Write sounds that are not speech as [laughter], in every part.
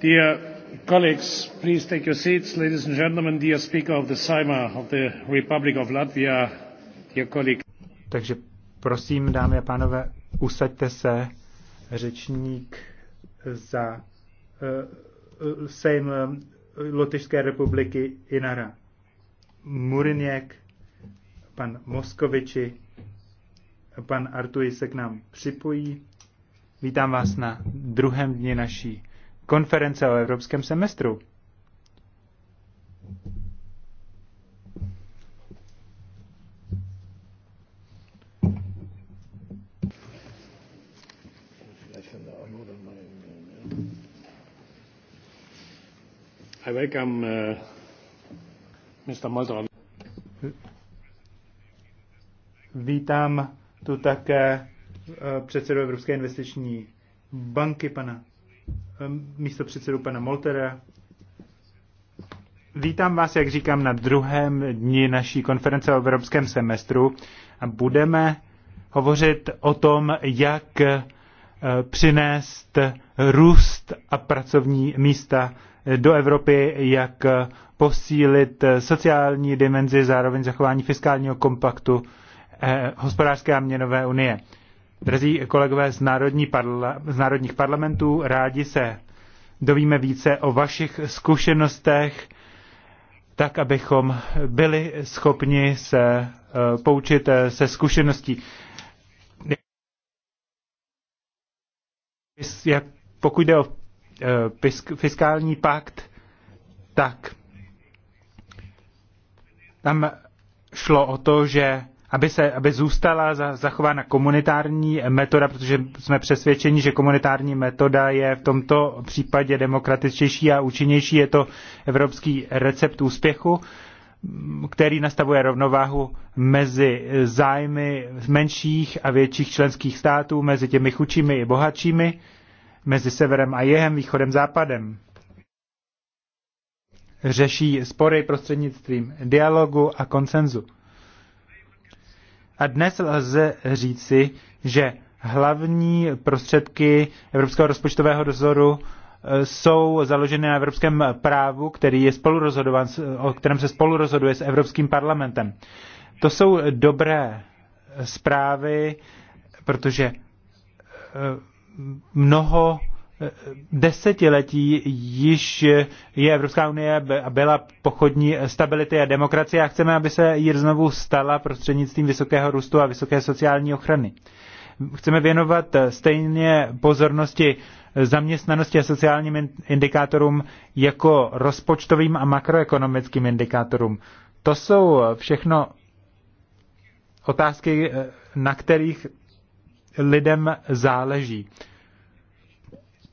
Dear colleagues, please take your seats. Ladies and gentlemen, dear Speaker of the Saima of the Republic of Latvia, dear colleague. Takže prosím, dámy a pánové, usaďte se. Řečník za uh, Sejm eh, Lotyšské republiky Inara. Muriněk, pan Moskoviči, pan Artuji se k nám připojí. Vítám vás na druhém dně naší konference o evropském semestru. I welcome uh, Mr. Mulder. Vítám tu také uh, předsedu Evropské investiční banky, pana Ehm, místo předsedu pana Moltera. Vítám vás, jak říkám, na druhém dni naší konference o evropském semestru a budeme hovořit o tom, jak eh, přinést růst a pracovní místa do Evropy, jak eh, posílit eh, sociální dimenzi, zároveň zachování fiskálního kompaktu hospodářské a měnové unie. Drzí kolegové z, národní parla, z národních parlamentů, rádi se dovíme více o vašich zkušenostech, tak abychom byli schopni se eh, poučit eh, se zkušeností. Jak, pokud jde o eh, fiskální pakt, tak tam šlo o to, že aby, se, aby zůstala za, zachována komunitární metoda, protože jsme přesvědčeni, že komunitární metoda je v tomto případě demokratičtější a účinnější. Je to evropský recept úspěchu, který nastavuje rovnováhu mezi zájmy menších a větších členských států, mezi těmi chudšími i bohatšími, mezi severem a jihem, východem, západem řeší spory prostřednictvím dialogu a konsenzu. A dnes lze říci, že hlavní prostředky Evropského rozpočtového dozoru eh, jsou založeny na evropském právu, který je spolurozhodován, o kterém se spolu rozhoduje s Evropským parlamentem. To jsou dobré zprávy, protože eh, mnoho desetiletí již je Evropská unie byla pochodní stability a demokracie a chceme, aby se jí znovu stala prostřednictvím vysokého růstu a vysoké sociální ochrany. Chceme věnovat stejně pozornosti zaměstnanosti a sociálním indikátorům jako rozpočtovým a makroekonomickým indikátorům. To jsou všechno otázky, na kterých lidem záleží.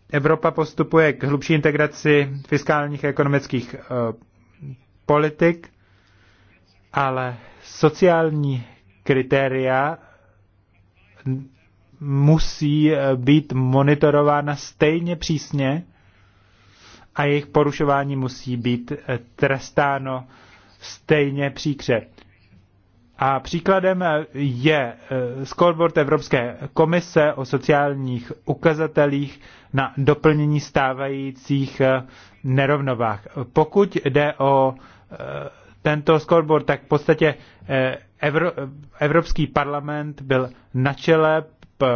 Evropa postupuje k hlubší integraci fiskálních a ekonomických eh, politik, ale sociální kritéria musí eh, být monitorována stejně přísně a jejich porušování musí být eh, trestáno stejně příkře. A příkladem eh, je eh, scoreboard Evropské komise o sociálních ukazatelích na doplnění stávajících eh, nerovnovách. Pokud jde o tento scoreboard, tak v podstatě Evropský parlament byl na čele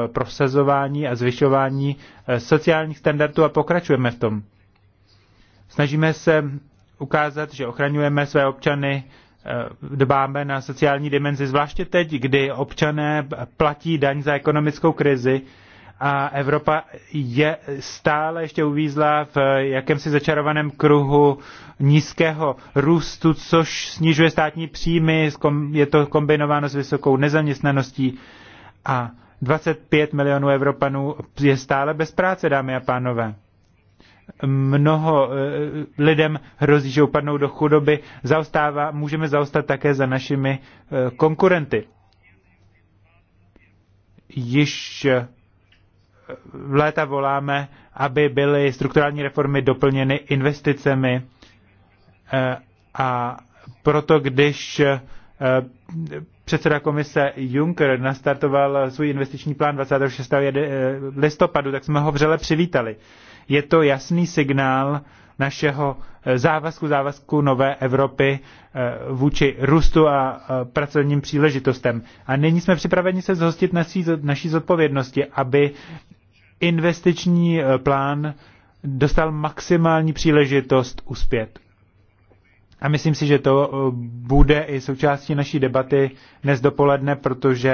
prosazování a zvyšování sociálních standardů a pokračujeme v tom. Snažíme se ukázat, že ochraňujeme své občany Eh, dbáme na sociální dimenzi, zvláště teď, kdy občané platí daň za ekonomickou krizi a Evropa je stále ještě uvízla v jakémsi začarovaném kruhu nízkého růstu, což snižuje státní příjmy, je to kombinováno s vysokou nezaměstnaností a 25 milionů Evropanů je stále bez práce, dámy a pánové mnoho eh, lidem hrozí, že upadnou do chudoby, zaostává, můžeme zaostat také za našimi eh, konkurenty. Již v eh, léta voláme, aby byly strukturální reformy doplněny investicemi a proto, když Předseda komise Juncker nastartoval svůj investiční plán 26. Eh, listopadu, tak jsme ho vřele přivítali. Je to jasný signál našeho eh, závazku, závazku nové Evropy eh, vůči růstu a pracovním příležitostem. A nyní jsme připraveni se zhostit naší, naší zodpovědnosti, aby investiční plán dostal maximální příležitost uspět. A myslím si, že to eh, bude i součástí naší debaty dnes dopoledne, protože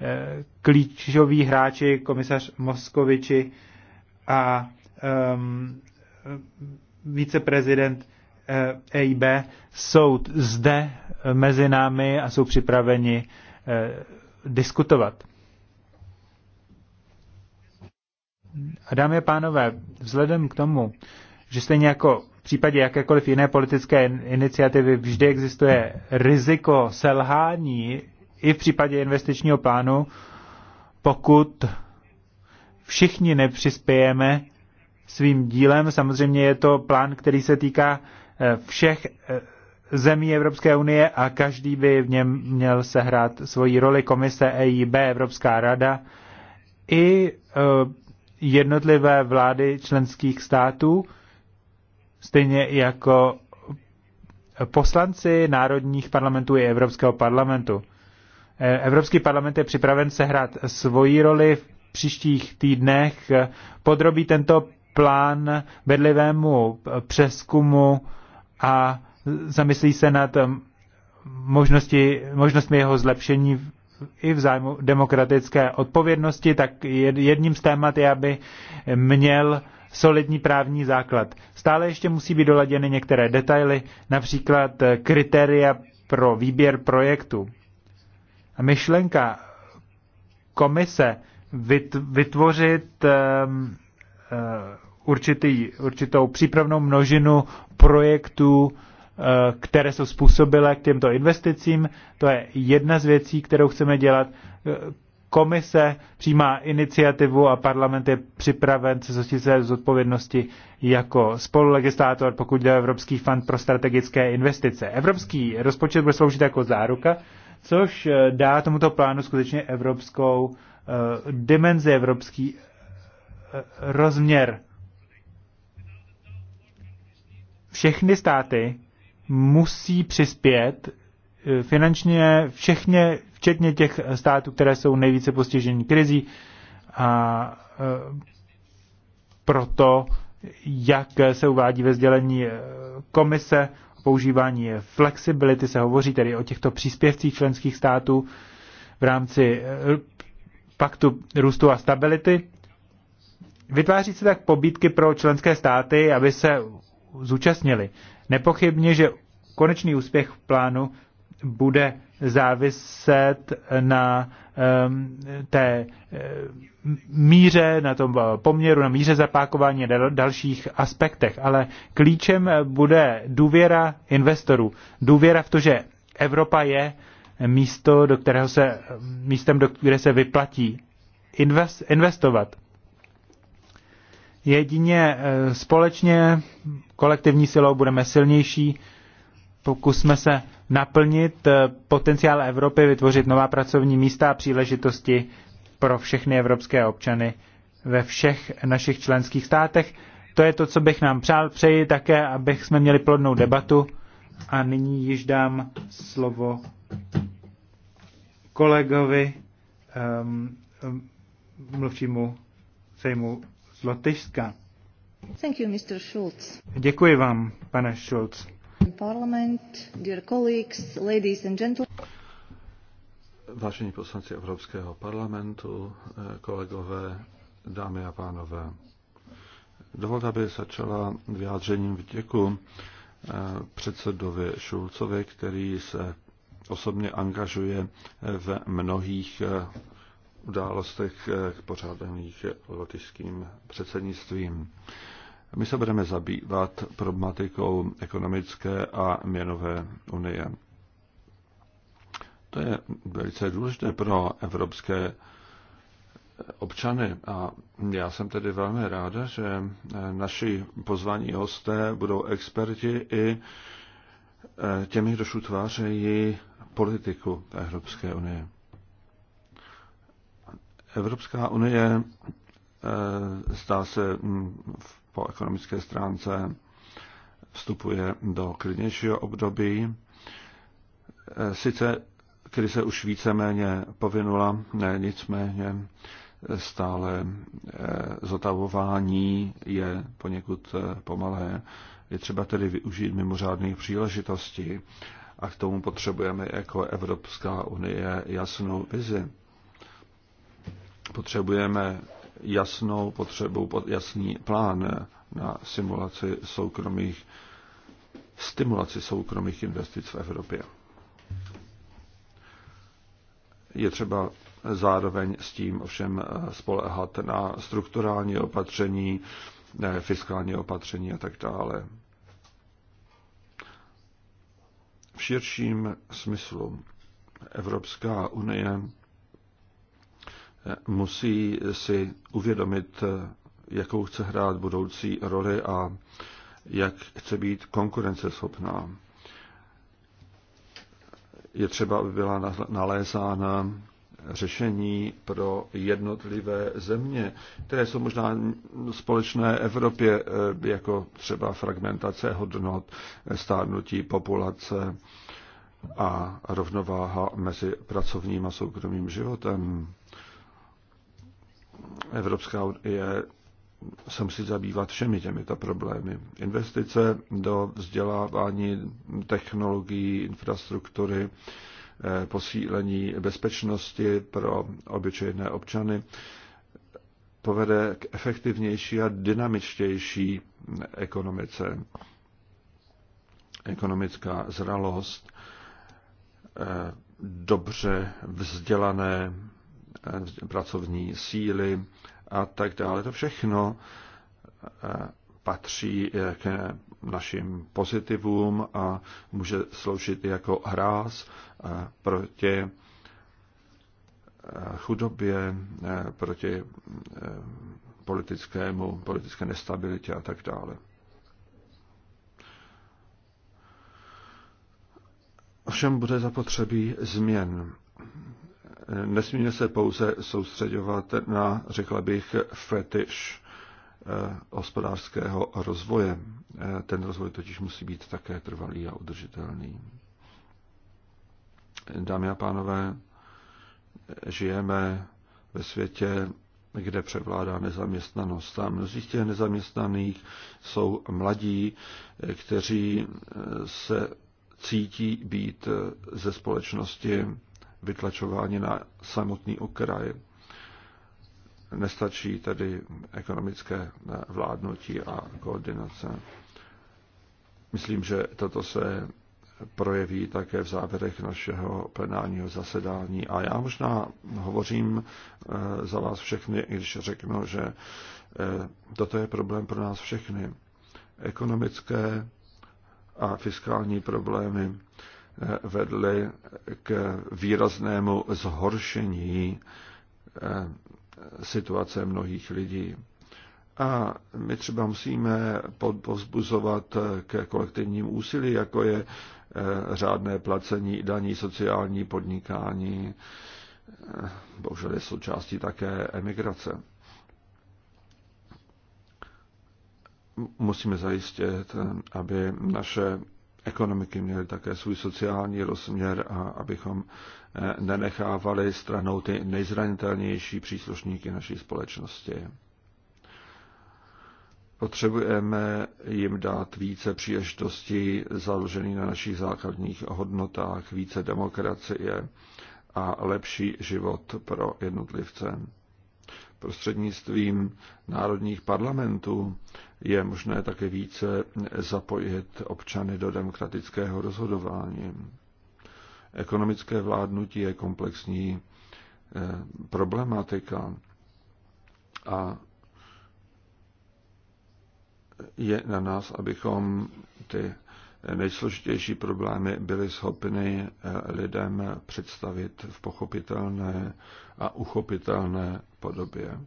eh, klíčoví hráči, komisař Moskoviči a um, viceprezident EIB jsou zde mezi námi a jsou připraveni diskutovat. A dámy a pánové, vzhledem k tomu, že stejně jako v případě jakékoliv jiné politické iniciativy vždy existuje riziko selhání i v případě investičního plánu, pokud všichni nepřispějeme svým dílem. Samozřejmě je to plán, který se týká eh, všech eh, zemí Evropské unie a každý by v něm měl sehrát svoji roli komise EIB, Evropská rada i eh, jednotlivé vlády členských států Stejně jako poslanci národních parlamentů i Evropského parlamentu. Eh, Evropský parlament je připraven sehrát svoji roli v příštích týdnech, podrobí tento plán vedlivému přeskumu a zamyslí se nad možnosti, možnostmi jeho zlepšení i v zájmu demokratické odpovědnosti, tak jedním z témat je, aby měl solidní právní základ. Stále ještě musí být doladěny některé detaily, například eh, kritéria pro výběr projektu. A myšlenka komise vytvořit ehm, eh, určitý, určitou přípravnou množinu projektů, eh, které jsou způsobilé k těmto investicím. To je jedna z věcí, kterou chceme dělat komise přijímá iniciativu a parlament je připraven se zhostit své zodpovědnosti jako spolulegislátor, pokud jde o Evropský fond pro strategické investice. Evropský rozpočet bude sloužit jako záruka, což eh, dá tomuto plánu skutečně evropskou uh, dimenzi, evropský uh, rozměr. Všechny státy musí přispět finančně všechně, včetně těch států, které jsou nejvíce postiženy krizí a e, proto, jak se uvádí ve sdělení e, komise o používání flexibility, se hovoří tedy o těchto příspěvcích členských států v rámci e, paktu růstu a stability. Vytváří se tak pobídky pro členské státy, aby se zúčastnili. Nepochybně, že konečný úspěch v plánu bude záviset na té eh, míře, na tom eh, poměru, na míře zapákování a dalších aspektech. Ale klíčem eh, bude důvěra investorů. Důvěra v to, že Evropa je místo, do kterého se, místem, do které se vyplatí investovat. Jedině společně kolektivní silou budeme silnější. Pokusme se naplnit eh, potenciál Evropy, vytvořit nová pracovní místa a příležitosti pro všechny evropské občany ve všech našich členských státech. To je to, co bych nám přál. Přeji také, abych jsme měli plodnou debatu. A nyní již dám slovo kolegovi, um, um, mluvčímu sejmu z Lotyšska. Thank you, Mr. Schulz. Děkuji vám, pane Schulz. Vážení poslanci Evropského parlamentu, eh, kolegové, dámy a pánové, dovolte, aby začala vyjádřením vděku eh, předsedovi Šulcovi, který se osobně angažuje eh, v mnohých událostech pořádaných lotyšským předsednictvím. My se budeme zabývat problematikou ekonomické a měnové unie. To je velice důležité pro evropské občany a já jsem tedy velmi ráda, že naši pozvaní hosté budou experti i těmi, kdož utvářejí politiku Evropské unie. Evropská unie stá eh, se mm, v po ekonomické stránce vstupuje do klidnějšího období. Eh, sice krize už víceméně povinula, ne, nicméně stále eh, zotavování je poněkud eh, pomalé. Je třeba tedy využít mimořádných příležitostí a k tomu potřebujeme jako Evropská unie jasnou vizi. Potřebujeme jasnou potřebu, jasný plán na simulaci soukromých, stimulaci soukromých investic v Evropě. Je třeba zároveň s tím ovšem eh, spolehat na strukturální opatření, eh, fiskální opatření a tak dále. V širším smyslu Evropská unie musí si uvědomit, jakou chce hrát budoucí roli a jak chce být konkurenceschopná. Je třeba, aby byla nalézána řešení pro jednotlivé země, které jsou možná společné Evropě, eh, jako třeba fragmentace hodnot, stárnutí populace a rovnováha mezi pracovním a soukromým životem. Evropská unie se musí zabývat všemi těmito problémy. Investice do vzdělávání, technologií, infrastruktury, eh, posílení bezpečnosti pro obyčejné občany povede k efektivnější a dynamičtější ekonomice. Ekonomická zralost, eh, dobře vzdělané pracovní síly a tak dále. To všechno eh, patří eh, k našim pozitivům a může sloužit jako hráz eh, proti chudobě, proti politickému, politické nestabilitě a tak dále. Ovšem bude zapotřebí změn nesmíme se pouze soustředovat na, řekla bych, fetiš eh, hospodářského rozvoje. Eh, ten rozvoj totiž musí být také trvalý a udržitelný. Dámy a pánové, žijeme ve světě, kde převládá nezaměstnanost. A mnozí z těch nezaměstnaných jsou mladí, eh, kteří se cítí být ze společnosti vytlačováni na samotný okraj. Nestačí tedy ekonomické eh, vládnutí a koordinace. Myslím, že toto se projeví také v závěrech našeho plenárního zasedání. A já možná hovořím eh, za vás všechny, když řeknu, že eh, toto je problém pro nás všechny. Ekonomické a fiskální problémy vedly k výraznému zhoršení eh, situace mnohých lidí. A my třeba musíme povzbuzovat k kolektivním úsilí, jako je eh, řádné placení daní, sociální podnikání, eh, bohužel je součástí také emigrace. Musíme zajistit, aby naše ekonomiky měly také svůj sociální rozměr a abychom eh, nenechávali stranou ty nejzranitelnější příslušníky naší společnosti. Potřebujeme jim dát více příležitostí založených na našich základních hodnotách, více demokracie a lepší život pro jednotlivce prostřednictvím národních parlamentů je možné také více zapojit občany do demokratického rozhodování. Ekonomické vládnutí je komplexní eh, problematika a je na nás, abychom ty nejsložitější problémy byly schopny eh, lidem představit v pochopitelné a uchopitelné podobě.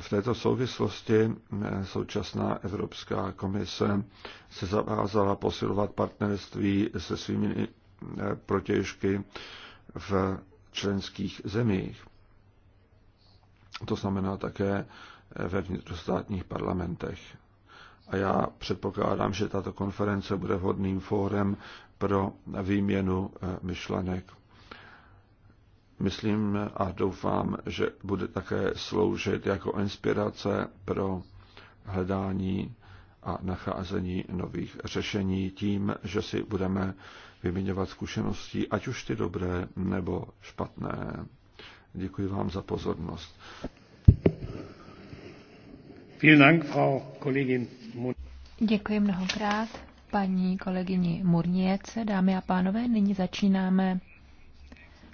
V této souvislosti eh, současná Evropská komise se zavázala posilovat partnerství se svými eh, protěžky v členských zemích. To znamená také ve vnitrostátních parlamentech a já předpokládám, že tato konference bude vhodným fórem pro výměnu eh, myšlenek. Myslím a doufám, že bude také sloužit jako inspirace pro hledání a nacházení nových řešení tím, že si budeme vyměňovat zkušenosti, ať už ty dobré nebo špatné. Děkuji vám za pozornost. Děkuji mnohokrát paní kolegyni Murniece. Dámy a pánové, nyní začínáme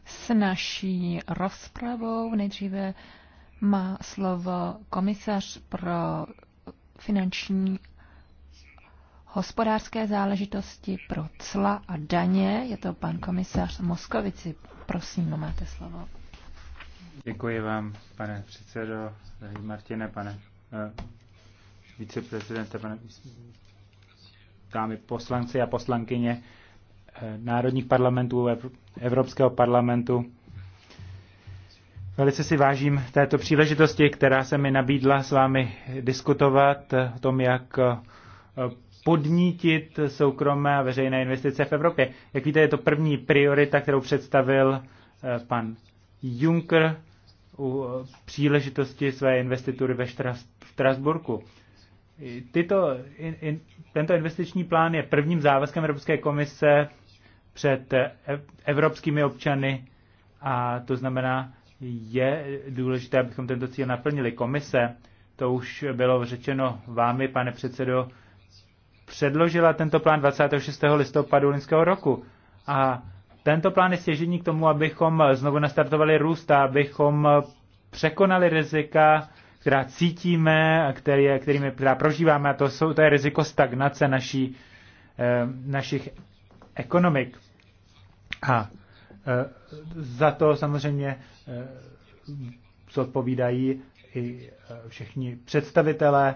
s naší rozpravou. Nejdříve má slovo komisař pro finanční hospodářské záležitosti pro cla a daně. Je to pan komisař Moskovici. Prosím, máte slovo. Děkuji vám, pane předsedo, Martine, pane Eh, viceprezidenta, pane, dámy poslanci a poslankyně eh, národních parlamentů, Evropského parlamentu. Velice si vážím této příležitosti, která se mi nabídla s vámi diskutovat eh, o tom, jak podnítit soukromé a veřejné investice v Evropě. Jak víte, je to první priorita, kterou představil pan Juncker u příležitosti své investitury ve, Štras, Strasburku. Tyto, in, in, tento investiční plán je prvním závazkem Evropské komise před e, evropskými občany a to znamená, je důležité, abychom tento cíl naplnili. Komise, to už bylo řečeno vámi, pane předsedo, předložila tento plán 26. listopadu loňského roku. A tento plán je stěžení k tomu, abychom znovu nastartovali růst a abychom překonali rizika která cítíme, který, kterými, která prožíváme, a to, jsou, to je riziko stagnace naší, eh, našich ekonomik. A eh, za to samozřejmě eh, zodpovídají i všichni představitelé,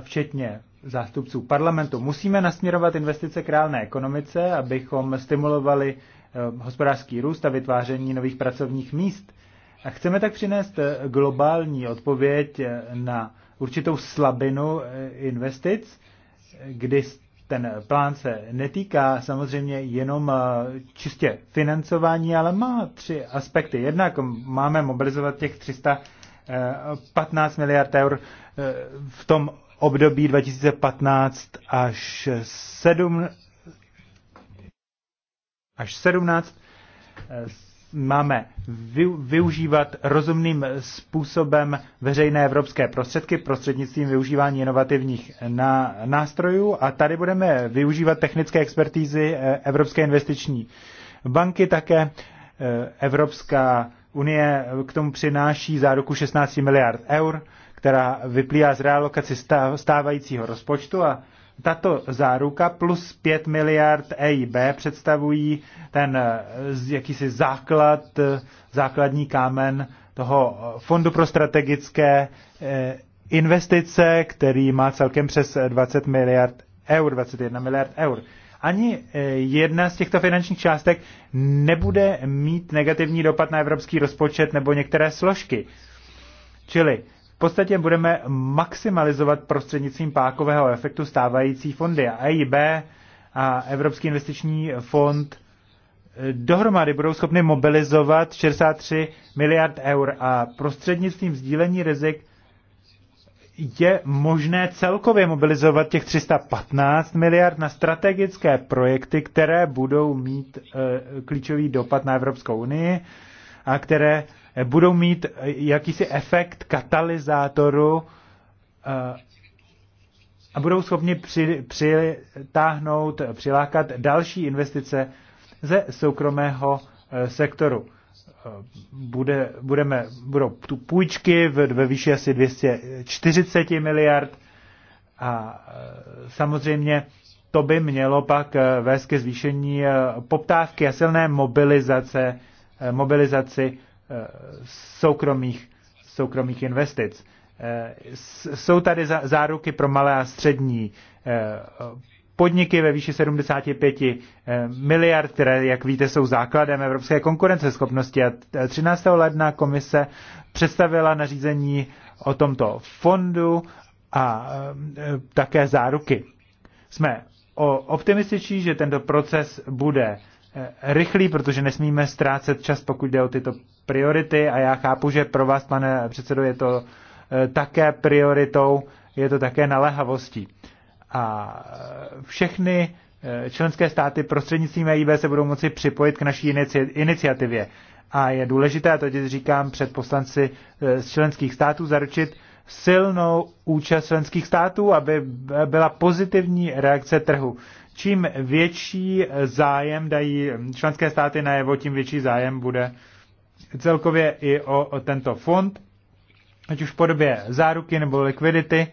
včetně zástupců parlamentu. Musíme nasměrovat investice k reálné ekonomice, abychom stimulovali hospodářský růst a vytváření nových pracovních míst. A chceme tak přinést globální odpověď na určitou slabinu eh, investic, kdy ten plán se netýká samozřejmě jenom eh, čistě financování, ale má tři aspekty. Jednak máme mobilizovat těch 315 eh, miliard eur v tom období 2015 až 7 až 17 máme využívat rozumným způsobem veřejné evropské prostředky prostřednictvím využívání inovativních nástrojů a tady budeme využívat technické expertízy eh, Evropské investiční banky také. Eh, Evropská unie k tomu přináší záruku 16 miliard eur, která vyplývá z realokaci stávajícího rozpočtu a tato záruka plus 5 miliard EIB představují ten eh, jakýsi základ, eh, základní kámen toho eh, fondu pro strategické investice, který má celkem přes 20 miliard eur, 21 miliard eur. Ani jedna z těchto finančních částek nebude mít negativní dopad na evropský rozpočet nebo některé složky. Čili podstatě budeme maximalizovat prostřednictvím pákového efektu stávající fondy a EIB a Evropský investiční fond eh, dohromady budou schopny mobilizovat 63 miliard eur a prostřednictvím sdílení rizik je možné celkově mobilizovat těch 315 miliard na strategické projekty, které budou mít e, klíčový dopad na Evropskou unii a které budou mít jakýsi efekt katalyzátoru eh, a budou schopni při, přitáhnout, přilákat další investice ze soukromého eh, sektoru. Eh, bude, budeme, budou tu půjčky ve, výši asi 240 miliard a samozřejmě to by mělo pak vést ke zvýšení poptávky a silné mobilizace, mobilizaci Eh, soukromých, soukromých investic. Eh, jsou tady záruky pro malé a střední eh, podniky ve výši 75 miliard, které, jak víte, jsou základem evropské konkurenceschopnosti. A 13. ledna komise představila nařízení o tomto fondu a také záruky. Jsme optimističní, že tento proces bude rychlý, protože nesmíme ztrácet čas, pokud jde o tyto priority a já chápu, že pro vás, pane předsedo, je to eh, také prioritou, je to také naléhavostí. A eh, všechny eh, členské státy prostřednictvím EIB se budou moci připojit k naší iniciativě. A je důležité, a to říkám před poslanci z členských států, zaručit silnou účast členských států, aby byla pozitivní reakce trhu. Čím větší zájem dají členské státy najevo, tím větší zájem bude celkově i o, o tento fond, ať už v podobě záruky nebo likvidity, eh,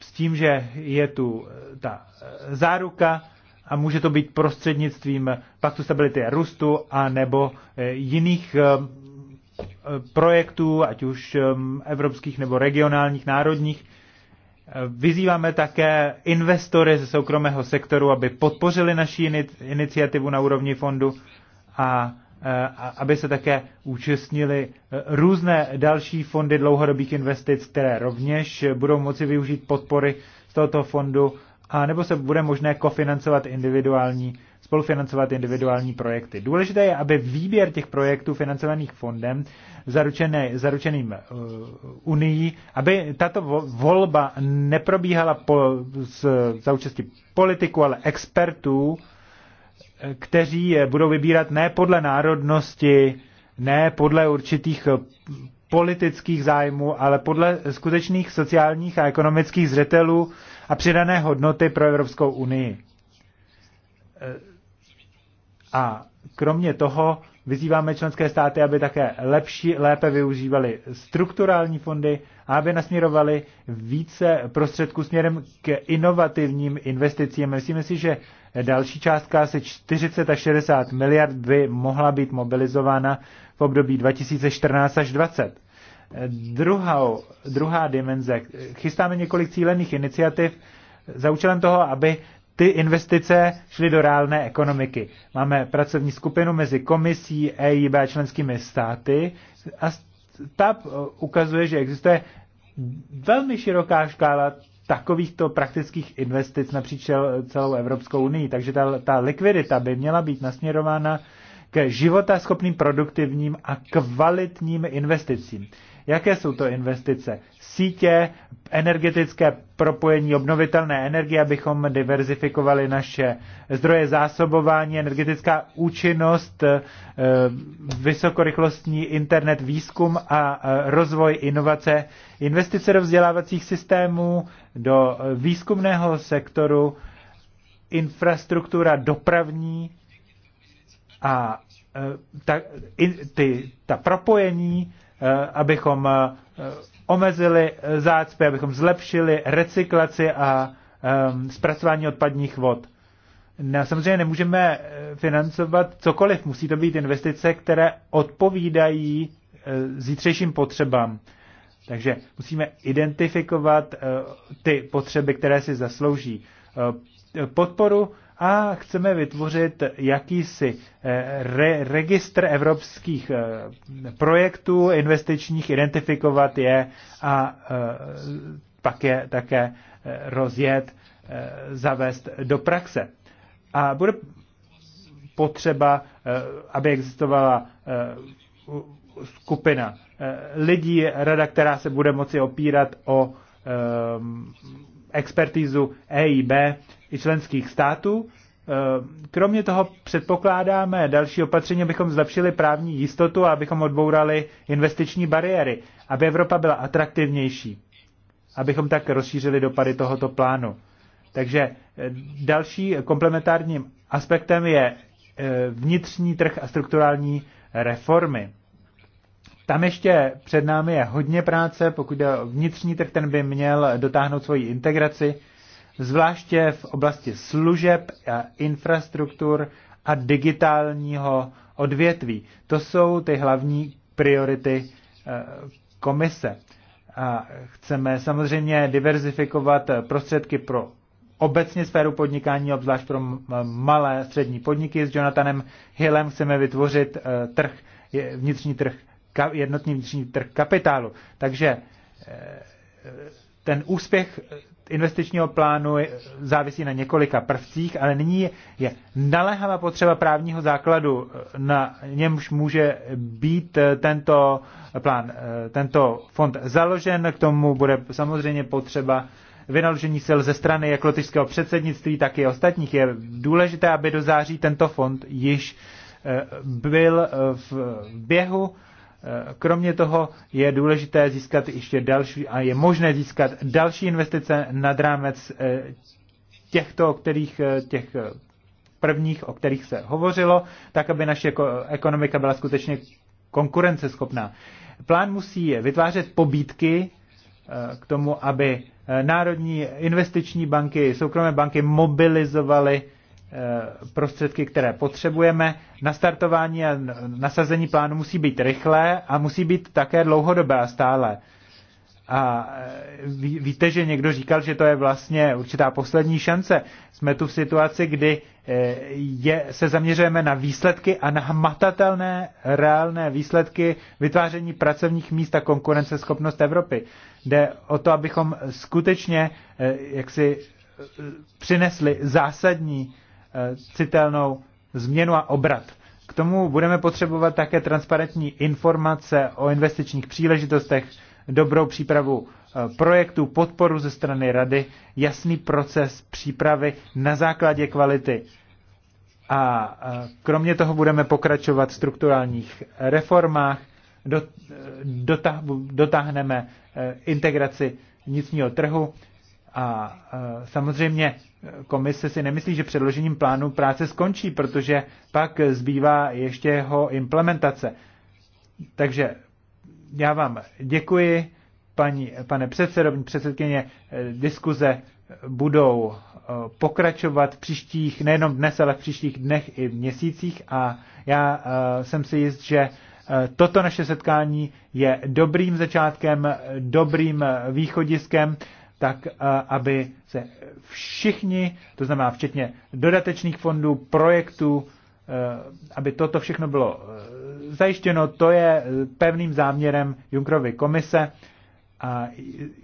s tím, že je tu eh, ta eh, záruka a může to být prostřednictvím paktu stability a růstu a nebo jiných projektů, ať už evropských nebo regionálních, národních. Vyzýváme také investory ze soukromého sektoru, aby podpořili naši iniciativu na úrovni fondu a aby se také účastnili eh, různé další fondy dlouhodobých investic, které rovněž eh, budou moci využít podpory z tohoto fondu, a nebo se bude možné kofinancovat individuální, spolufinancovat individuální projekty. Důležité je, aby výběr těch projektů financovaných fondem zaručené, zaručeným uh, unii, aby tato volba neprobíhala po, z, za účasti politiku, ale expertů, kteří je budou vybírat ne podle národnosti, ne podle určitých eh, politických zájmů, ale podle skutečných sociálních a ekonomických zřetelů a přidané hodnoty pro Evropskou unii. Eh, a kromě toho vyzýváme členské státy, aby také lepší, lépe využívali strukturální fondy a aby nasměrovali více prostředků směrem k inovativním investicím. Myslíme si, že Další částka asi 40 až 60 miliard by mohla být mobilizována v období 2014 až 2020. Druhá druhá dimenze. Chystáme několik cílených iniciativ za účelem toho, aby ty investice šly do reálné ekonomiky. Máme pracovní skupinu mezi komisí, EIB a členskými státy a ta ukazuje, že existuje velmi široká škála takovýchto praktických investic napříč celou Evropskou unii. Takže ta, ta likvidita by měla být nasměrována k životaschopným, produktivním a kvalitním investicím. Jaké jsou to investice? Sítě, energetické propojení, obnovitelné energie, abychom diverzifikovali naše zdroje zásobování, energetická účinnost, eh, vysokorychlostní internet, výzkum a eh, rozvoj inovace, investice do vzdělávacích systémů, do eh, výzkumného sektoru, infrastruktura dopravní a ta, in, ty, ta propojení Eh, abychom eh, omezili zácpy, abychom zlepšili recyklaci a eh, zpracování odpadních vod. No, samozřejmě nemůžeme financovat cokoliv, musí to být investice, které odpovídají zítřejším potřebám. Takže musíme identifikovat ty potřeby, které si zaslouží podporu a chceme vytvořit jakýsi eh, re, registr evropských eh, projektů investičních, identifikovat je a eh, pak je také rozjet, zavést do praxe. A bude potřeba, aby existovala skupina lidí, rada, která se bude moci opírat o expertízu EIB, i členských států. E, kromě toho předpokládáme další opatření, abychom zlepšili právní jistotu a abychom odbourali investiční bariéry, aby Evropa byla atraktivnější, abychom tak rozšířili dopady tohoto plánu. Takže e, další komplementárním aspektem je e, vnitřní trh a strukturální reformy. Tam ještě před námi je hodně práce, pokud je vnitřní trh, ten by měl dotáhnout svoji integraci zvláště v oblasti služeb a infrastruktur a digitálního odvětví. To jsou ty hlavní priority eh, komise. A chceme samozřejmě diverzifikovat prostředky pro obecně sféru podnikání, obzvlášť pro malé střední podniky. S Jonathanem Hillem chceme vytvořit eh, trh, vnitřní trh, jednotný vnitřní trh kapitálu. Takže eh, ten úspěch investičního plánu závisí na několika prvcích, ale nyní je naléhavá potřeba právního základu, na němž může být tento plán, tento fond založen. K tomu bude samozřejmě potřeba vynaložení sil ze strany jak lotyšského předsednictví, tak i ostatních. Je důležité, aby do září tento fond již eh, byl eh, v běhu Kromě toho je důležité získat ještě další a je možné získat další investice nad rámec eh, těchto, o kterých eh, těch eh, prvních, o kterých se hovořilo, tak aby naše ekonomika byla skutečně konkurenceschopná. Plán musí vytvářet pobídky k tomu, aby národní investiční banky, soukromé banky mobilizovaly Eh, prostředky, které potřebujeme. Nastartování a nasazení plánu musí být rychlé a musí být také dlouhodobé a stále. A eh, ví, víte, že někdo říkal, že to je vlastně určitá poslední šance. Jsme tu v situaci, kdy eh, je, se zaměřujeme na výsledky a na hmatatelné, reálné výsledky vytváření pracovních míst a konkurenceschopnost Evropy. Jde o to, abychom skutečně jaksi přinesli zásadní Eh, citelnou změnu a obrat. K tomu budeme potřebovat také transparentní informace o investičních příležitostech, dobrou přípravu eh, projektů, podporu ze strany rady, jasný proces přípravy na základě kvality. A eh, kromě toho budeme pokračovat v strukturálních reformách, dotáhneme integraci vnitřního trhu, a e, samozřejmě komise si nemyslí, že předložením plánu práce skončí, protože pak zbývá ještě jeho implementace. Takže já vám děkuji, paní, pane předsedo, předsedkyně, e, diskuze budou e, pokračovat v příštích, nejenom dnes, ale v příštích dnech i měsících a já jsem si jist, že toto naše setkání je dobrým začátkem, dobrým východiskem tak eh, aby se všichni, to znamená včetně dodatečných fondů, projektů, eh, aby toto všechno bylo eh, zajištěno, to je pevným záměrem Junkrovy komise. A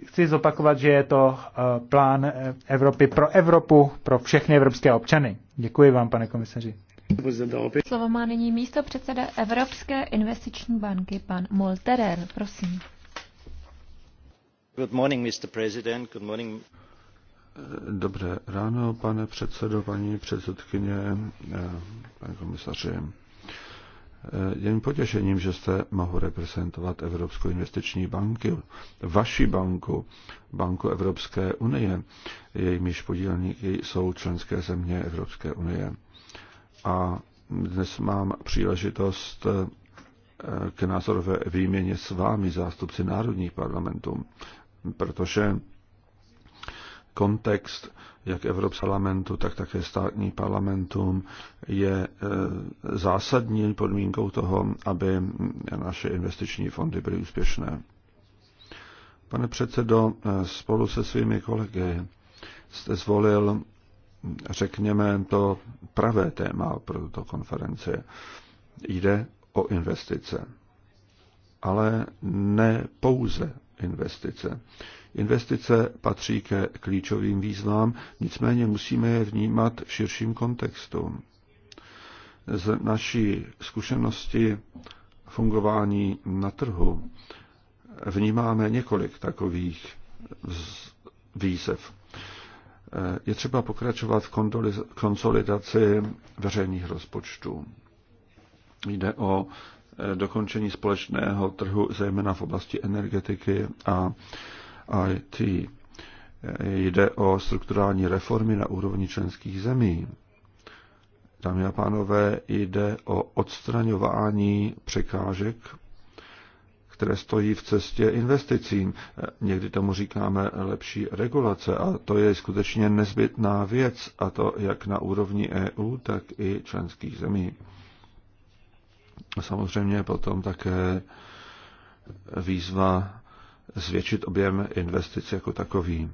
chci zopakovat, že je to plán Evropy pro Evropu, pro všechny evropské občany. Děkuji vám, pane komisaři. Slovo má nyní místo předseda Evropské investiční banky, pan Molterer. Prosím. Dobré ráno, pane předsedo, paní předsedkyně, eh, pane komisaři. Eh, jen potěšením, že jste mohl reprezentovat Evropskou investiční banku, vaši banku, Banku Evropské unie, jejímiž podílníky jsou členské země Evropské unie. A dnes mám příležitost eh, k názorové výměně s vámi, zástupci národních parlamentů protože kontext jak Evropského parlamentu, tak také státní parlamentům je e, zásadní podmínkou toho, aby naše investiční fondy byly úspěšné. Pane předsedo, e, spolu se svými kolegy jste zvolil, řekněme, to pravé téma pro tuto konferenci. Jde o investice, ale ne pouze investice. Investice patří ke klíčovým výzvám, nicméně musíme je vnímat v širším kontextu. Z naší zkušenosti fungování na trhu vnímáme několik takových výzev. Je třeba pokračovat v konsolidaci veřejných rozpočtů. Jde o dokončení společného trhu, zejména v oblasti energetiky a IT. Jde o strukturální reformy na úrovni členských zemí. Dámy a pánové, jde o odstraňování překážek, které stojí v cestě investicím. Někdy tomu říkáme lepší regulace a to je skutečně nezbytná věc a to jak na úrovni EU, tak i členských zemí samozřejmě potom také výzva zvětšit objem investic jako takový.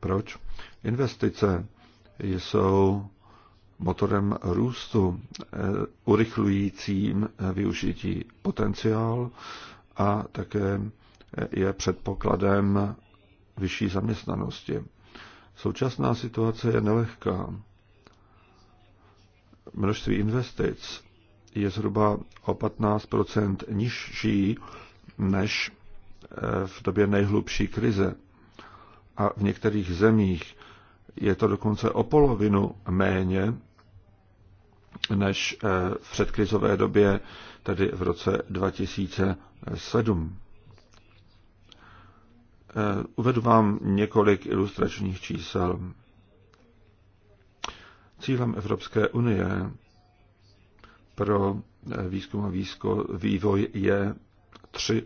Proč? Investice jsou motorem růstu, eh, urychlujícím eh, využití potenciál a také eh, je předpokladem vyšší zaměstnanosti. Současná situace je nelehká. Množství investic je zhruba o 15 nižší než eh, v době nejhlubší krize. A v některých zemích je to dokonce o polovinu méně než eh, v předkrizové době, tedy v roce 2007. Eh, uvedu vám několik ilustračních čísel. Cílem Evropské unie pro eh, výzkum a výzko, vývoj je 3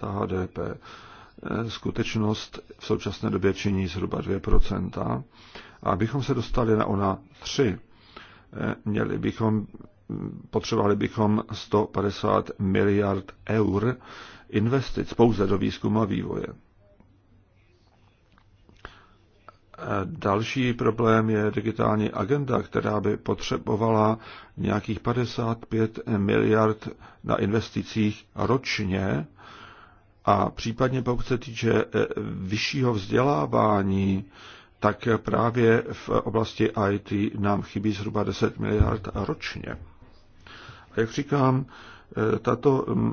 HDP. Eh, skutečnost v současné době činí zhruba 2 A abychom se dostali na ona 3, eh, měli bychom, potřebovali bychom 150 miliard eur investic pouze do výzkumu a vývoje. Další problém je digitální agenda, která by potřebovala nějakých 55 miliard na investicích ročně. A případně pokud se týče eh, vyššího vzdělávání, tak právě v oblasti IT nám chybí zhruba 10 miliard ročně. A jak říkám, Eh, tato mm,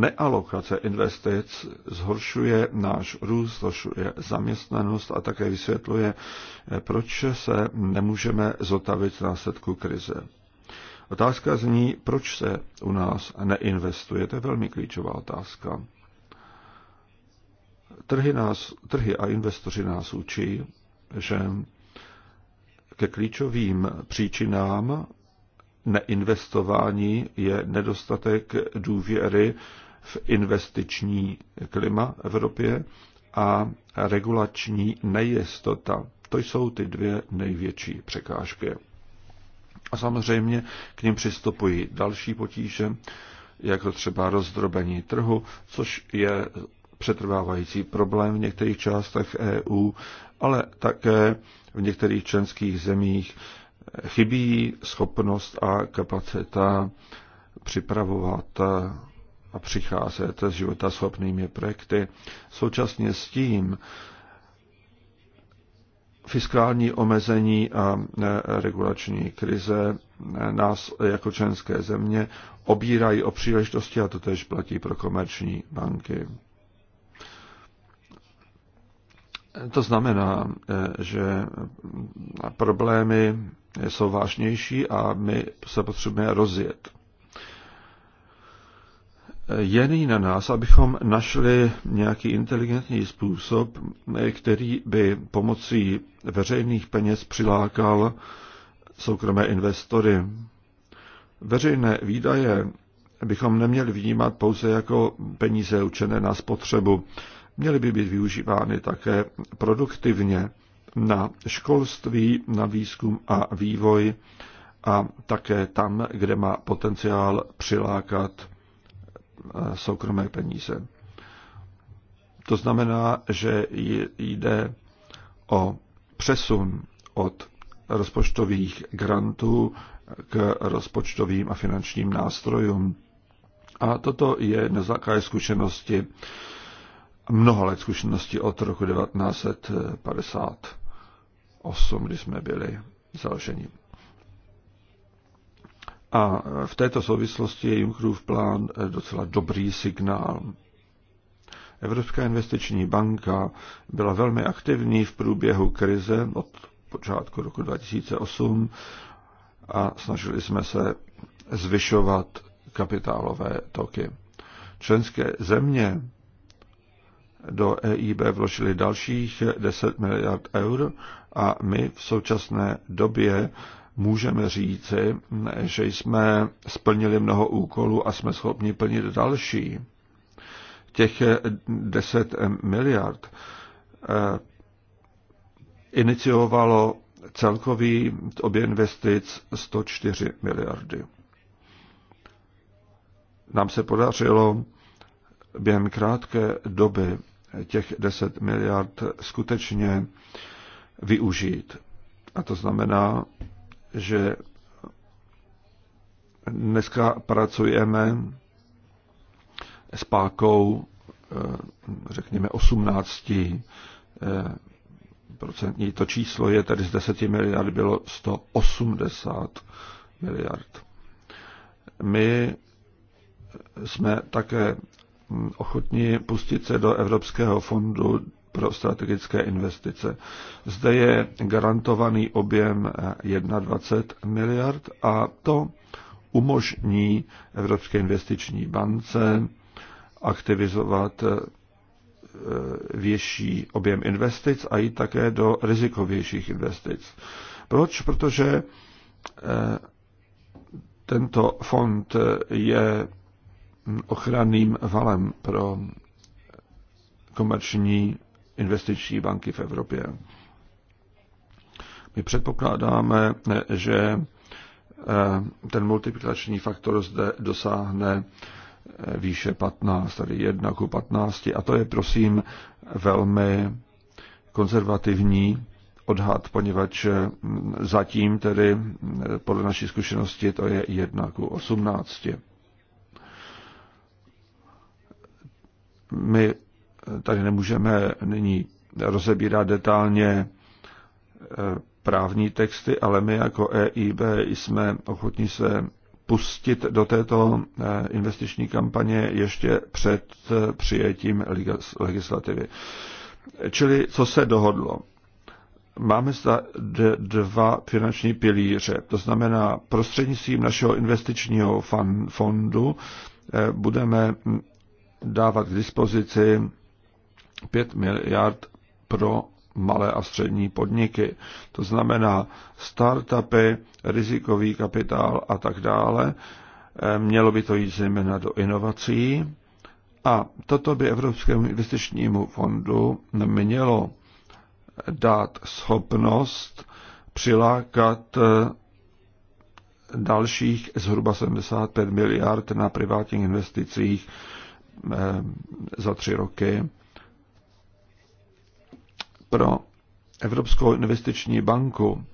nealokace investic zhoršuje náš růst, zhoršuje zaměstnanost a také vysvětluje, eh, proč se nemůžeme zotavit následku krize. Otázka zní, proč se u nás neinvestuje. To je velmi klíčová otázka. Trhy, nás, trhy a investoři nás učí, že ke klíčovým příčinám neinvestování je nedostatek důvěry v investiční klima v Evropě a regulační nejistota. To jsou ty dvě největší překážky. A samozřejmě k ním přistupují další potíže, jako třeba rozdrobení trhu, což je přetrvávající problém v některých částech EU, ale také v některých členských zemích Chybí schopnost a kapacita připravovat a přicházet s životaschopnými projekty. Současně s tím fiskální omezení a e, regulační krize nás jako členské země obírají o příležitosti a to tež platí pro komerční banky. To znamená, eh, že problémy jsou vážnější a my se potřebujeme rozjet. Je nyní na nás, abychom našli nějaký inteligentní způsob, který by pomocí veřejných peněz přilákal soukromé investory. Veřejné výdaje bychom neměli vnímat pouze jako peníze učené na spotřebu měly by být využívány také produktivně na školství, na výzkum a vývoj a také tam, kde má potenciál přilákat eh, soukromé peníze. To znamená, že jde o přesun od rozpočtových grantů k rozpočtovým a finančním nástrojům. A toto je na základě zkušenosti mnoho let zkušeností od roku 1958, kdy jsme byli založeni. A v této souvislosti je Junckerův plán docela dobrý signál. Evropská investiční banka byla velmi aktivní v průběhu krize od počátku roku 2008 a snažili jsme se zvyšovat kapitálové toky. Členské země do EIB vložili dalších 10 miliard eur a my v současné době můžeme říci, že jsme splnili mnoho úkolů a jsme schopni plnit další. Těch 10 miliard eh, iniciovalo celkový obě investic 104 miliardy. Nám se podařilo během krátké doby těch 10 miliard skutečně využít. A to znamená, že dneska pracujeme s pákou, eh, řekněme, 18 eh, procentní. To číslo je tedy z 10 miliard bylo 180 miliard. My jsme také ochotni pustit se do Evropského fondu pro strategické investice. Zde je garantovaný objem 21 miliard a to umožní Evropské investiční bance aktivizovat eh, větší objem investic a i také do rizikovějších investic. Proč? Protože eh, tento fond je ochranným valem pro komerční investiční banky v Evropě. My předpokládáme, eh, že eh, ten multiplikační faktor zde dosáhne eh, výše 15, tedy 1 ku 15, a to je prosím velmi konzervativní odhad, poněvadž mm, zatím tedy podle naší zkušenosti to je 1 ku 18. My tady nemůžeme nyní rozebírat detailně eh, právní texty, ale my jako EIB jsme ochotní se pustit do této eh, investiční kampaně ještě před eh, přijetím legislativy. Čili co se dohodlo? Máme dva finanční pilíře, to znamená prostřednictvím našeho investičního fondu budeme dávat k dispozici 5 miliard pro malé a střední podniky. To znamená startupy, rizikový kapitál a tak dále. Eh, mělo by to jít zejména do inovací a toto by Evropskému investičnímu fondu mělo dát schopnost přilákat eh, dalších zhruba 75 miliard na privátních investicích Eh, za tři roky pro Evropskou investiční banku.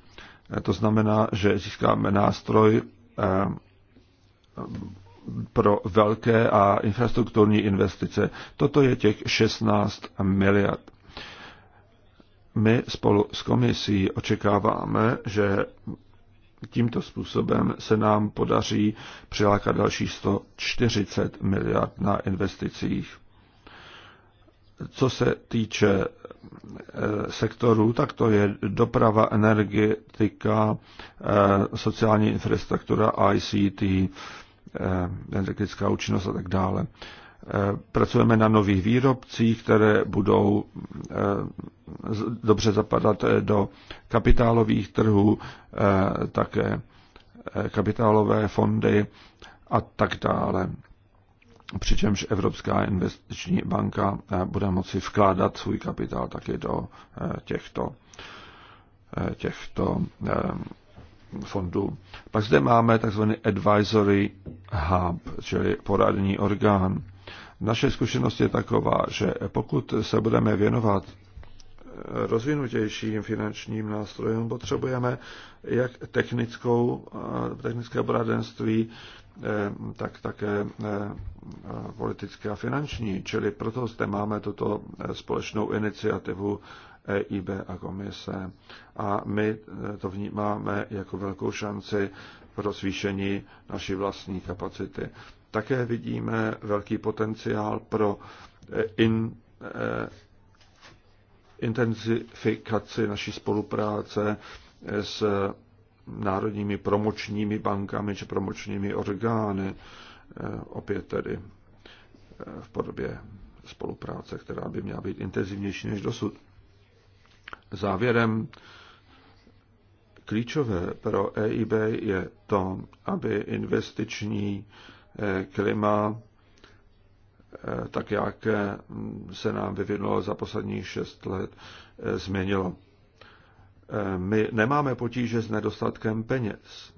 Eh, to znamená, že získáme nástroj eh, pro velké a infrastrukturní investice. Toto je těch 16 miliard. My spolu s komisí očekáváme, že Tímto způsobem se nám podaří přilákat dalších 140 miliard na investicích. Co se týče e, sektorů, tak to je doprava, energetika, e, sociální infrastruktura, ICT, e, energetická účinnost a tak dále. Eh, pracujeme na nových výrobcích, které budou eh, dobře zapadat eh, do kapitálových trhů, také kapitálové fondy a tak dále. Přičemž Evropská investiční banka bude moci vkládat svůj kapitál také do těchto, těchto fondů. Pak zde máme tzv. advisory hub, čili poradní orgán. Naše zkušenost je taková, že pokud se budeme věnovat rozvinutějším finančním nástrojům, potřebujeme jak technickou, technické poradenství, eh, tak také eh, politické a finanční. Čili proto zde máme tuto eh, společnou iniciativu EIB a komise. A my to vnímáme jako velkou šanci pro zvýšení naší vlastní kapacity. Také vidíme velký potenciál pro eh, in, eh, intenzifikaci naší spolupráce eh, s národními promočními bankami či promočními orgány, opět tedy v podobě spolupráce, která by měla být intenzivnější než dosud. Závěrem klíčové pro EIB je to, aby investiční klima, tak jak se nám vyvinulo za posledních šest let, změnilo. My nemáme potíže s nedostatkem peněz.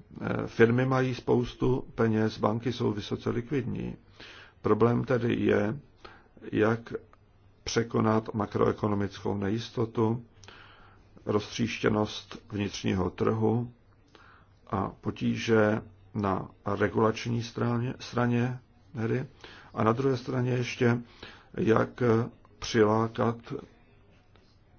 Firmy mají spoustu peněz, banky jsou vysoce likvidní. Problém tedy je, jak překonat makroekonomickou nejistotu, roztříštěnost vnitřního trhu a potíže na regulační straně, straně hry a na druhé straně ještě, jak přilákat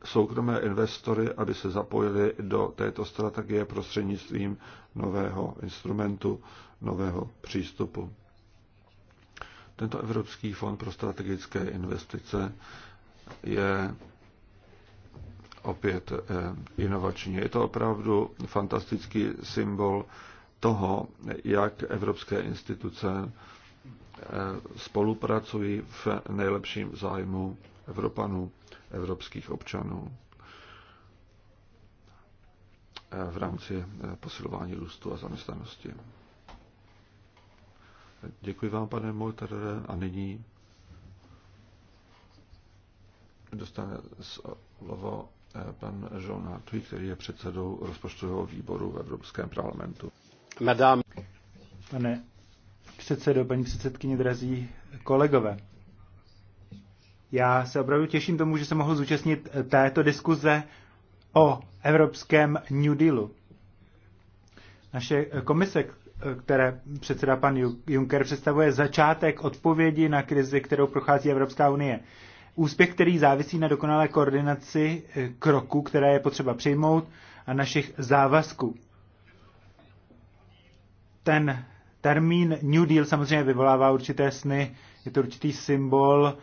soukromé investory, aby se zapojili do této strategie prostřednictvím nového instrumentu, nového přístupu. Tento Evropský fond pro strategické investice je opět eh, inovační. Je to opravdu fantastický symbol toho, jak evropské instituce eh, spolupracují v nejlepším zájmu Evropanů, evropských občanů eh, v rámci eh, posilování růstu a zaměstnanosti. Děkuji vám, pane Molterere, a nyní dostane slovo pan Jean Hartwig, který je předsedou rozpočtového výboru v Evropském parlamentu. Pane předsedo, paní předsedkyně, drazí kolegové. Já se opravdu těším tomu, že se mohl zúčastnit této diskuze o evropském New Dealu. Naše komise, které předseda pan Juncker představuje začátek odpovědi na krizi, kterou prochází Evropská unie. Úspěch, který závisí na dokonalé koordinaci kroků, které je potřeba přijmout a našich závazků ten termín New Deal samozřejmě vyvolává určité sny, je to určitý symbol eh,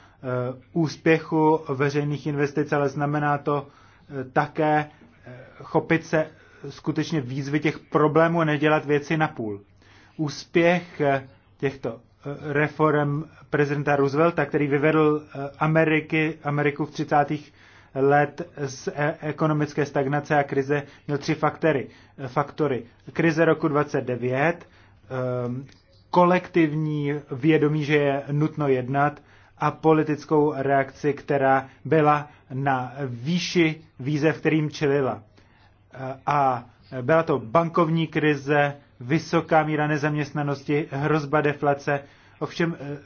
úspěchu veřejných investic, ale znamená to eh, také eh, chopit se skutečně výzvy těch problémů a nedělat věci na půl. Úspěch těchto reform prezidenta Roosevelta, který vyvedl Ameriky, Ameriku v 30 let z e- ekonomické stagnace a krize měl tři faktory. faktory. Krize roku 29, ehm, kolektivní vědomí, že je nutno jednat a politickou reakci, která byla na výši výzev, kterým čelila. E, a byla to bankovní krize, vysoká míra nezaměstnanosti, hrozba deflace. Ovšem e,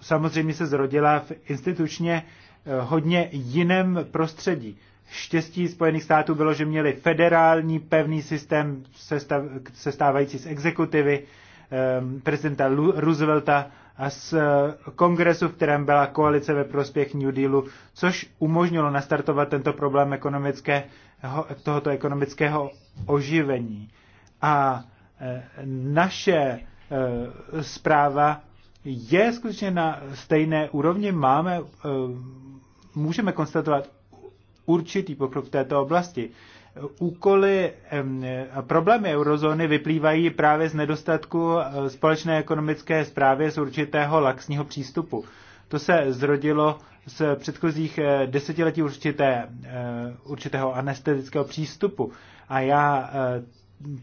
samozřejmě se zrodila v institučně Eh, hodně jiném prostředí. Štěstí Spojených států bylo, že měli federální pevný systém sestávající z exekutivy eh, prezidenta Roosevelta a z eh, kongresu, v kterém byla koalice ve prospěch New Dealu, což umožnilo nastartovat tento problém ekonomické, tohoto ekonomického oživení. A naše zpráva je skutečně na stejné úrovni. Máme můžeme konstatovat určitý pokrok v této oblasti. Úkoly a problémy eurozóny vyplývají právě z nedostatku e, společné ekonomické zprávy z určitého laxního přístupu. To se zrodilo z předchozích e, desetiletí určité, e, určitého anestetického přístupu. A já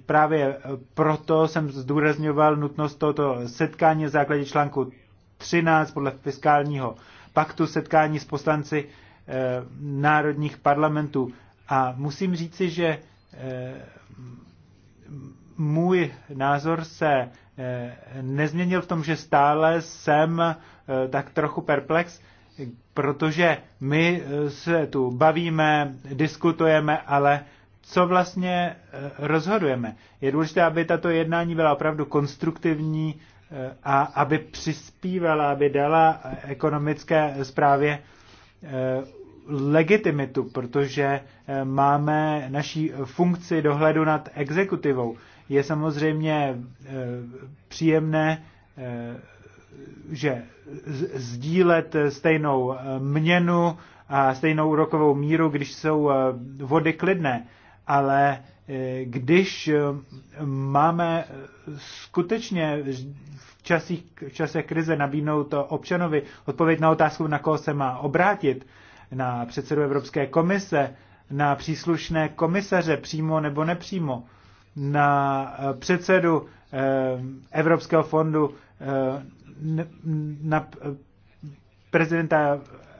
právě proto jsem zdůrazňoval nutnost tohoto setkání v základě článku 13 podle fiskálního paktu setkání s poslanci eh, národních parlamentů. A musím říci, že eh, můj názor se eh, nezměnil v tom, že stále jsem tak trochu perplex, protože my se tu bavíme, diskutujeme, ale co vlastně rozhodujeme. Je důležité, aby tato jednání byla opravdu konstruktivní a aby přispívala, aby dala ekonomické zprávě eh, legitimitu, protože eh, máme naší funkci dohledu nad exekutivou. Je samozřejmě eh, příjemné, že sdílet stejnou měnu a stejnou úrokovou míru, když jsou vody klidné, ale když eh, máme skutečně v časech, v časech krize nabídnout občanovi odpověď na otázku, na koho se má obrátit, na předsedu Evropské komise, na příslušné komisaře přímo nebo nepřímo, na eh, předsedu eh, Evropského fondu, na prezidenta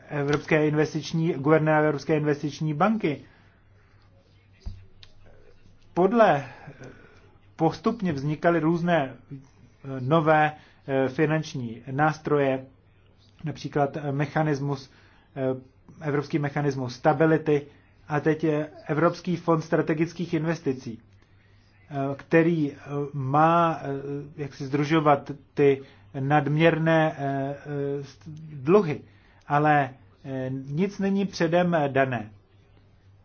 Evropské investiční, guvernéra Evropské investiční banky, podle eh, postupně vznikaly různé eh, nové eh, finanční nástroje, například mechanismus, evropský mechanismus stability a teď je Evropský fond strategických investicí, který má jak si združovat ty nadměrné dluhy, ale nic není předem dané.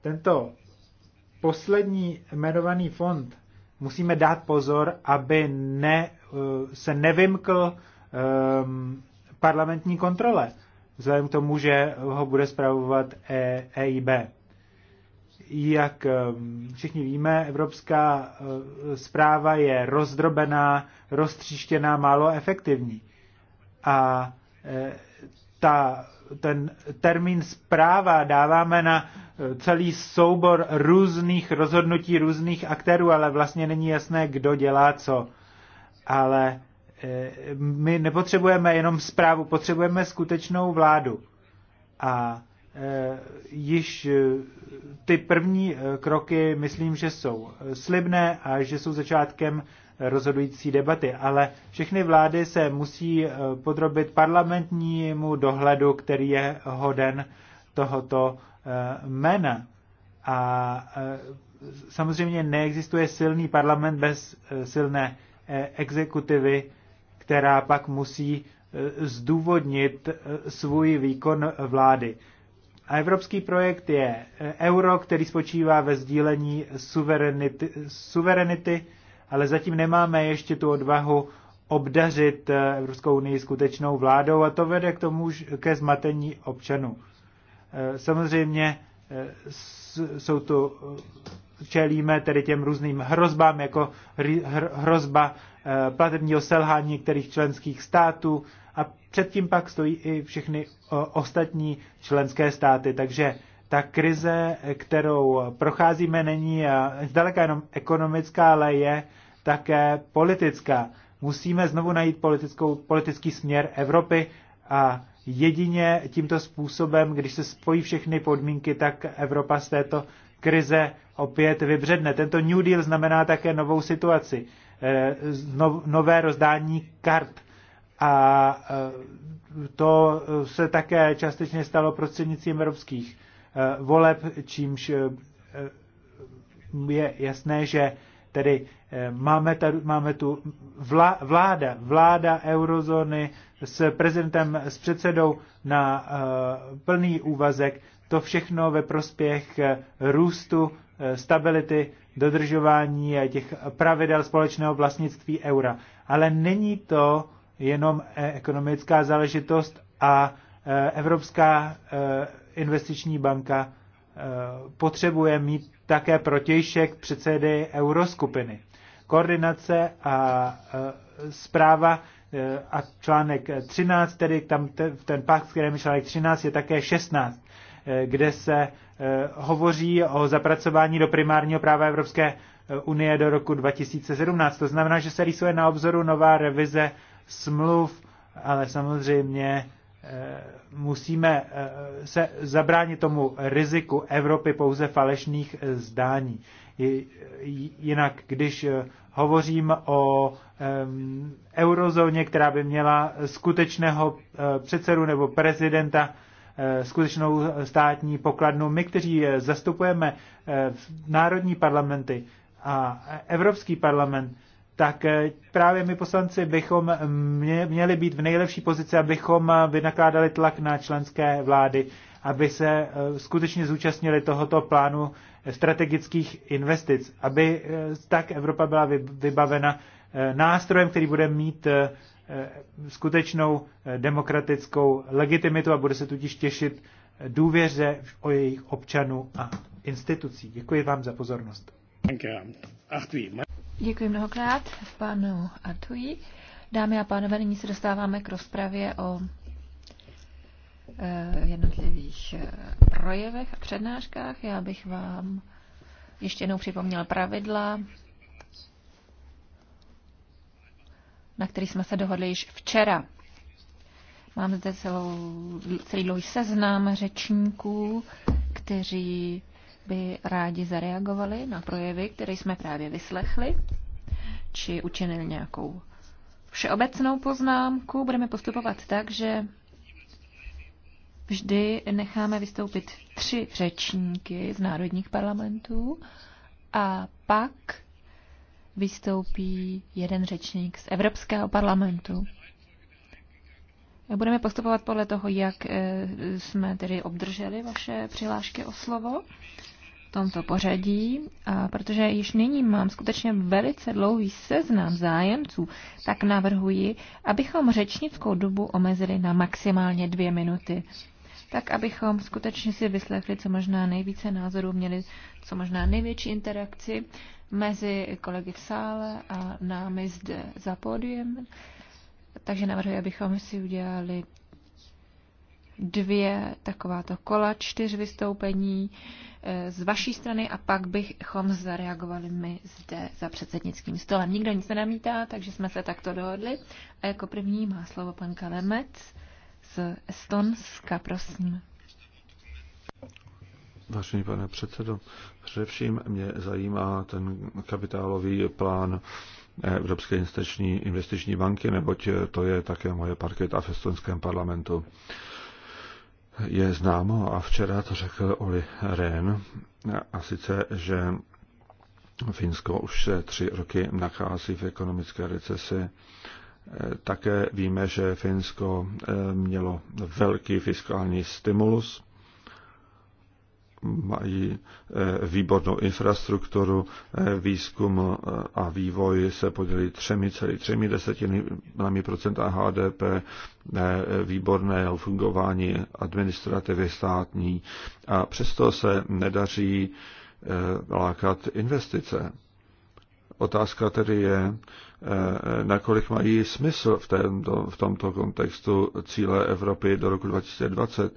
Tento poslední jmenovaný fond musíme dát pozor, aby ne, eh, se nevymkl um, parlamentní kontrole, vzhledem k tomu, že ho bude zpravovat e, EIB. Jak ehm, všichni víme, evropská zpráva eh, je rozdrobená, roztříštěná, málo efektivní. A eh, ta ten termín zpráva dáváme na eh, celý soubor různých rozhodnutí různých aktérů, ale vlastně není jasné, kdo dělá co. Ale eh, my nepotřebujeme jenom zprávu, potřebujeme skutečnou vládu. A eh, již ty první kroky, myslím, že jsou slibné a že jsou začátkem rozhodující debaty, ale všechny vlády se musí eh, podrobit parlamentnímu dohledu, který je hoden tohoto eh, jména. A eh, samozřejmě neexistuje silný parlament bez silné exekutivy, která pak musí zdůvodnit svůj výkon vlády. A evropský projekt je euro, který spočívá ve sdílení suverenity, suverenity ale zatím nemáme ještě tu odvahu obdařit eh, Evropskou unii skutečnou vládou a to vede k tomu ke zmatení občanů. Eh, samozřejmě eh, jsou tu, čelíme tedy těm různým hrozbám, jako hrozba platebního selhání některých členských států a předtím pak stojí i všechny ostatní členské státy. Takže ta krize, kterou procházíme, není eh, zdaleka jenom ekonomická, ale je také politická. Musíme znovu najít politickou, politický směr Evropy a jedině tímto způsobem, když se spojí všechny podmínky, tak Evropa z této krize opět vybředne. Tento New Deal znamená také novou situaci, eh, nové rozdání kart. A eh, to se také částečně stalo prostřednictvím evropských Eh, voleb, čímž eh, je jasné, že tedy eh, máme, tady, máme tu vláda, vláda eurozóny s prezidentem, s předsedou na plný úvazek, to všechno ve prospěch růstu, stability, dodržování těch pravidel společného vlastnictví eura. Ale není to jenom ekonomická záležitost a evropská investiční banka eh, potřebuje mít také protějšek předsedy euroskupiny. Koordinace a eh, zpráva eh, a článek 13, tedy tam ten, ten pakt, kterým je článek 13, je také 16, kde se hovoří o zapracování do primárního práva Evropské unie do roku 2017. To znamená, že se rýsuje na obzoru nová revize smluv, ale samozřejmě Eh, musíme eh, se zabránit tomu riziku Evropy pouze falešných eh, zdání. Jinak, když hovořím o eurozóně, která by měla skutečného předsedu nebo prezidenta, skutečnou státní pokladnu, my, kteří zastupujeme národní parlamenty a Evropský parlament, tak eh, právě my poslanci bychom měli být v nejlepší pozici, abychom eh, vynakládali tlak na členské vlády, aby se eh, skutečně zúčastnili tohoto plánu strategických investic, aby tak Evropa byla vybavena nástrojem, který bude mít skutečnou demokratickou legitimitu a bude se tudíž těšit důvěře o jejich občanů a institucí. Děkuji vám za pozornost. Děkuji. Děkuji mnohokrát panu Artuji. Dámy a pánové, nyní se dostáváme k rozpravě o eh, jednotlivých eh, projevech a přednáškách. Já bych vám ještě jednou připomněl pravidla, na který jsme se dohodli již včera. Mám zde celou, celý dlouhý seznam řečníků, kteří by rádi zareagovali na projevy, které jsme právě vyslechli, či učinili nějakou všeobecnou poznámku. Budeme postupovat tak, že vždy necháme vystoupit tři řečníky z národních parlamentů a pak vystoupí jeden řečník z Evropského parlamentu. Budeme postupovat podle toho, jak eh, jsme tedy obdrželi vaše přihlášky o slovo tomto pořadí, a protože již nyní mám skutečně velice dlouhý seznam zájemců, tak navrhuji, abychom řečnickou dobu omezili na maximálně dvě minuty. Tak, abychom skutečně si vyslechli co možná nejvíce názorů, měli co možná největší interakci mezi kolegy v sále a námi zde za pódiem. Takže navrhuji, abychom si udělali dvě takováto kola, čtyř vystoupení eh, z vaší strany a pak bychom zareagovali my zde za předsednickým stolem. Nikdo nic nenamítá, takže jsme se takto dohodli. A jako první má slovo pan Kalemec z Estonska, prosím. Vážený pane předsedo, především mě zajímá ten kapitálový plán Evropské investiční, investiční banky, neboť to je také moje parket a v estonském parlamentu je známo, a včera to řekl Oli Rehn, a sice, že Finsko už se tři roky nachází v ekonomické recesi. Také víme, že Finsko eh, mělo velký fiskální stimulus mají eh, výbornou infrastrukturu, eh, výzkum eh, a vývoj se podělí třemi celý třemi desetinami procenta HDP, výborného fungování administrativy státní a přesto se nedaří lákat investice. Otázka tedy je, nakolik mají smysl v, tento, v tomto kontextu cíle Evropy do roku 2020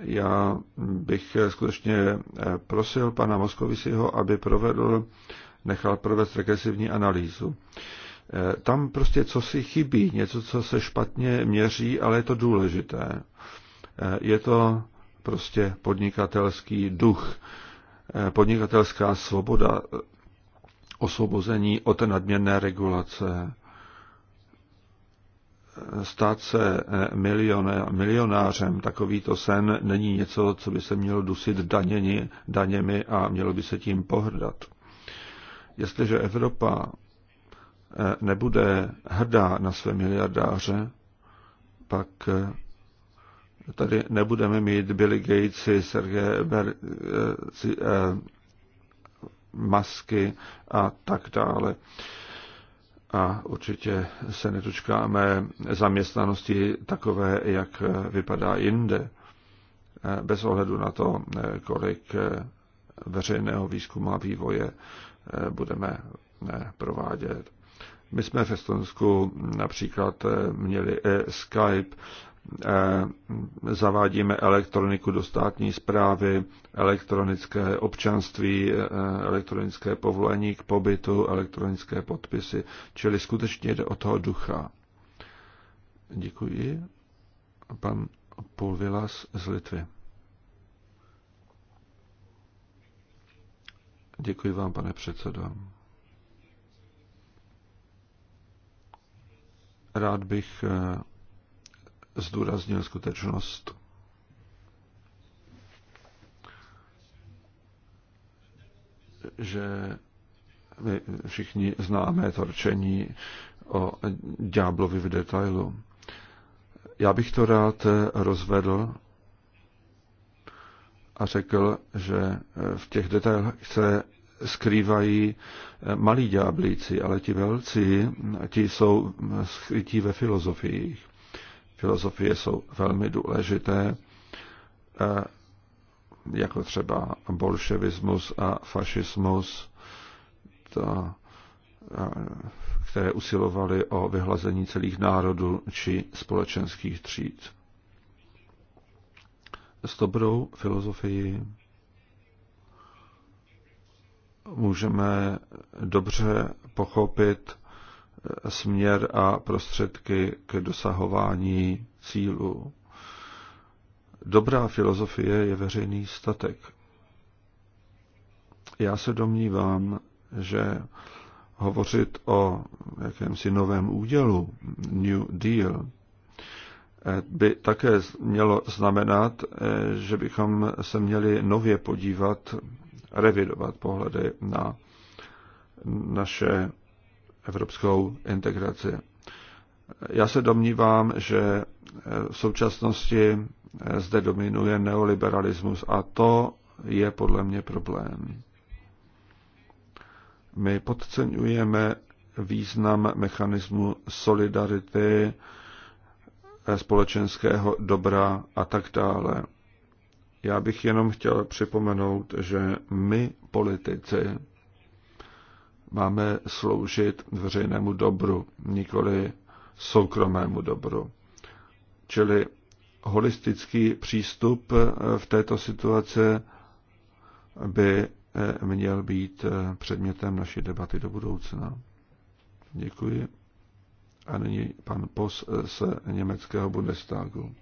já bych skutečně eh, prosil pana Moskovisiho, aby provedl, nechal provést regresivní analýzu. Eh, tam prostě co si chybí, něco, co se špatně měří, ale je to důležité. Eh, je to prostě podnikatelský duch, podnikatelská svoboda, osvobození od nadměrné regulace, stát se eh, milionářem milionářem, takovýto sen není něco, co by se mělo dusit daněni, daněmi a mělo by se tím pohrdat. Jestliže Evropa eh, nebude hrdá na své miliardáře, pak eh, tady nebudeme mít Billy Gatesy, Sergeje Ber, Masky a tak dále a určitě se nedočkáme zaměstnanosti takové, jak vypadá jinde, bez ohledu na to, kolik veřejného výzkumu a vývoje budeme provádět. My jsme v Estonsku například měli Skype Eh, zavádíme elektroniku do státní zprávy, elektronické občanství, eh, elektronické povolení k pobytu, elektronické podpisy, čili skutečně jde o toho ducha. Děkuji. Pan Pulvilas z Litvy. Děkuji vám, pane předsedo. Rád bych eh, zdůraznil skutečnost, že my všichni známe torčení o ďáblovi v detailu. Já bych to rád rozvedl a řekl, že v těch detailech se skrývají malí ďáblíci, ale ti velcí, ti jsou skrytí ve filozofiích filozofie jsou velmi důležité, eh, jako třeba bolševismus a fašismus, to, eh, které usilovaly o vyhlazení celých národů či společenských tříd. S dobrou filozofii můžeme dobře pochopit směr a prostředky k dosahování cílu. Dobrá filozofie je veřejný statek. Já se domnívám, že hovořit o jakémsi novém údělu, New Deal, by také mělo znamenat, že bychom se měli nově podívat, revidovat pohledy na naše evropskou integraci. Já se domnívám, že v současnosti zde dominuje neoliberalismus a to je podle mě problém. My podceňujeme význam mechanismu solidarity, společenského dobra a tak dále. Já bych jenom chtěl připomenout, že my, politici, máme sloužit veřejnému dobru, nikoli soukromému dobru. Čili holistický přístup eh, v této situaci by eh, měl být eh, předmětem naší debaty do budoucna. Děkuji. A nyní pan Pos z německého Bundestagu.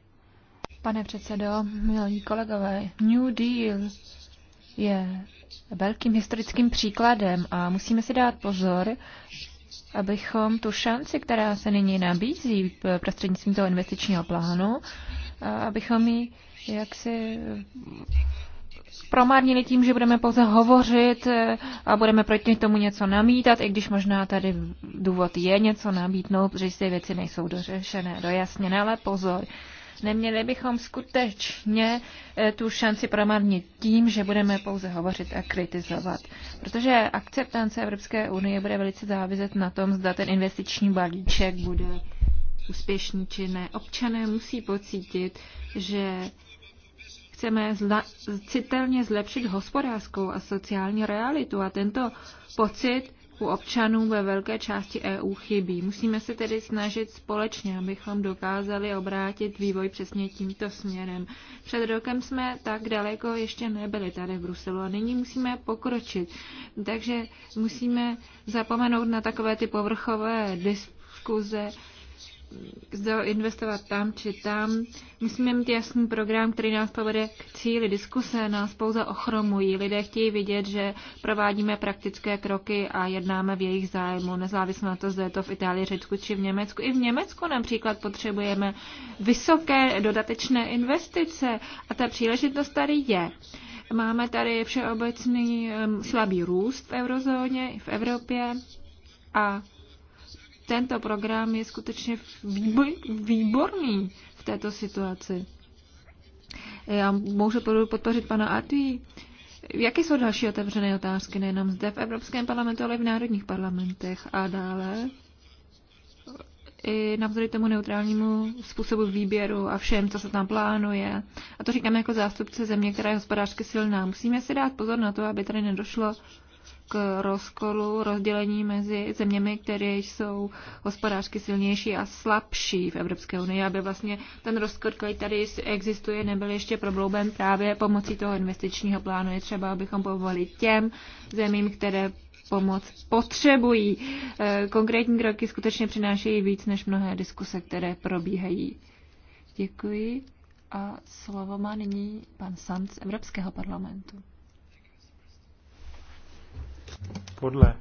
Pane předsedo, milí kolegové, New Deal je velkým historickým příkladem a musíme si dát pozor, abychom tu šanci, která se nyní nabízí prostřednictvím toho investičního plánu, abychom ji jaksi promarnili tím, že budeme pouze hovořit a budeme proti tomu něco namítat, i když možná tady důvod je něco namítnout, protože ty věci nejsou dořešené, dojasněné, ale pozor. Neměli bychom skutečně eh, tu šanci promarnit tím, že budeme pouze hovořit a kritizovat. Protože akceptance Evropské unie bude velice záviset na tom, zda ten investiční balíček bude úspěšný či ne. Občané musí pocítit, že chceme zla- citelně zlepšit hospodářskou a sociální realitu a tento pocit přístupu občanů ve velké části EU chybí. Musíme se tedy snažit společně, abychom dokázali obrátit vývoj přesně tímto směrem. Před rokem jsme tak daleko ještě nebyli tady v Bruselu a nyní musíme pokročit. Takže musíme zapomenout na takové ty povrchové diskuze, zda investovat tam či tam. Musíme mít jasný program, který nás povede k cíli. Diskuse nás pouze ochromují. Lidé chtějí vidět, že provádíme praktické kroky a jednáme v jejich zájmu, nezávisle na to, zda je to v Itálii, Řecku či v Německu. I v Německu například potřebujeme vysoké dodatečné investice a ta příležitost tady je. Máme tady všeobecný um, slabý růst v eurozóně, v Evropě a tento program je skutečně výborný v této situaci. Já můžu podpořit pana Atví. Jaké jsou další otevřené otázky nejenom zde v Evropském parlamentu, ale i v národních parlamentech a dále? I navzory tomu neutrálnímu způsobu výběru a všem, co se tam plánuje. A to říkám jako zástupce země, která je hospodářsky silná. Musíme si dát pozor na to, aby tady nedošlo k rozkolu, rozdělení mezi zeměmi, které jsou hospodářsky silnější a slabší v Evropské unii, aby vlastně ten rozkol, který tady existuje, nebyl ještě problémem právě pomocí toho investičního plánu. Je třeba, abychom povolili těm zemím, které pomoc potřebují. Eh, konkrétní kroky skutečně přinášejí víc než mnohé diskuse, které probíhají. Děkuji. A slovo má nyní pan Sanz Evropského parlamentu podle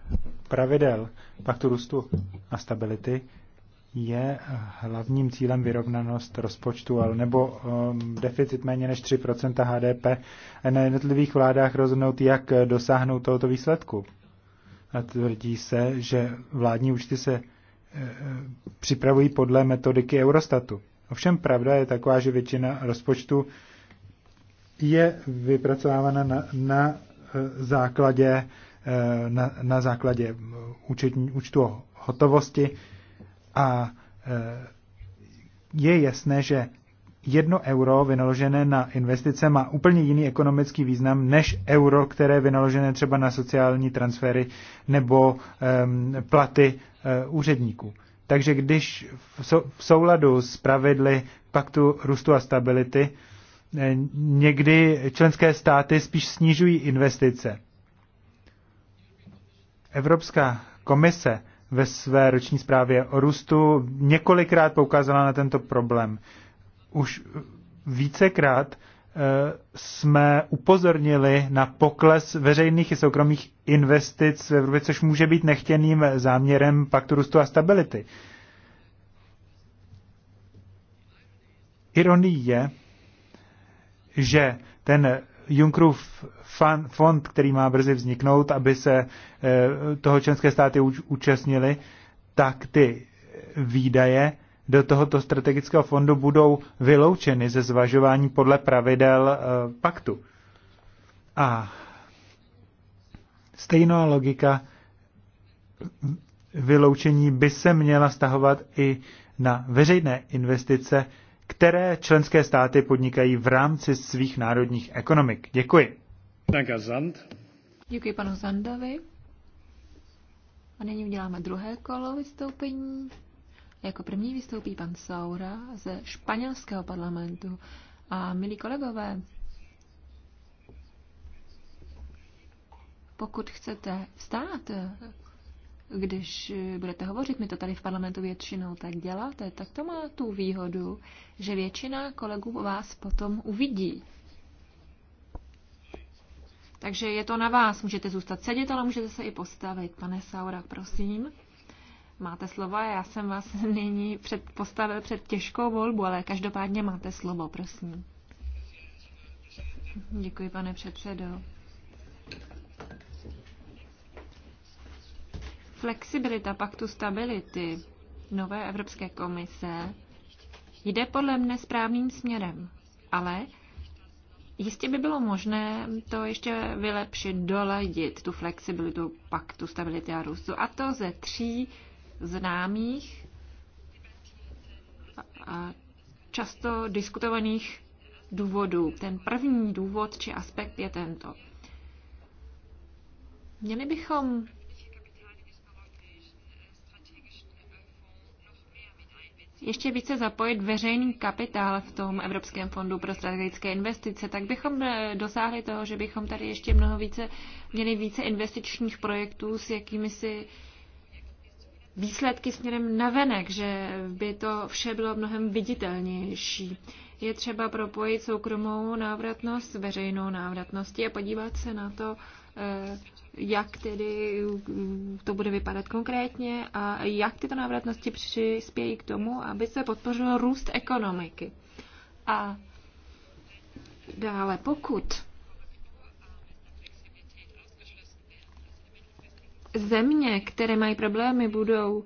pravidel paktu růstu a stability je hlavním cílem vyrovnanost rozpočtu ale nebo um, deficit méně než 3 HDP a na jednotlivých vládách rozhodnout, jak dosáhnout tohoto výsledku. A tvrdí se, že vládní účty se e, připravují podle metodiky Eurostatu. Ovšem pravda je taková, že většina rozpočtu je vypracována na, na eh, základě Eh, na, na základě účetní, účtu o hotovosti a eh, je jasné, že jedno euro vynaložené na investice má úplně jiný ekonomický význam než euro, které je vynaložené třeba na sociální transfery nebo um, platy uh, úředníků. Takže když v, v souladu s pravidly paktu růstu a stability někdy členské státy spíš snižují investice Evropská komise ve své roční zprávě o růstu několikrát poukázala na tento problém. Už vícekrát eh, jsme upozornili na pokles veřejných i soukromých investic v Evropě, což může být nechtěným záměrem paktu růstu a stability. Ironie je, že ten Junckerův fond, který má brzy vzniknout, aby se eh, toho členské státy účastnili, tak ty výdaje do tohoto strategického fondu budou vyloučeny ze zvažování podle pravidel eh, paktu. A stejná logika vyloučení by se měla stahovat i na veřejné investice, které členské státy podnikají v rámci svých národních ekonomik. Děkuji. Děkuji panu Zandovi. A nyní uděláme druhé kolo vystoupení. Jako první vystoupí pan Saura ze španělského parlamentu. A milí kolegové, pokud chcete vstát když eh, budete hovořit, my to tady v parlamentu většinou tak děláte, tak to má tu výhodu, že většina kolegů vás potom uvidí. Takže je to na vás. Můžete zůstat sedět, ale můžete se i postavit. Pane Saurak, prosím. Máte slovo já jsem vás [laughs] nyní před, postavil před těžkou volbu, ale každopádně máte slovo, prosím. Děkuji, pane předsedo. Flexibilita paktu stability nové Evropské komise jde podle mne správným směrem, ale jistě by bylo možné to ještě vylepšit, doladit tu flexibilitu paktu stability a růstu. A to ze tří známých a často diskutovaných důvodů. Ten první důvod či aspekt je tento. Měli bychom ještě více zapojit veřejný kapitál v tom Evropském fondu pro strategické investice, tak bychom eh, dosáhli toho, že bychom tady ještě mnoho více měli více investičních projektů s jakými si výsledky směrem navenek, že by to vše bylo mnohem viditelnější. Je třeba propojit soukromou návratnost s veřejnou návratností a podívat se na to Eh, jak tedy mm, to bude vypadat konkrétně a jak tyto návratnosti přispějí k tomu, aby se podpořil růst ekonomiky. A dále, pokud země, které mají problémy, budou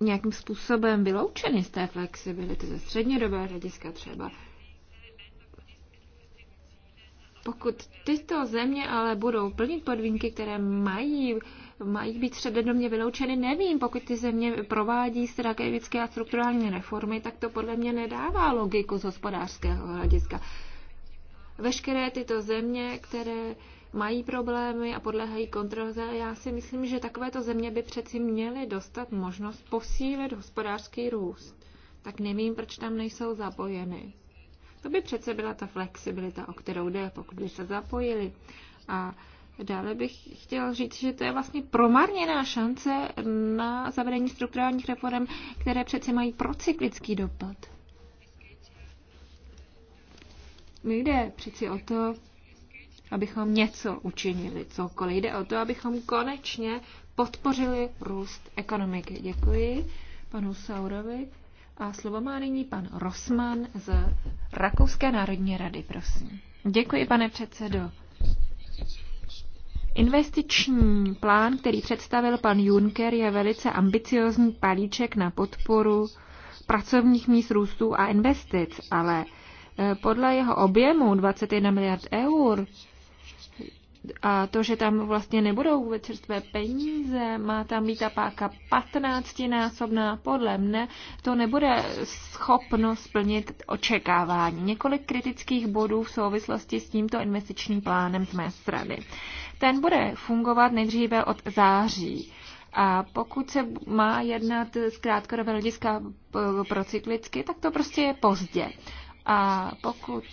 nějakým způsobem vyloučeny z té flexibility ze střednědobého hlediska třeba, pokud tyto země ale budou plnit podmínky, které mají, mají být mě vyloučeny, nevím, pokud ty země provádí strategické a strukturální reformy, tak to podle mě nedává logiku z hospodářského hlediska. Veškeré tyto země, které mají problémy a podléhají kontroze, já si myslím, že takovéto země by přeci měly dostat možnost posílit hospodářský růst. Tak nevím, proč tam nejsou zapojeny. To by přece byla ta flexibilita, o kterou jde, pokud by se zapojili. A dále bych chtěl říct, že to je vlastně promarněná šance na zavedení strukturálních reform, které přece mají procyklický dopad. Mi jde přeci o to, abychom něco učinili, cokoliv. Jde o to, abychom konečně podpořili růst ekonomiky. Děkuji panu Saurovi. A slovo má nyní pan Rosman z Rakouské národní rady, prosím. Děkuji, pane předsedo. Investiční plán, který představil pan Juncker, je velice ambiciozní palíček na podporu pracovních míst růstu a investic, ale eh, podle jeho objemu 21 miliard eur a to, že tam vlastně nebudou vůbec čerstvé peníze, má tam být ta páka 15-násobná, podle mne to nebude schopno splnit očekávání. Několik kritických bodů v souvislosti s tímto investičním plánem z mé strany. Ten bude fungovat nejdříve od září. A pokud se má jednat z krátkodobého hlediska procyklicky, tak to prostě je pozdě. A pokud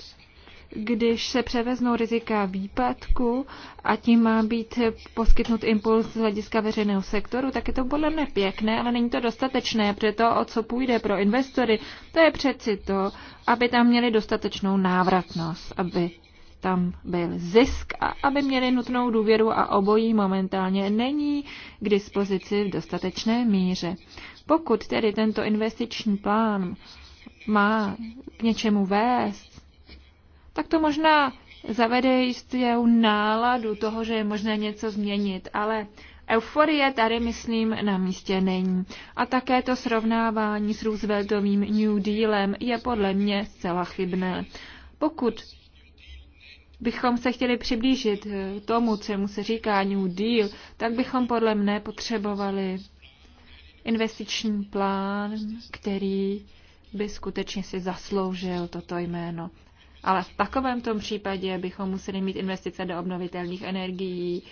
když se převeznou rizika výpadku a tím má být poskytnut impuls z hlediska veřejného sektoru, tak je to podle mě pěkné, ale není to dostatečné, protože to, o co půjde pro investory, to je přeci to, aby tam měli dostatečnou návratnost, aby tam byl zisk a aby měli nutnou důvěru a obojí momentálně není k dispozici v dostatečné míře. Pokud tedy tento investiční plán má k něčemu vést, tak to možná zavede jistou náladu toho, že je možné něco změnit, ale euforie tady, myslím, na místě není. A také to srovnávání s Rooseveltovým New Dealem je podle mě zcela chybné. Pokud bychom se chtěli přiblížit eh, tomu, mu se říká New Deal, tak bychom podle mne potřebovali investiční plán, který by skutečně si zasloužil toto jméno ale v takovém tom případě bychom museli mít investice do obnovitelných energií,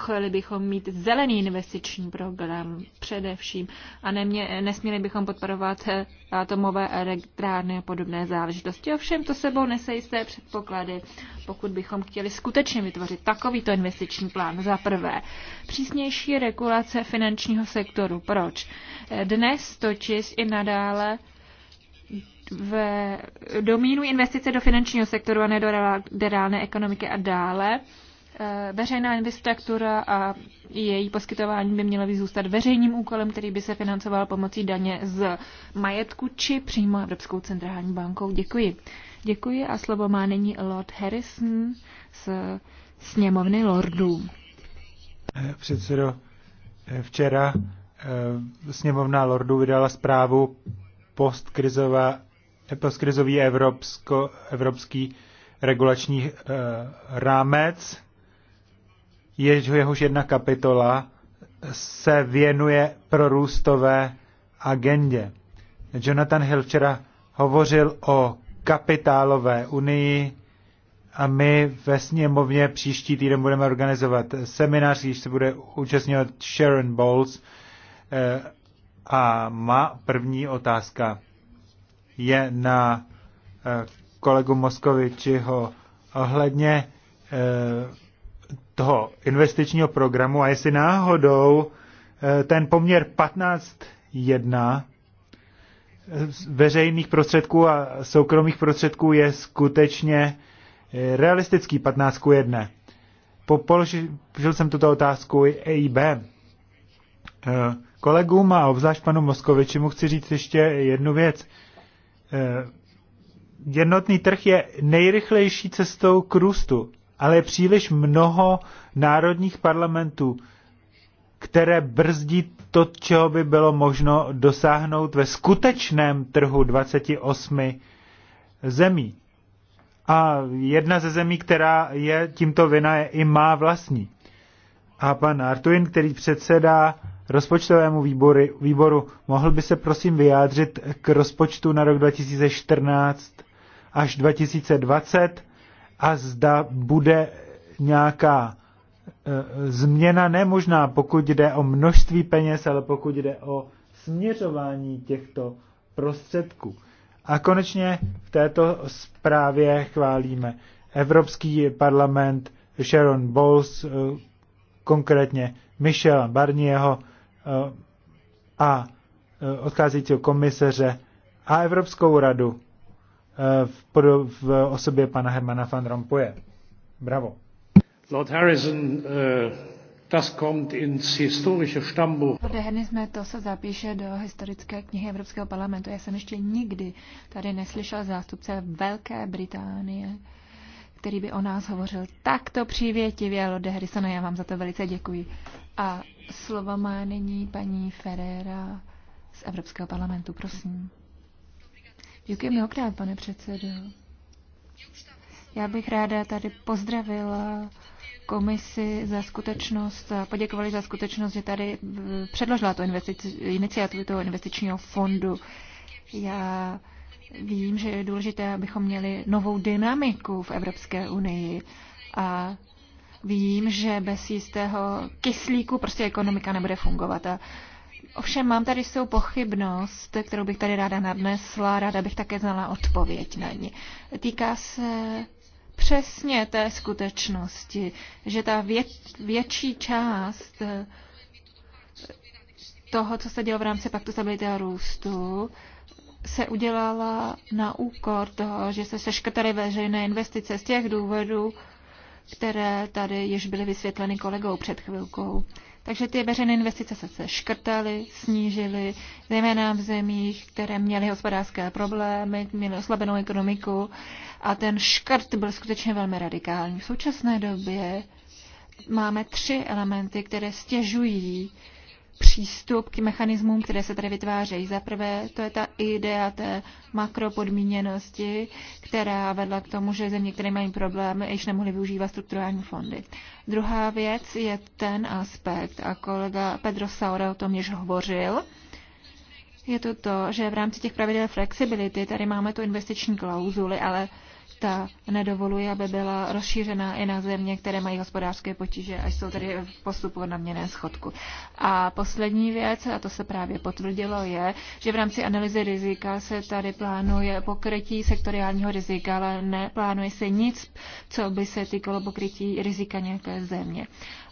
chtěli bychom mít zelený investiční program především a nemě, nesměli bychom podporovat eh, atomové elektrárny a podobné záležitosti. Ovšem to sebou nese jisté předpoklady, pokud bychom chtěli skutečně vytvořit takovýto investiční plán. Za prvé, přísnější regulace finančního sektoru. Proč? Eh, dnes totiž i nadále v domínu investice do finančního sektoru a ne do reálné ekonomiky a dále. E, veřejná infrastruktura a její poskytování by měla zůstat veřejným úkolem, který by se financoval pomocí daně z majetku či přímo Evropskou centrální bankou. Děkuji. Děkuji a slovo má nyní Lord Harrison z sněmovny Lordů. Eh, předsedo, eh, včera eh, sněmovna Lordů vydala zprávu postkrizová postkrizový evropsko, evropský regulační e, rámec, je, jehož jedna kapitola se věnuje prorůstové agendě. Jonathan Hill včera hovořil o kapitálové unii a my ve sněmovně příští týden budeme organizovat seminář, když se bude účastnit Sharon Bowles. E, a má první otázka je na eh, kolegu Moskovičiho ohledně eh, toho investičního programu a jestli náhodou eh, ten poměr 15:1 veřejných prostředků a soukromých prostředků je skutečně realistický 15 k 1. Položil jsem tuto otázku i EIB. Kolegům a obzvlášť panu Moskovičimu chci říct ještě jednu věc. Eh, jednotný trh je nejrychlejší cestou k růstu, ale je příliš mnoho národních parlamentů, které brzdí to, čeho by bylo možno dosáhnout ve skutečném trhu 28 zemí. A jedna ze zemí, která je tímto vina, je i má vlastní. A pan Artuin, který předsedá rozpočtovému výbory, výboru, mohl by se prosím vyjádřit k rozpočtu na rok 2014 až 2020 a zda bude nějaká e, změna, nemožná, pokud jde o množství peněz, ale pokud jde o směřování těchto prostředků. A konečně v této zprávě chválíme Evropský parlament, Sharon Bowles, e, konkrétně Michel Barnieho, a odcházejícího komiseře a Evropskou radu e, v, v osobě pana Hermana van Rompuye. Bravo. Lord Harrison, e, das kommt ins historische Stammbuch. Lord Harrison, to se zapíše do historické knihy Evropského parlamentu. Já jsem ještě nikdy tady neslyšel zástupce Velké Británie který by o nás hovořil takto přívětivě. Lode Harrisona, já vám za to velice děkuji. A slova má nyní paní Ferreira z Evropského parlamentu, prosím. Děkuji mnohokrát, pane předsedo. Já bych ráda tady pozdravila komisi za skutečnost, poděkovali za skutečnost, že tady předložila tu investici, iniciativu toho investičního fondu. Já vím, že je důležité, abychom měli novou dynamiku v Evropské unii a vím, že bez jistého kyslíku prostě ekonomika nebude fungovat. A ovšem mám tady svou pochybnost, kterou bych tady ráda nadnesla, ráda bych také znala odpověď na ní. Týká se přesně té skutečnosti, že ta vět, větší část toho, co se dělo v rámci paktu stability a růstu, se udělala na úkor toho, že se seškrtaly veřejné investice z těch důvodů, které tady již byly vysvětleny kolegou před chvilkou. Takže ty veřejné investice se seškrtaly, snížily, zejména v zemích, které měly hospodářské problémy, měly oslabenou ekonomiku a ten škrt byl skutečně velmi radikální. V současné době máme tři elementy, které stěžují přístup k mechanismům, které se tady vytvářejí. Za prvé, to je ta idea té makropodmíněnosti, která vedla k tomu, že země, které mají problémy, již nemohly využívat strukturální fondy. Druhá věc je ten aspekt, a kolega Pedro Saura o tom již hovořil, je to to, že v rámci těch pravidel flexibility tady máme tu investiční klauzuly, ale ta nedovoluje, aby byla rozšířena i na země, které mají hospodářské potíže až jsou tedy v postupu na měné schodku. A poslední věc, a to se právě potvrdilo, je, že v rámci analýzy rizika se tady plánuje pokrytí sektoriálního rizika, ale neplánuje se nic, co by se týkalo pokrytí rizika nějaké země.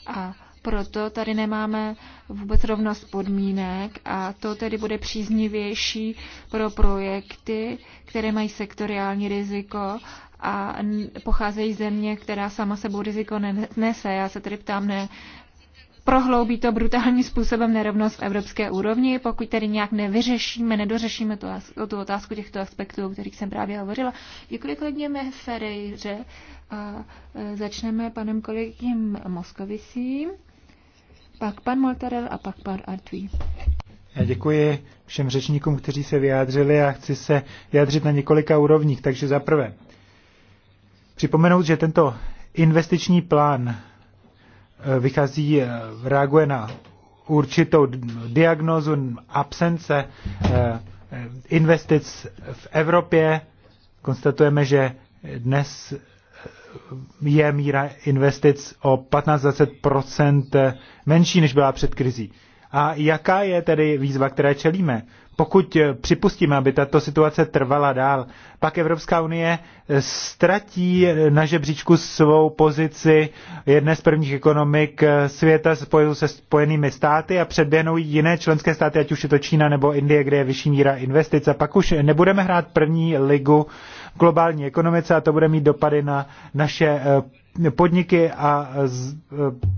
A proto tady nemáme vůbec rovnost podmínek a to tedy bude příznivější pro projekty, které mají sektoriální riziko a pocházejí země, která sama sebou riziko nese. Já se tedy ptám, ne, prohloubí to brutálním způsobem nerovnost v evropské úrovni, pokud tedy nějak nevyřešíme, nedořešíme tu, tu otázku těchto aspektů, o kterých jsem právě hovořila. Děkuji kolegně Ferejře a e, začneme panem kolegím Moskovisím pak pan Molterel a pak pan Artví. Já děkuji všem řečníkům, kteří se vyjádřili a chci se vyjádřit na několika úrovních. Takže za prvé, připomenout, že tento investiční plán eh, vychází, eh, reaguje na určitou diagnózu absence eh, investic v Evropě. Konstatujeme, že dnes je míra investic o 15-20 menší, než byla před krizí. A jaká je tedy výzva, které čelíme? Pokud připustíme, aby tato situace trvala dál, pak Evropská unie ztratí na žebříčku svou pozici jedné z prvních ekonomik světa spojil se spojenými státy a předběhnou jiné členské státy, ať už je to Čína nebo Indie, kde je vyšší míra investic. A pak už nebudeme hrát první ligu globální ekonomice a to bude mít dopady na naše eh, podniky a, eh,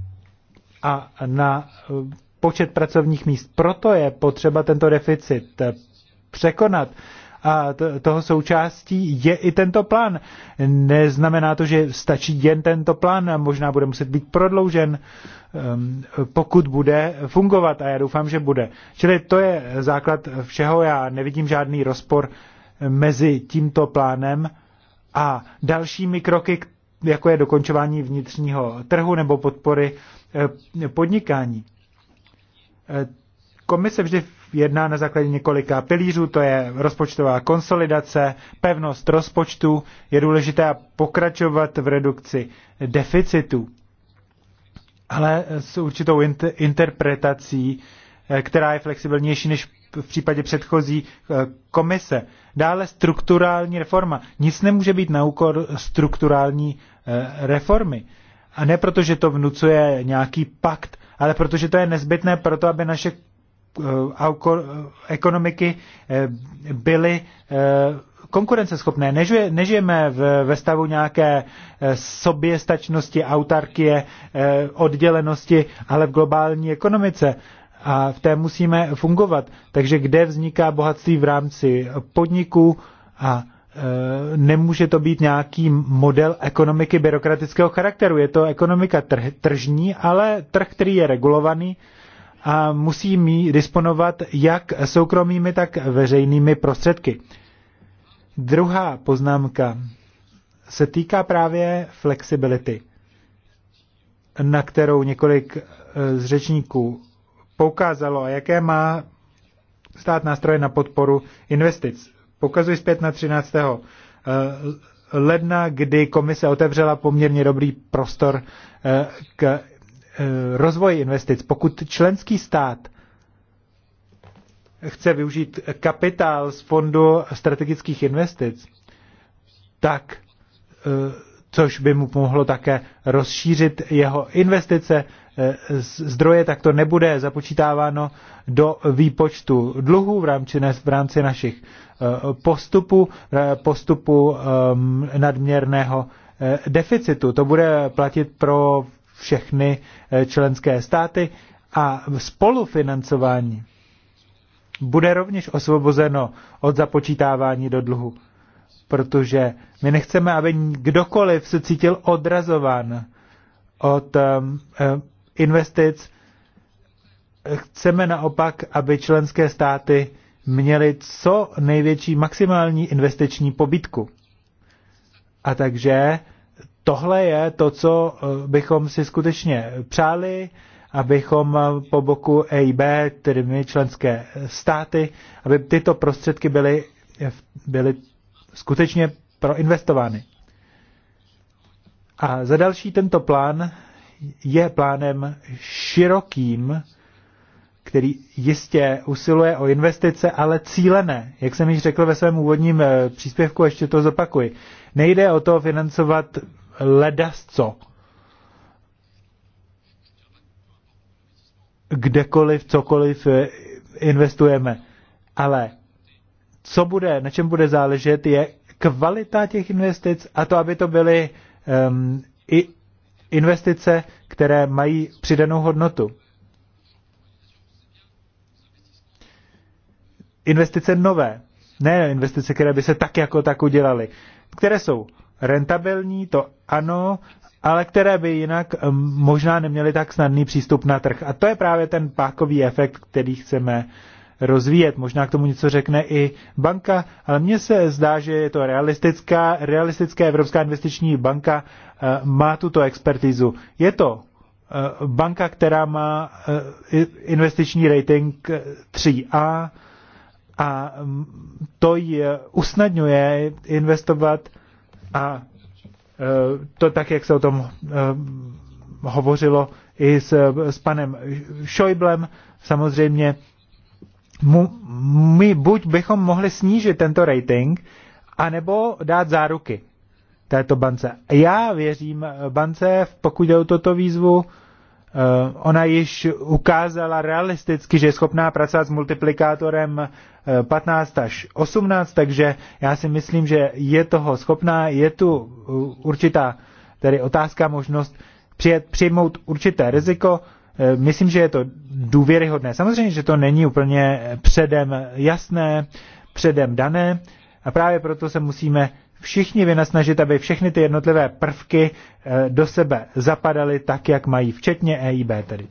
a na eh, počet pracovních míst. Proto je potřeba tento deficit překonat. A toho součástí je i tento plán. Neznamená to, že stačí jen tento plán, možná bude muset být prodloužen, ehm, pokud bude fungovat a já doufám, že bude. Čili to je základ všeho, já nevidím žádný rozpor mezi tímto plánem a dalšími kroky, jako je dokončování vnitřního trhu nebo podpory eh, podnikání. Eh, komise vždy jedná na základě několika pilířů, to je rozpočtová konsolidace, pevnost rozpočtu, je důležité pokračovat v redukci deficitu, ale s určitou interpretací, eh, která je flexibilnější než v případě předchozí eh, komise. Dále strukturální reforma. Nic nemůže být na úkor strukturální eh, reformy. A ne proto, že to vnucuje nějaký pakt, ale protože to je nezbytné proto, aby naše eh, ekonomiky byly konkurenceschopné. nežijeme v, ve stavu nějaké soběstačnosti, autarkie, oddělenosti, ale v globální ekonomice a v té musíme fungovat. Takže kde vzniká bohatství v rámci podniku a e, nemůže to být nějaký model ekonomiky byrokratického charakteru. Je to ekonomika tr- tržní, ale trh, který je regulovaný a musí mít disponovat jak soukromými, tak veřejnými prostředky. Druhá poznámka se týká právě flexibility, na kterou několik e, z řečníků poukázalo jaké má stát nástroje na podporu investic. Poukazuji zpět na 13. Eh, ledna, kdy komise otevřela poměrně dobrý prostor eh, k eh, rozvoji investic. Pokud členský stát chce využít kapitál z fondu strategických investic, tak což by mu mohlo také rozšířit jeho investice Eh, zdroje, tak to nebude započítáváno do výpočtu dluhů v rámci, v rámci našich eh, postupů, eh, postupu ehm, nadměrného deficitu. To bude platit pro všechny členské státy a spolufinancování bude rovněž osvobozeno od započítávání do dluhu, protože my nechceme, aby kdokoliv se cítil odrazován od ehm, investic. Chceme naopak, aby členské státy měly co největší maximální investiční pobytku. A takže tohle je to, co eh, bychom si skutečně přáli, abychom eh, po boku EIB, tedy my členské státy, aby tyto prostředky byly, eh, byly skutečně proinvestovány. A za další tento plán je plánem širokým, který jistě usiluje o investice, ale cílené. Jak jsem již řekl ve svém úvodním eh, příspěvku, ještě to zopakuji. Nejde o to financovat ledasco. Kdekoliv, cokoliv eh, investujeme. Ale co bude, na čem bude záležet, je kvalita těch investic a to, aby to byly um, i investice, které mají přidanou hodnotu. Investice nové, ne investice, které by se tak jako tak udělaly, které jsou rentabilní, to ano, ale které by jinak možná neměly tak snadný přístup na trh. A to je právě ten pákový efekt, který chceme rozvíjet. Možná k tomu něco řekne i banka, ale mně se zdá, že je to realistická, realistická Evropská investiční banka Eh, má tuto expertizu. Je to eh, banka, která má eh, investiční rating 3A a mm, to ji usnadňuje investovat a to tak, jak se o tom hovořilo i s, s panem Šojblem, samozřejmě mu, my buď bychom mohli snížit tento rating, anebo dát záruky této bance. Já věřím eh, bance, pokud jde o toto výzvu, eh, ona již ukázala realisticky, že je schopná pracovat s multiplikátorem 15 eh, až 18, takže já si myslím, že je toho schopná, je tu určitá tedy otázka, možnost přijet, přijmout určité riziko, myslím, že je to důvěryhodné. Samozřejmě, že to není úplně předem jasné, předem dané a právě proto se musíme všichni vynasnažit, aby všechny ty jednotlivé prvky eh, do sebe zapadaly tak, jak mají, včetně EIB tedy.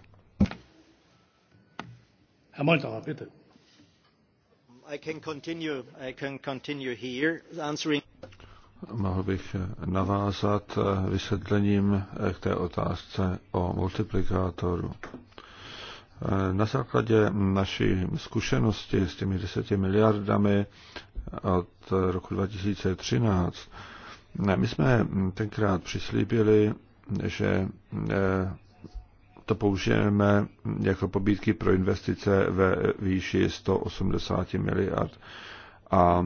Mohl bych eh, navázat eh, vysvětlením k té otázce o multiplikátoru. Na základě naší zkušenosti s těmi deseti miliardami od roku 2013, my jsme tenkrát přislíbili, že eh, to použijeme jako pobídky pro investice ve výši 180 miliard. A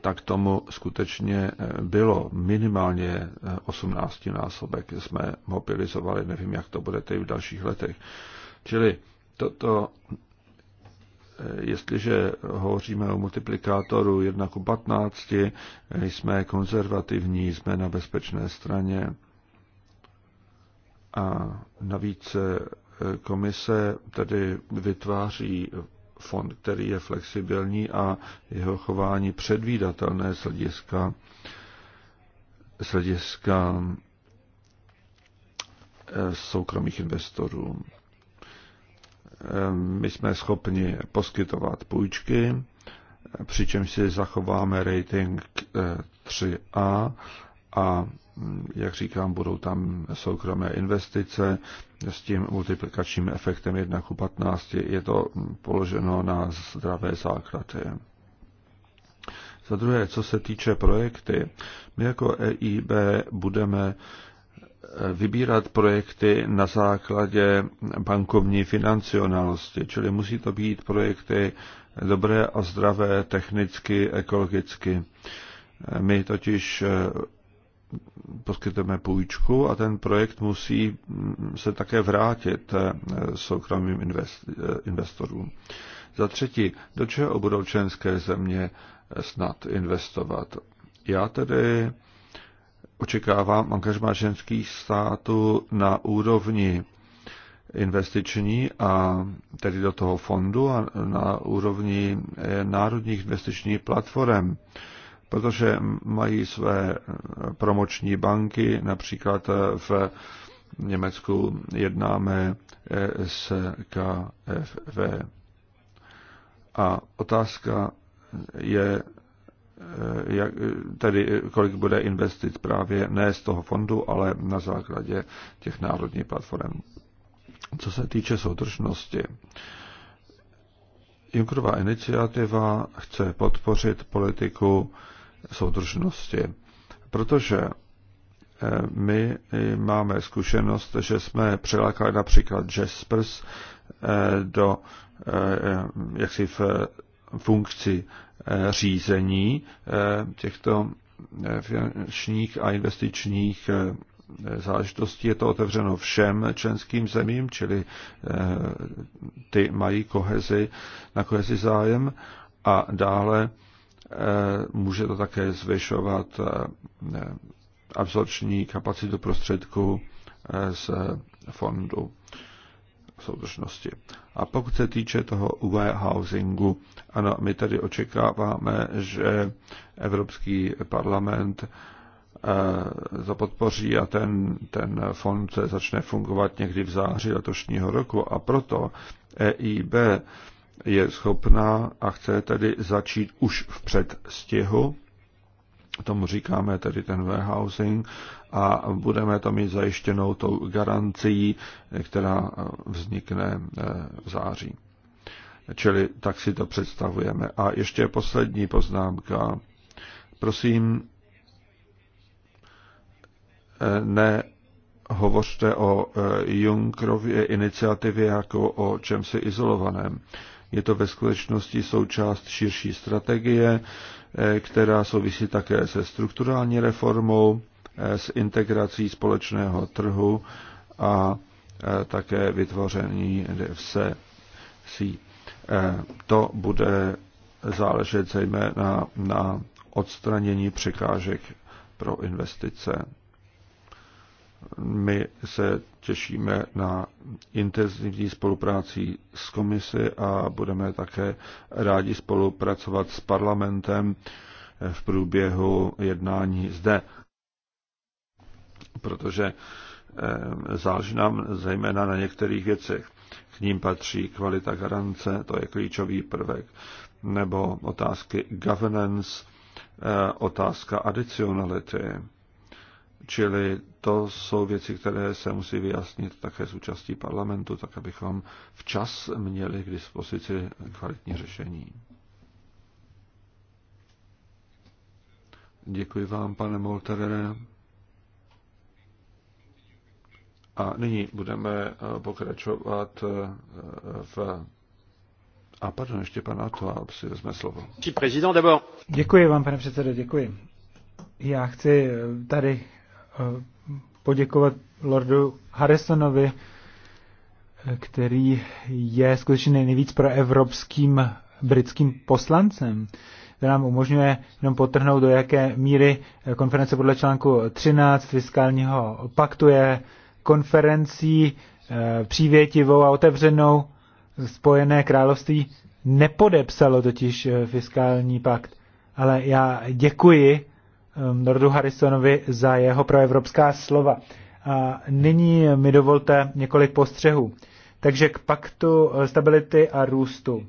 tak tomu skutečně eh, bylo. Minimálně 18 eh, násobek jsme mobilizovali, nevím, jak to bude teď v dalších letech. Čili toto Eh, jestliže hovoříme o multiplikátoru 1 k 15, jsme konzervativní, jsme na bezpečné straně. A navíc eh, komise tedy vytváří fond, který je flexibilní a jeho chování předvídatelné z hlediska, z hlediska eh, soukromých investorů. Ehm, my jsme schopni poskytovat půjčky, přičemž si zachováme rating 3A eh, a, hm, jak říkám, budou tam soukromé investice s tím multiplikačním efektem 1 k 15. Je to hm, položeno na zdravé základy. Za druhé, co se týče projekty, my jako EIB budeme vybírat projekty na základě bankovní financionalnosti, čili musí to být projekty dobré a zdravé technicky, ekologicky. My totiž eh, poskytujeme půjčku a ten projekt musí mm, se také vrátit eh, soukromým eh, investorům. Za třetí, do čeho budou členské země snad investovat? Já tedy očekávám angažma ženských států na úrovni investiční a tedy do toho fondu a na úrovni eh, národních investičních platform, protože mají své eh, promoční banky, například eh, v Německu jednáme s KFV. A otázka je, Eh, jak, eh, tedy eh, kolik bude investic právě ne z toho fondu, ale na základě těch národních platform. Co se týče soudržnosti, Junckerova iniciativa chce podpořit politiku soudržnosti, protože my máme zkušenost, že jsme přilákali například Jaspers do jaksi v funkci Eh, řízení eh, těchto eh, finančních a investičních záležitostí. Je to otevřeno všem členským zemím, čili ty mají kohezi, na kohezi zájem a dále může to také zvyšovat absorpční kapacitu prostředků z fondu soudržnosti. A pokud se týče toho housingu, ano, my tady očekáváme, že Evropský parlament zapodpoří eh, a ten, ten fond začne fungovat někdy v září letošního roku a proto EIB je schopná a chce tedy začít už v předstihu, tomu říkáme tedy ten warehousing, a budeme to mít zajištěnou tou garancí, která vznikne eh, v září. Čili tak si to představujeme. A ještě poslední poznámka. Prosím, eh, ne hovořte o eh, Junkrově iniciativě jako o čemsi izolovaném. Je to ve skutečnosti součást širší strategie, eh, která souvisí také se strukturální reformou, s integrací společného trhu a také vytvoření DFC. Eh, to bude záležet zejména na odstranění překážek pro investice. My se těšíme na intenzivní spolupráci s komisi a budeme také rádi spolupracovat s parlamentem v průběhu jednání zde. Protože eh, záleží nám zejména na některých věcech. K ním patří kvalita garance, to je klíčový prvek, nebo otázky governance, eh, otázka adicionality. Čili to jsou věci, které se musí vyjasnit také s účastí parlamentu, tak abychom včas měli k dispozici kvalitní řešení. Děkuji vám, pane Molterere. A nyní budeme eh, pokračovat eh, v a pardon, ještě pan Ato, si vezme slovo. Děkuji vám, pane předsedo, děkuji. Já chci eh, tady poděkovat Lordu Harrisonovi, který je skutečně nejvíc evropským britským poslancem. To nám umožňuje jenom potrhnout, do jaké míry konference podle článku 13 fiskálního paktu je konferencí eh, přívětivou a otevřenou Spojené království nepodepsalo totiž eh, fiskální pakt. Ale já děkuji eh, Nordu Harrisonovi za jeho proevropská slova. A nyní mi dovolte několik postřehů. Takže k paktu stability a růstu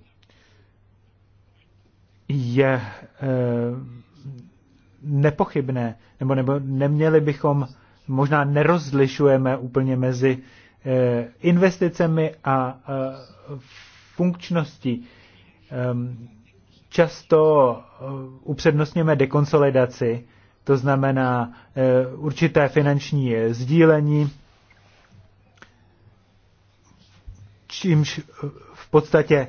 je e, nepochybné, nebo, nebo neměli bychom možná nerozlišujeme úplně mezi eh, investicemi a eh, funkčností. Ehm, často eh, upřednostňujeme dekonsolidaci, to znamená určité finanční sdílení, čímž v podstatě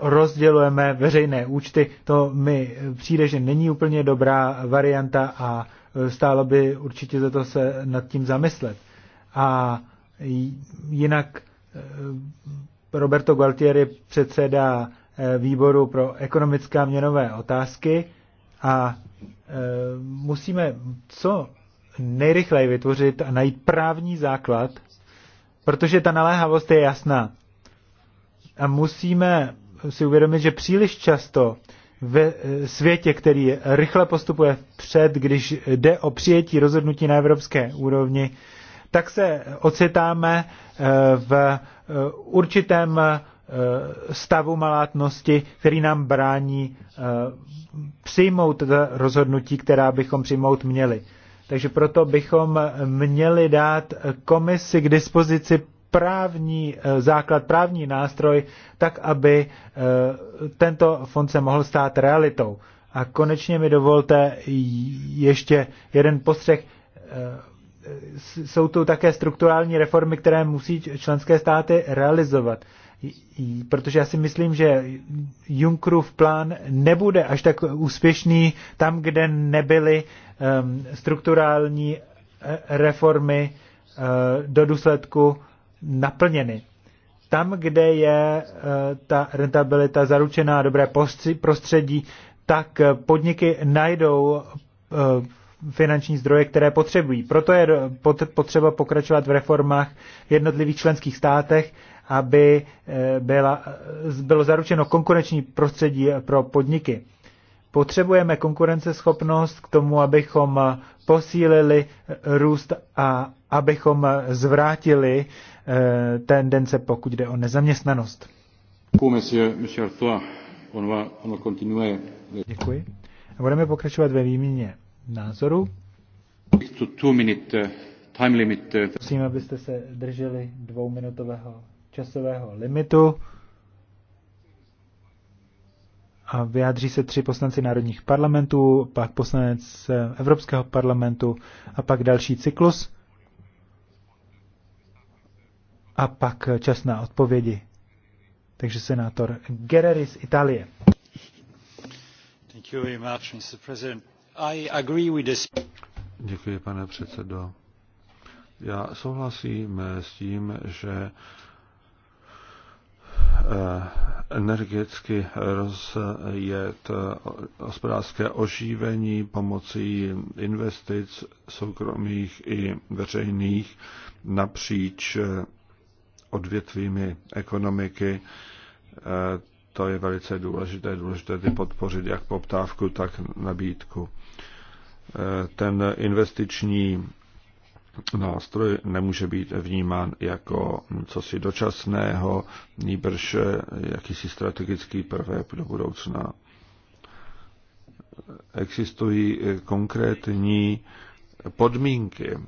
rozdělujeme veřejné účty. To mi přijde, že není úplně dobrá varianta a Eh, stálo by určitě za to se nad tím zamyslet. A jinak eh, Roberto Gualtieri předseda eh, výboru pro ekonomická měnové otázky a musíme co nejrychleji vytvořit a najít právní základ, protože ta naléhavost je jasná. A musíme si uvědomit, že příliš často ve světě, který rychle postupuje vpřed, když jde o přijetí rozhodnutí na evropské úrovni, tak se ocitáme eh, v eh, určitém eh, stavu malátnosti, který nám brání přijmout rozhodnutí, která bychom přijmout měli. Takže proto bychom měli dát komisi k dispozici právní eh, základ, právní nástroj, tak aby eh, tento fond se mohl stát realitou. A konečně mi dovolte ještě jeden postřeh. Eh, jsou tu také strukturální reformy, které musí členské státy realizovat. Protože já si myslím, že Junckerův plán nebude až tak úspěšný tam, kde nebyly ehm, strukturální reformy do důsledku naplněny. Tam, kde je eh, ta rentabilita zaručená, dobré prostředí, tak podniky najdou eh, finanční zdroje, které potřebují. Proto je potřeba pokračovat v reformách v jednotlivých členských státech, aby eh, byla, bylo zaručeno konkurenční prostředí pro podniky. Potřebujeme konkurenceschopnost k tomu, abychom posílili růst a abychom zvrátili Eh, tendence, pokud jde o nezaměstnanost. Děkuji. A budeme pokračovat ve výměně názoru. Eh, eh, Prosím, abyste se drželi dvouminutového časového limitu. A vyjádří se tři poslanci národních parlamentů, pak poslanec Evropského parlamentu a pak další cyklus a pak čas na odpovědi. Takže senátor Gereri z Itálie. Thank you very much, Mr. President. I agree with this. Děkuji, pane předsedo. Já souhlasím eh, s tím, že eh, energeticky rozjet eh, hospodářské oživení pomocí investic soukromých i veřejných napříč odvětvími ekonomiky. E, to je velice důležité. Důležité ty podpořit jak poptávku, tak nabídku. E, ten investiční nástroj nemůže být vnímán jako cosi dočasného, nýbrž jakýsi strategický prvek do budoucna. Existují konkrétní podmínky e,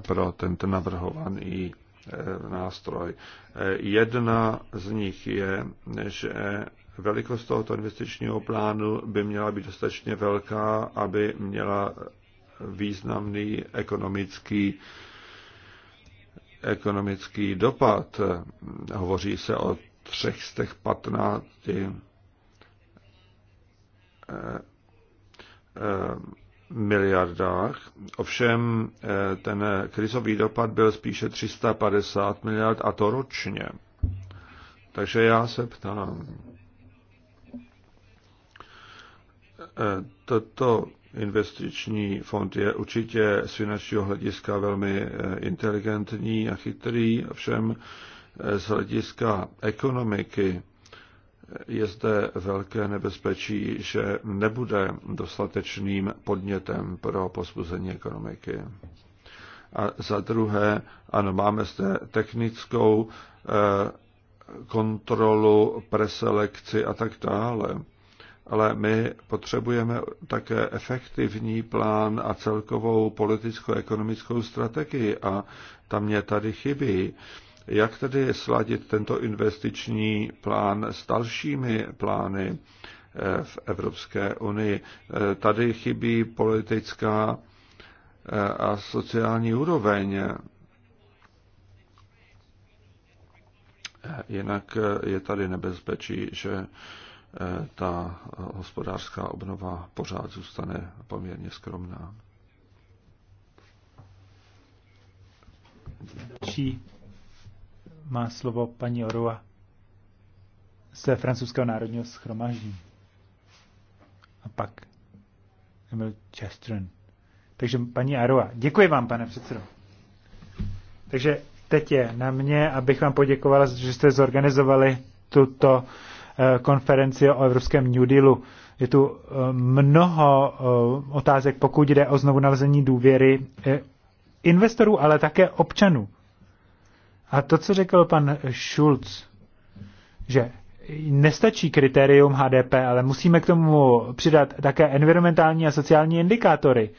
pro tento navrhovaný Eh, nástroj. Eh, jedna z nich je, že velikost tohoto investičního plánu by měla být dostatečně velká, aby měla významný ekonomický ekonomický dopad. Hovoří se o 315 eh, eh, miliardách, ovšem eh, ten eh, krizový dopad byl spíše 350 miliard a to ročně. Takže já se ptám, eh, toto investiční fond je určitě z finančního hlediska velmi inteligentní a chytrý, ovšem z hlediska ekonomiky je zde velké nebezpečí, že nebude dostatečným podnětem pro pospuzení ekonomiky. A za druhé, ano, máme zde technickou eh, kontrolu, preselekci a tak dále. Ale my potřebujeme také efektivní plán a celkovou politicko-ekonomickou strategii a tam mě tady chybí. Jak tedy sladit tento investiční plán s dalšími plány eh, v Evropské unii? Eh, tady chybí politická eh, a sociální úroveň. Jinak je tady nebezpečí, že ta hospodářská obnova pořád zůstane poměrně skromná má slovo paní Orua z francouzského národního schromáždění. A pak Emil Chastron. Takže paní Arua, děkuji vám, pane předsedo. Takže teď je na mě, abych vám poděkovala, že jste zorganizovali tuto eh, konferenci o evropském New Dealu. Je tu eh, mnoho eh, otázek, pokud jde o znovu nalezení důvěry investorů, ale také občanů. A to, co řekl pan Schulz, že nestačí kritérium HDP, ale musíme k tomu přidat také environmentální a sociální indikátory,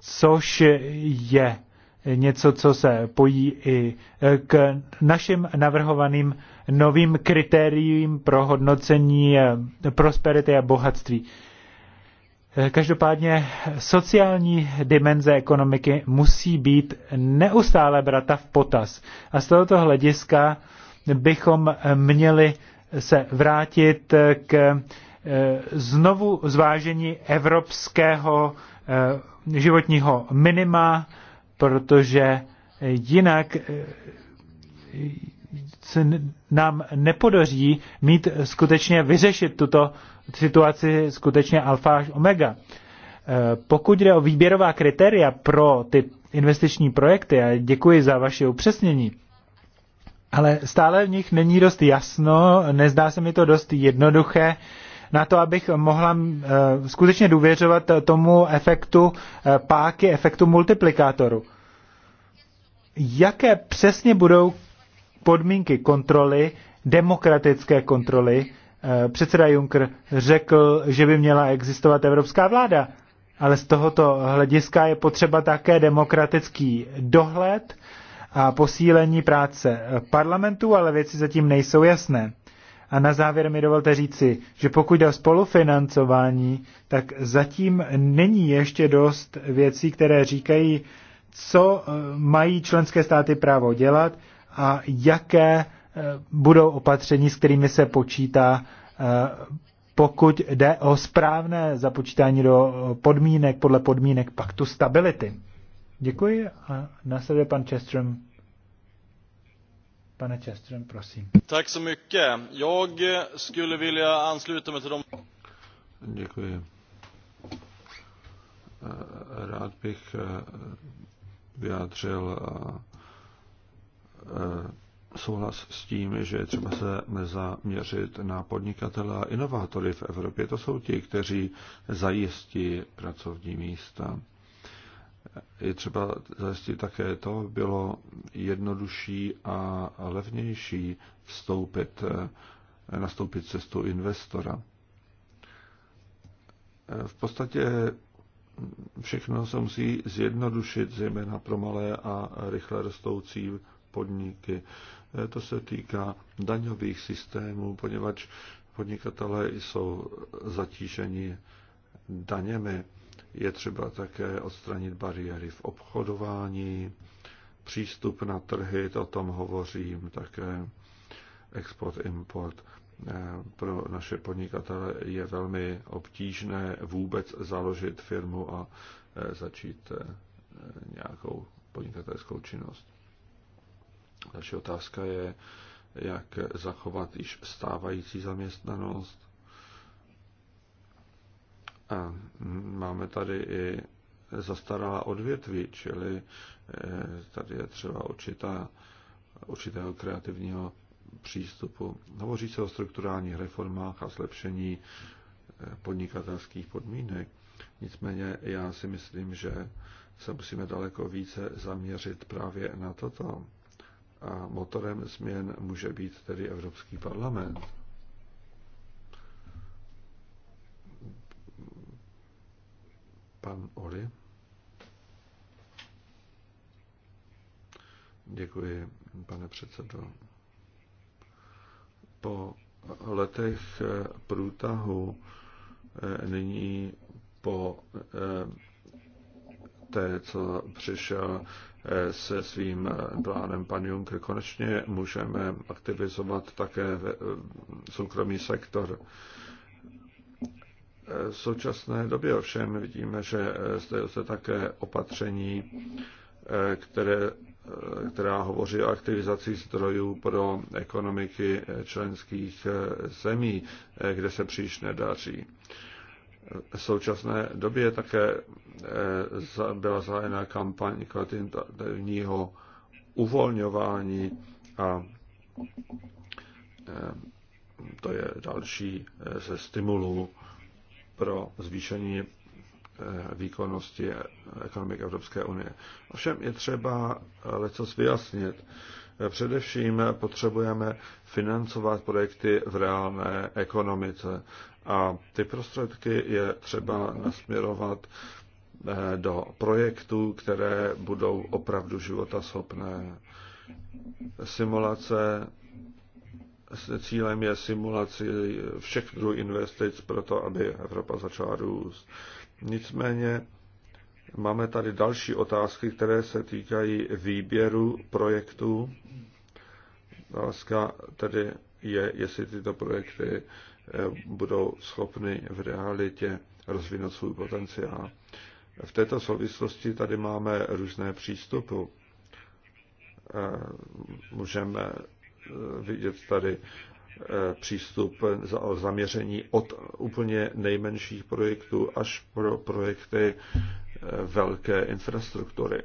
což je něco, co se pojí i k našim navrhovaným novým kritériím pro hodnocení prosperity a bohatství. Eh, každopádně sociální dimenze ekonomiky musí být neustále brata v potaz. A z tohoto hlediska bychom eh, měli se vrátit eh, k znovu zvážení evropského životního minima, protože jinak se nám nepodaří mít skutečně vyřešit tuto situaci skutečně alfa až omega. E, pokud jde o výběrová kritéria pro ty investiční projekty, a děkuji za vaše upřesnění, ale stále v nich není dost jasno, nezdá se mi to dost jednoduché na to, abych mohla e, skutečně důvěřovat tomu efektu e, páky, efektu multiplikátoru. Jaké přesně budou podmínky kontroly, demokratické kontroly, Eh, předseda Juncker řekl, že by měla existovat evropská vláda. Ale z tohoto hlediska je potřeba také demokratický dohled a posílení práce parlamentu, ale věci zatím nejsou jasné. A na závěr mi dovolte říci, že pokud jde o spolufinancování, tak zatím není ještě dost věcí, které říkají, co eh, mají členské státy právo dělat a jaké budou opatření, s kterými se počítá, eh, pokud jde o správné započítání do podmínek podle podmínek paktu stability. Děkuji a následuje pan Čestrom. Pane Čestrom, prosím. Tak så mycket. Jag skulle vilja ansluta mig till dem. Děkuji. Eh, rád bych eh, vyjádřil souhlas s tím, že je třeba se nezaměřit na podnikatele a inovátory v Evropě. To jsou ti, kteří zajistí pracovní místa. Je třeba zajistit také to, bylo jednodušší a levnější vstoupit, nastoupit cestu investora. V podstatě všechno se musí zjednodušit, zejména pro malé a rychle rostoucí podniky. Eh, to se týká daňových systémů, poněvadž podnikatelé jsou zatíženi daněmi. Je třeba také odstranit bariéry v obchodování, přístup na trhy, o tom hovořím také, export, import. Eh, pro naše podnikatele je velmi obtížné vůbec založit firmu a eh, začít nějakou podnikatelskou činnost. Další otázka je, jak zachovat již stávající zaměstnanost. A máme tady i zastaralá odvětví, čili eh, tady je třeba určitá, určitého kreativního přístupu. Hovoří se o strukturálních reformách a zlepšení eh, podnikatelských podmínek. Nicméně já si myslím, že se musíme daleko více zaměřit právě na toto a motorem změn může být tedy Evropský parlament. Pan Oli. Děkuji, pane předsedo. Po letech eh, průtahu eh, nyní po eh, té, co přišel se svým plánem pan Juncker. Konečně můžeme aktivizovat také eh, soukromý sektor. V současné době ovšem vidíme, že eh, zde se také opatření, eh, které, která hovoří o aktivizaci zdrojů pro ekonomiky členských zemí, kde se příliš nedaří v současné době také eh, byla zahájena kampaň kvantitativního uvolňování a eh, to je další eh, ze stimulů pro zvýšení výkonnosti ekonomik Evropské unie. Ovšem je třeba leco vyjasnit. Především potřebujeme financovat projekty v reálné ekonomice a ty prostředky je třeba nasměrovat eh, do projektů, které budou opravdu životaschopné. Simulace s cílem je simulaci všech druhů investic pro to, aby Evropa začala růst. Nicméně Máme tady další otázky, které se týkají výběru projektů. Otázka tedy je, jestli tyto projekty eh, budou schopny v realitě rozvinout svůj potenciál. V této souvislosti tady máme různé přístupy. Eh, můžeme eh, vidět tady přístup zaměření od úplně nejmenších projektů až pro projekty velké infrastruktury.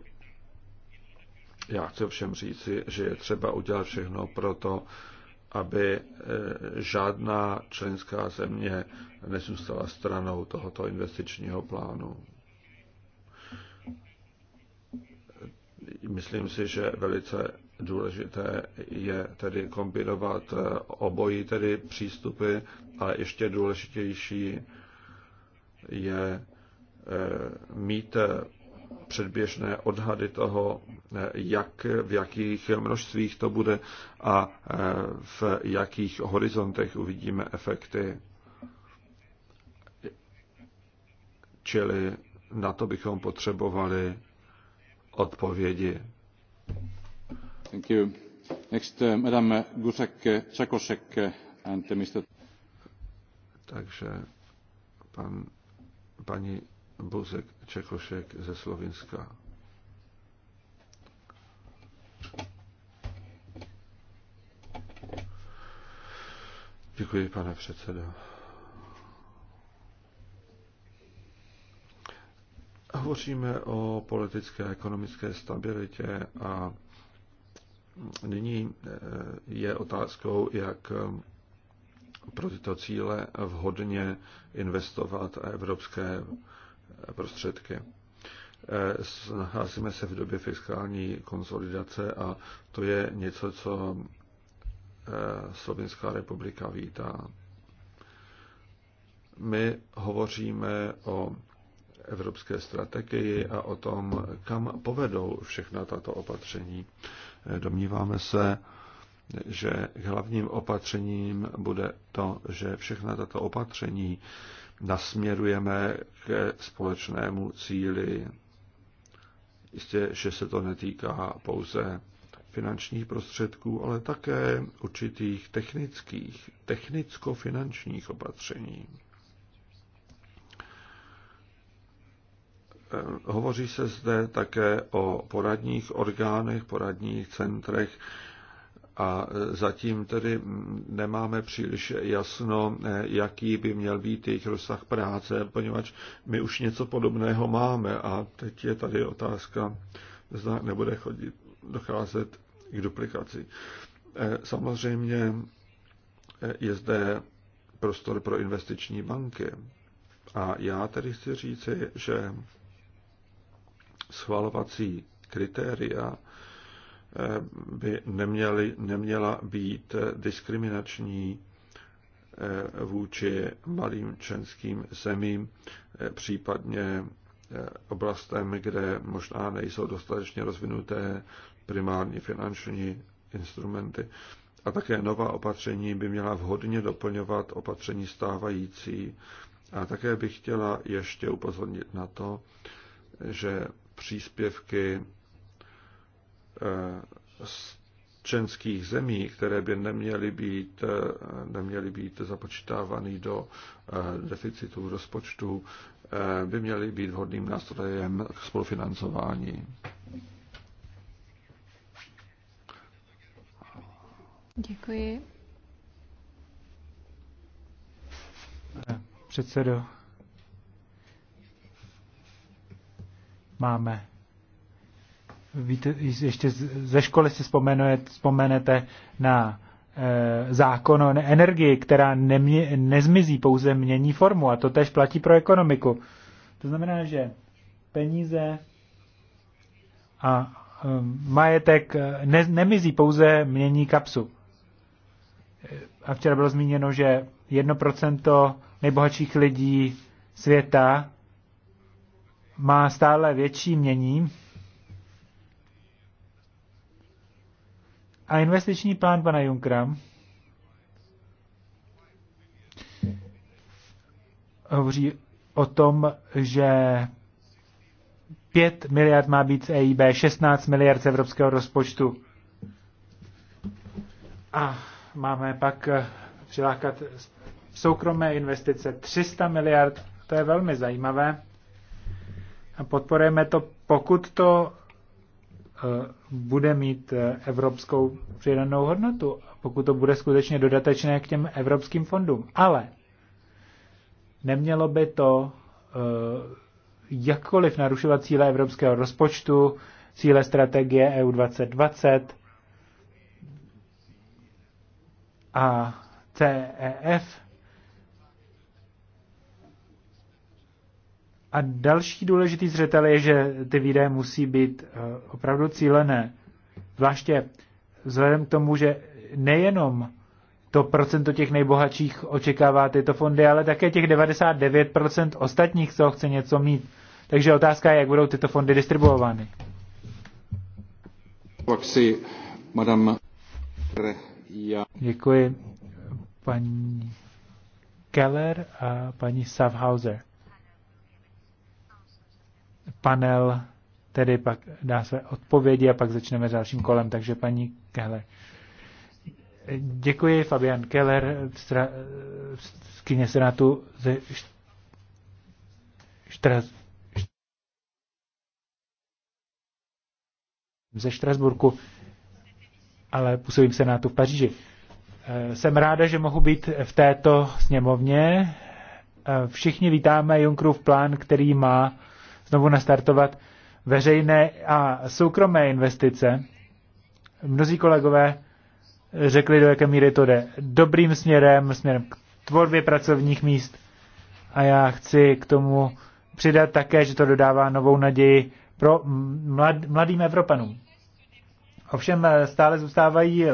Já chci všem říci, že je třeba udělat všechno pro to, aby e, žádná členská země nezůstala stranou tohoto investičního plánu. Myslím si, že velice důležité je tedy kombinovat e, obojí tedy přístupy, ale ještě důležitější je Eh, mít eh, předběžné odhady toho, eh, jak, v jakých množstvích to bude a v jakých horizontech uvidíme efekty. Čili na to bychom potřebovali odpovědi. Thank you. Next, uh, Madame Gusek, Čakošek and Mr. Takže pan, paní Buzek Čekošek ze Slovinska. Děkuji, pane předsedo. Hovoříme o politické a ekonomické stabilitě a nyní eh, je otázkou, jak eh, pro tyto cíle vhodně investovat evropské prostředky. Eh, Nacházíme se v době fiskální konsolidace a to je něco, co eh, Slovenská republika vítá. My hovoříme o evropské strategii a o tom, kam povedou všechna tato opatření. Eh, domníváme se, že hlavním opatřením bude to, že všechna tato opatření nasměrujeme ke společnému cíli. Jistě, že se to netýká pouze finančních prostředků, ale také určitých technických, technicko-finančních opatření. Hovoří se zde také o poradních orgánech, poradních centrech, a zatím tedy nemáme příliš jasno, jaký by měl být jejich rozsah práce, poněvadž my už něco podobného máme a teď je tady otázka, zda nebude chodit, docházet k duplikaci. Eh, samozřejmě eh, je zde prostor pro investiční banky. A já tedy chci říci, že schvalovací kritéria Eh, by neměly, neměla být diskriminační eh, vůči malým členským zemím, eh, případně oblastem, kde možná nejsou dostatečně rozvinuté primární finanční instrumenty. A také nová opatření by měla vhodně doplňovat opatření stávající. A také bych chtěla ještě upozornit na to, že příspěvky z členských zemí, které by neměly být, neměly být započítávány do eh, deficitu rozpočtu, eh, by měly být vhodným nástrojem k spolufinancování. Děkuji. Předsedo, máme víte, ještě ze školy si vzpomenete, na e, zákon o energii, která nemě, nezmizí, pouze mění formu. A to tež platí pro ekonomiku. To znamená, že peníze a e, majetek eh, ne, nemizí, pouze mění kapsu. A včera bylo zmíněno, že 1% nejbohatších lidí světa má stále větší mění A investiční plán pana Junkra hovoří o tom, že 5 miliard má být z EIB, 16 miliard z evropského rozpočtu. A máme pak eh, přilákat soukromé investice 300 miliard, to je velmi zajímavé. A podporujeme to, pokud to bude mít eh, evropskou přidanou hodnotu, pokud to bude skutečně dodatečné k těm evropským fondům. Ale nemělo by to eh, jakkoliv narušovat cíle evropského rozpočtu, cíle strategie EU 2020 a CEF, A další důležitý zřetel je, že ty výdaje musí být eh, opravdu cílené. Zvláště vzhledem k tomu, že nejenom to procento těch nejbohatších očekává tyto fondy, ale také těch 99% ostatních, co chce něco mít. Takže otázka je, jak budou tyto fondy distribuovány. Děkuji paní Keller a paní Savhauser panel tedy pak dá se odpovědi a pak začneme dalším kolem. Takže paní Keller. Děkuji, Fabian Keller, z kyně Senátu ze Štras, ze Štrasburku, ale působím na Senátu v Paříži. Eh, jsem ráda, že mohu být v této sněmovně. Eh, všichni vítáme Junkrův plán, který má znovu nastartovat veřejné a soukromé investice. Mnozí kolegové řekli, do jaké míry to jde dobrým směrem, směrem k tvorbě pracovních míst. A já chci k tomu přidat také, že to dodává novou naději pro mlad, mladým Evropanům. Ovšem eh, stále zůstávají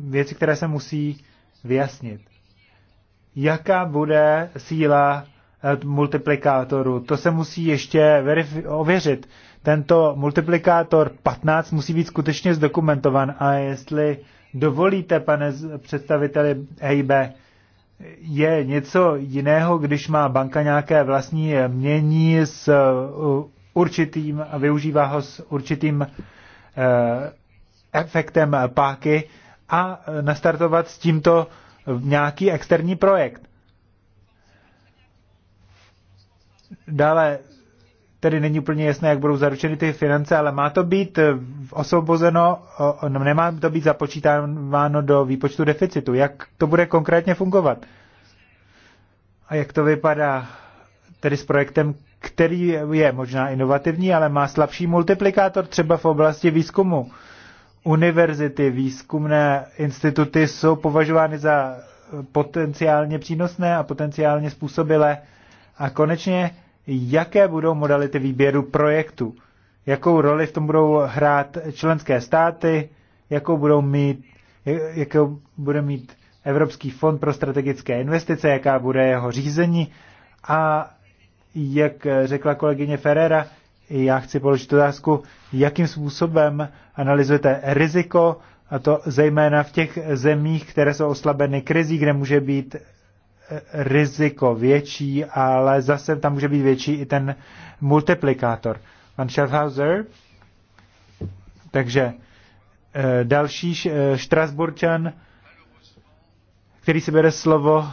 věci, které se musí vyjasnit. Jaká bude síla Eh, multiplikátoru. To se musí ještě ověřit. Tento multiplikátor 15 musí být skutečně zdokumentovan a jestli dovolíte, pane představiteli EIB, je něco jiného, když má banka nějaké vlastní mění s eh, určitým a využívá ho s určitým eh, efektem páky a nastartovat s tímto nějaký externí projekt. Dále tedy není úplně jasné, jak budou zaručeny ty finance, ale má to být eh, osvobozeno, no, nemá to být započítáváno do výpočtu deficitu. Jak to bude konkrétně fungovat? A jak to vypadá tedy s projektem, který je možná inovativní, ale má slabší multiplikátor třeba v oblasti výzkumu? Univerzity, výzkumné instituty jsou považovány za eh, potenciálně přínosné a potenciálně způsobilé. A konečně jaké budou modality výběru projektu? jakou roli v tom budou hrát členské státy, jakou budou mít, jakou bude mít Evropský fond pro strategické investice, jaká bude jeho řízení a jak řekla kolegyně Ferrera, já chci položit otázku, jakým způsobem analyzujete riziko, a to zejména v těch zemích, které jsou oslabeny krizí, kde může být riziko větší, ale zase tam může být větší i ten multiplikátor. Pan Schaffhauser, takže eh, další eh, Štrasburčan, který si bere slovo,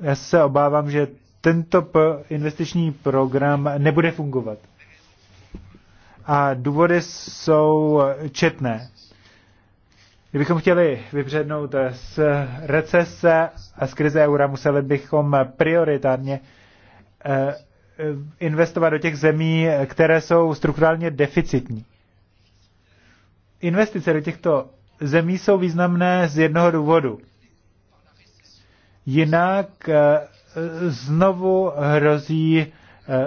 já se obávám, že tento investiční program nebude fungovat. A důvody jsou četné. Kdybychom chtěli vybřednout z recese a z krize eura, museli bychom prioritárně eh, eh, investovat do těch zemí, které jsou strukturálně deficitní. Investice do těchto zemí jsou významné z jednoho důvodu. Jinak eh, znovu hrozí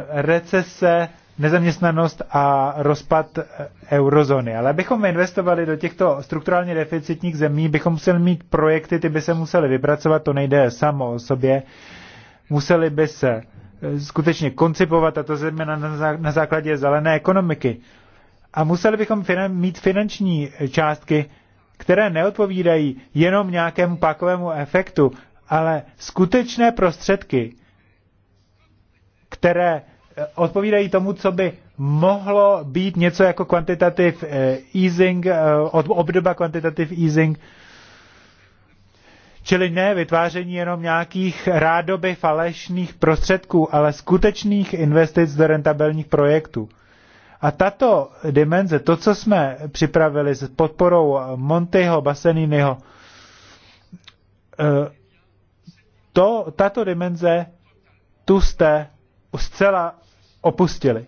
recese nezaměstnanost a rozpad eh, eurozóny. Ale abychom investovali do těchto strukturálně deficitních zemí, bychom museli mít projekty, ty by se museli vypracovat, to nejde samo o sobě. Museli by se eh, skutečně koncipovat, a to zejména na základě zelené ekonomiky. A museli bychom mít finanční eh, částky, které neodpovídají jenom nějakému pakovému efektu, ale skutečné prostředky, které odpovídají tomu, co by mohlo být něco jako quantitative eh, easing, eh, obdoba quantitative easing, Čili ne vytváření jenom nějakých rádoby falešných prostředků, ale skutečných investic do rentabilních projektů. A tato dimenze, to, co jsme připravili s podporou Montyho, Baseniniho, eh, to, tato dimenze, tu jste zcela opustili.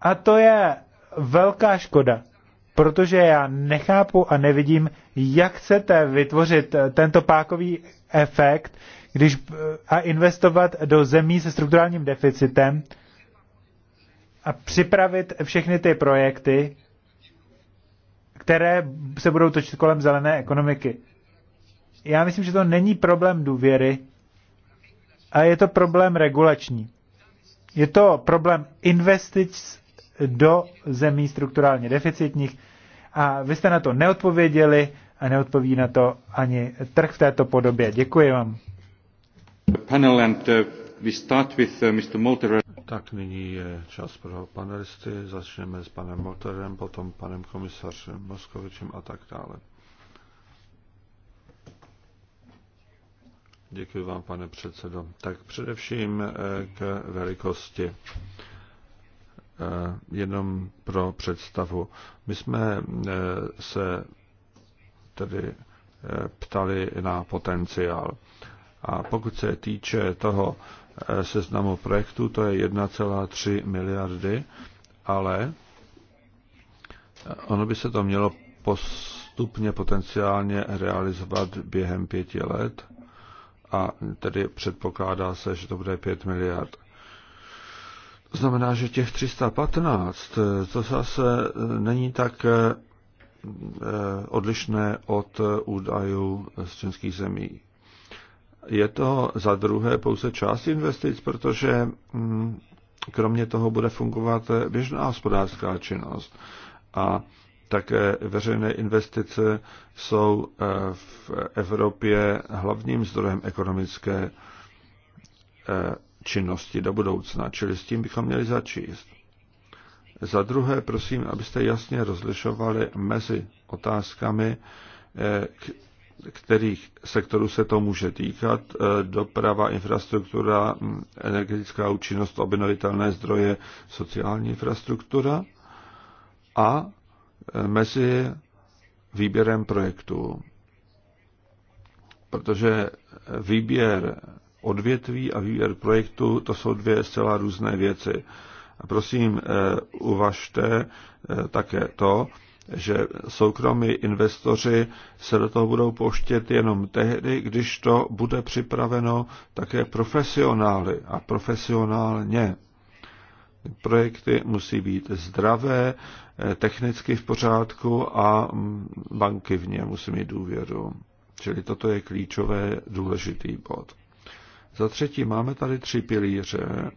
A to je velká škoda, protože já nechápu a nevidím, jak chcete vytvořit eh, tento pákový efekt když, eh, a investovat do zemí se strukturálním deficitem a připravit všechny ty projekty, které se budou točit kolem zelené ekonomiky. Já myslím, že to není problém důvěry, a je to problém regulační. Je to problém investic do zemí strukturálně deficitních a vy jste na to neodpověděli a neodpoví na to ani trh v této podobě. Děkuji vám. Panel uh, uh, Tak nyní je čas pro panelisty. Začneme s panem Molterem, potom panem komisařem Moskovičem a tak dále. Děkuji vám, pane předsedo. Tak především eh, k velikosti. Eh, jenom pro představu. My jsme eh, se tedy ptali na potenciál. A pokud se týče toho seznamu projektu, to je 1,3 miliardy, ale ono by se to mělo postupně potenciálně realizovat během pěti let – a tedy předpokládá se, že to bude 5 miliard. To znamená, že těch 315, to zase není tak eh, odlišné od údajů z českých zemí. Je to za druhé pouze část investic, protože mm, kromě toho bude fungovat běžná hospodářská činnost. A také veřejné investice jsou eh, v Evropě hlavním zdrojem ekonomické eh, činnosti do budoucna, čili s tím bychom měli začíst. Za druhé, prosím, abyste jasně rozlišovali mezi otázkami, eh, kterých sektorů se to může týkat, doprava, infrastruktura, hm, energetická účinnost, obnovitelné zdroje, sociální infrastruktura a Eh, mezi výběrem projektů. Protože výběr odvětví a výběr projektu, to jsou dvě zcela různé věci. A prosím, eh, uvažte eh, také to, že soukromí investoři se do toho budou poštět jenom tehdy, když to bude připraveno také profesionály a profesionálně projekty musí být zdravé, eh, technicky v pořádku a mm, banky v ně musí mít důvěru. Čili toto je klíčové důležitý bod. Za třetí máme tady tři pilíře. Eh,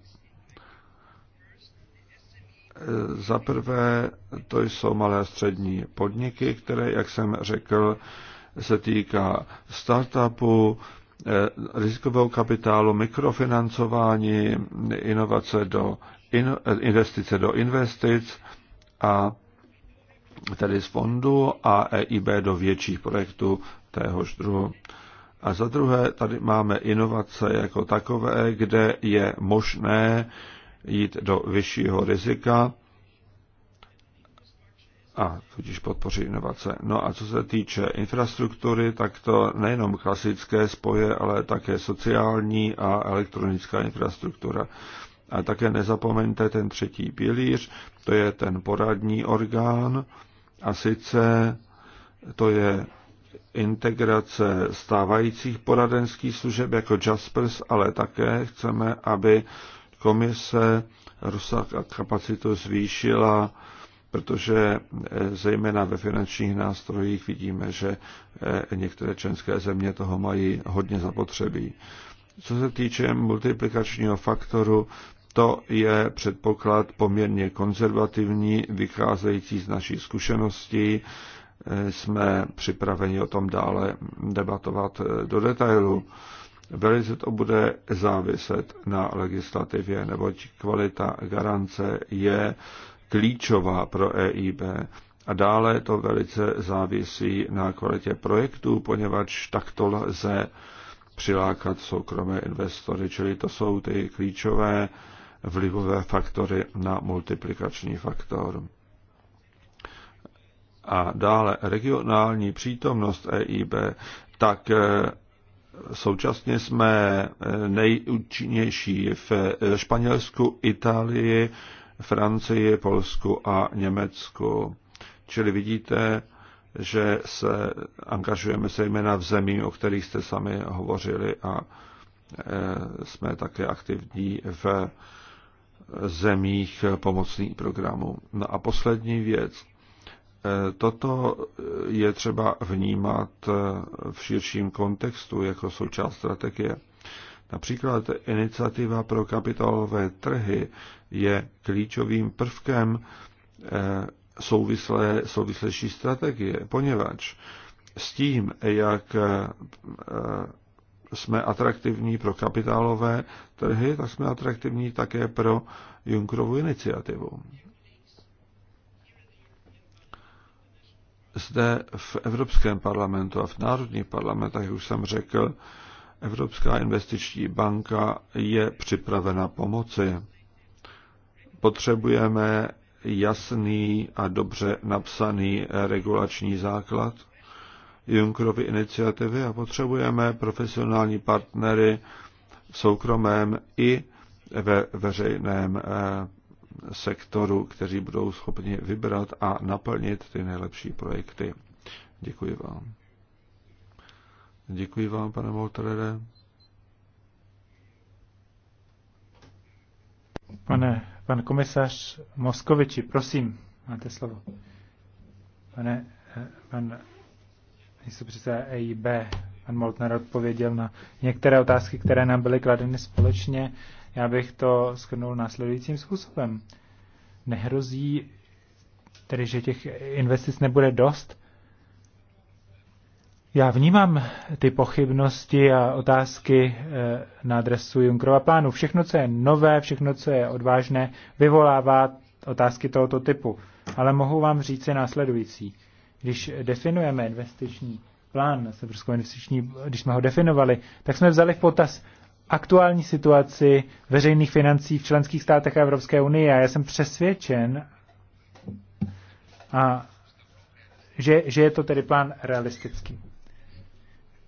za prvé to jsou malé a střední podniky, které, jak jsem řekl, se týká startupu, eh, rizikového kapitálu, mikrofinancování, inovace do investice do investic a tedy z fondu a EIB do větších projektů téhož druhu. A za druhé, tady máme inovace jako takové, kde je možné jít do vyššího rizika a tudíž podpoří inovace. No a co se týče infrastruktury, tak to nejenom klasické spoje, ale také sociální a elektronická infrastruktura. A také nezapomeňte ten třetí pilíř, to je ten poradní orgán, a sice to je integrace stávajících poradenských služeb jako Jaspers, ale také chceme, aby komise rozsah a kapacitu zvýšila, protože eh, zejména ve finančních nástrojích vidíme, že eh, některé členské země toho mají hodně zapotřebí. Co se týče multiplikačního faktoru, to je předpoklad poměrně konzervativní, vycházející z naší zkušenosti. Jsme připraveni o tom dále debatovat do detailu. Velice to bude záviset na legislativě, neboť kvalita garance je klíčová pro EIB. A dále to velice závisí na kvalitě projektů, poněvadž takto lze přilákat soukromé investory, čili to jsou ty klíčové vlivové faktory na multiplikační faktor. A dále regionální přítomnost EIB, tak eh, Současně jsme eh, nejúčinnější v eh, Španělsku, Itálii, Francii, Polsku a Německu. Čili vidíte, že se angažujeme zejména v zemích, o kterých jste sami hovořili a jsme také aktivní v zemích pomocný programu. No a poslední věc. Toto je třeba vnímat v širším kontextu jako součást strategie. Například iniciativa pro kapitálové trhy je klíčovým prvkem eh, souvislé, souvislejší strategie, poněvadž s tím, jak eh, jsme atraktivní pro kapitálové trhy, tak jsme atraktivní také pro Junkrovu iniciativu. Zde v Evropském parlamentu a v národních parlamentech, jak už jsem řekl, Evropská investiční banka je připravena pomoci. Potřebujeme jasný a dobře napsaný regulační základ, Junckerovy iniciativy a potřebujeme profesionální partnery v soukromém i ve veřejném eh, sektoru, kteří budou schopni vybrat a naplnit ty nejlepší projekty. Děkuji vám. Děkuji vám, pane Volterere. Pane, pan komisař Moskoviči, prosím, máte slovo. Pane, eh, pan Místo předseda EIB, pan Moltner, odpověděl na některé otázky, které nám byly kladeny společně. Já bych to shrnul následujícím způsobem. Nehrozí tedy, že těch investic nebude dost? Já vnímám ty pochybnosti a otázky eh, na adresu Junkrova plánu. Všechno, co je nové, všechno, co je odvážné, vyvolává otázky tohoto typu. Ale mohu vám říct si následující. Když definujeme investiční plán, Srbskou investiční, když jsme ho definovali, tak jsme vzali v potaz aktuální situaci veřejných financí v členských státech a Evropské unie. A já jsem přesvědčen, a že, že je to tedy plán realistický.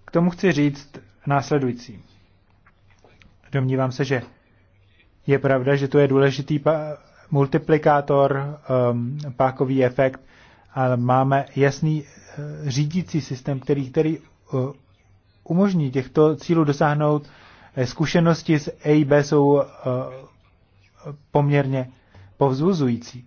K tomu chci říct následující. Domnívám se, že je pravda, že to je důležitý pa- multiplikátor, um, pákový efekt, ale máme jasný eh, řídící systém, který, který eh, umožní těchto cílů dosáhnout. Eh, zkušenosti s EIB jsou poměrně povzbuzující.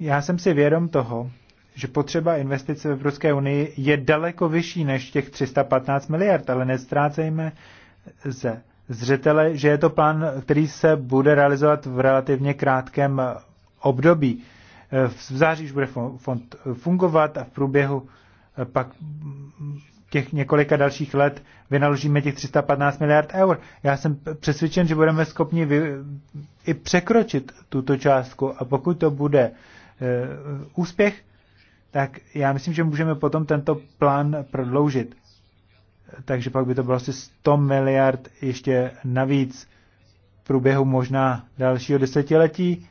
Já jsem si vědom toho, že potřeba investice v Evropské unii je daleko vyšší než těch 315 miliard, ale nestrácejme ze zřetele, že je to plán, který se bude realizovat v relativně krátkém období. V září už bude fond eh, fungovat a v průběhu eh, pak těch několika dalších let vynaložíme těch 315 miliard eur. Já jsem přesvědčen, že budeme schopni vy, i překročit tuto částku a pokud to bude eh, úspěch, tak já myslím, že můžeme potom tento plán prodloužit. Takže pak by to bylo asi 100 miliard ještě navíc v průběhu možná dalšího desetiletí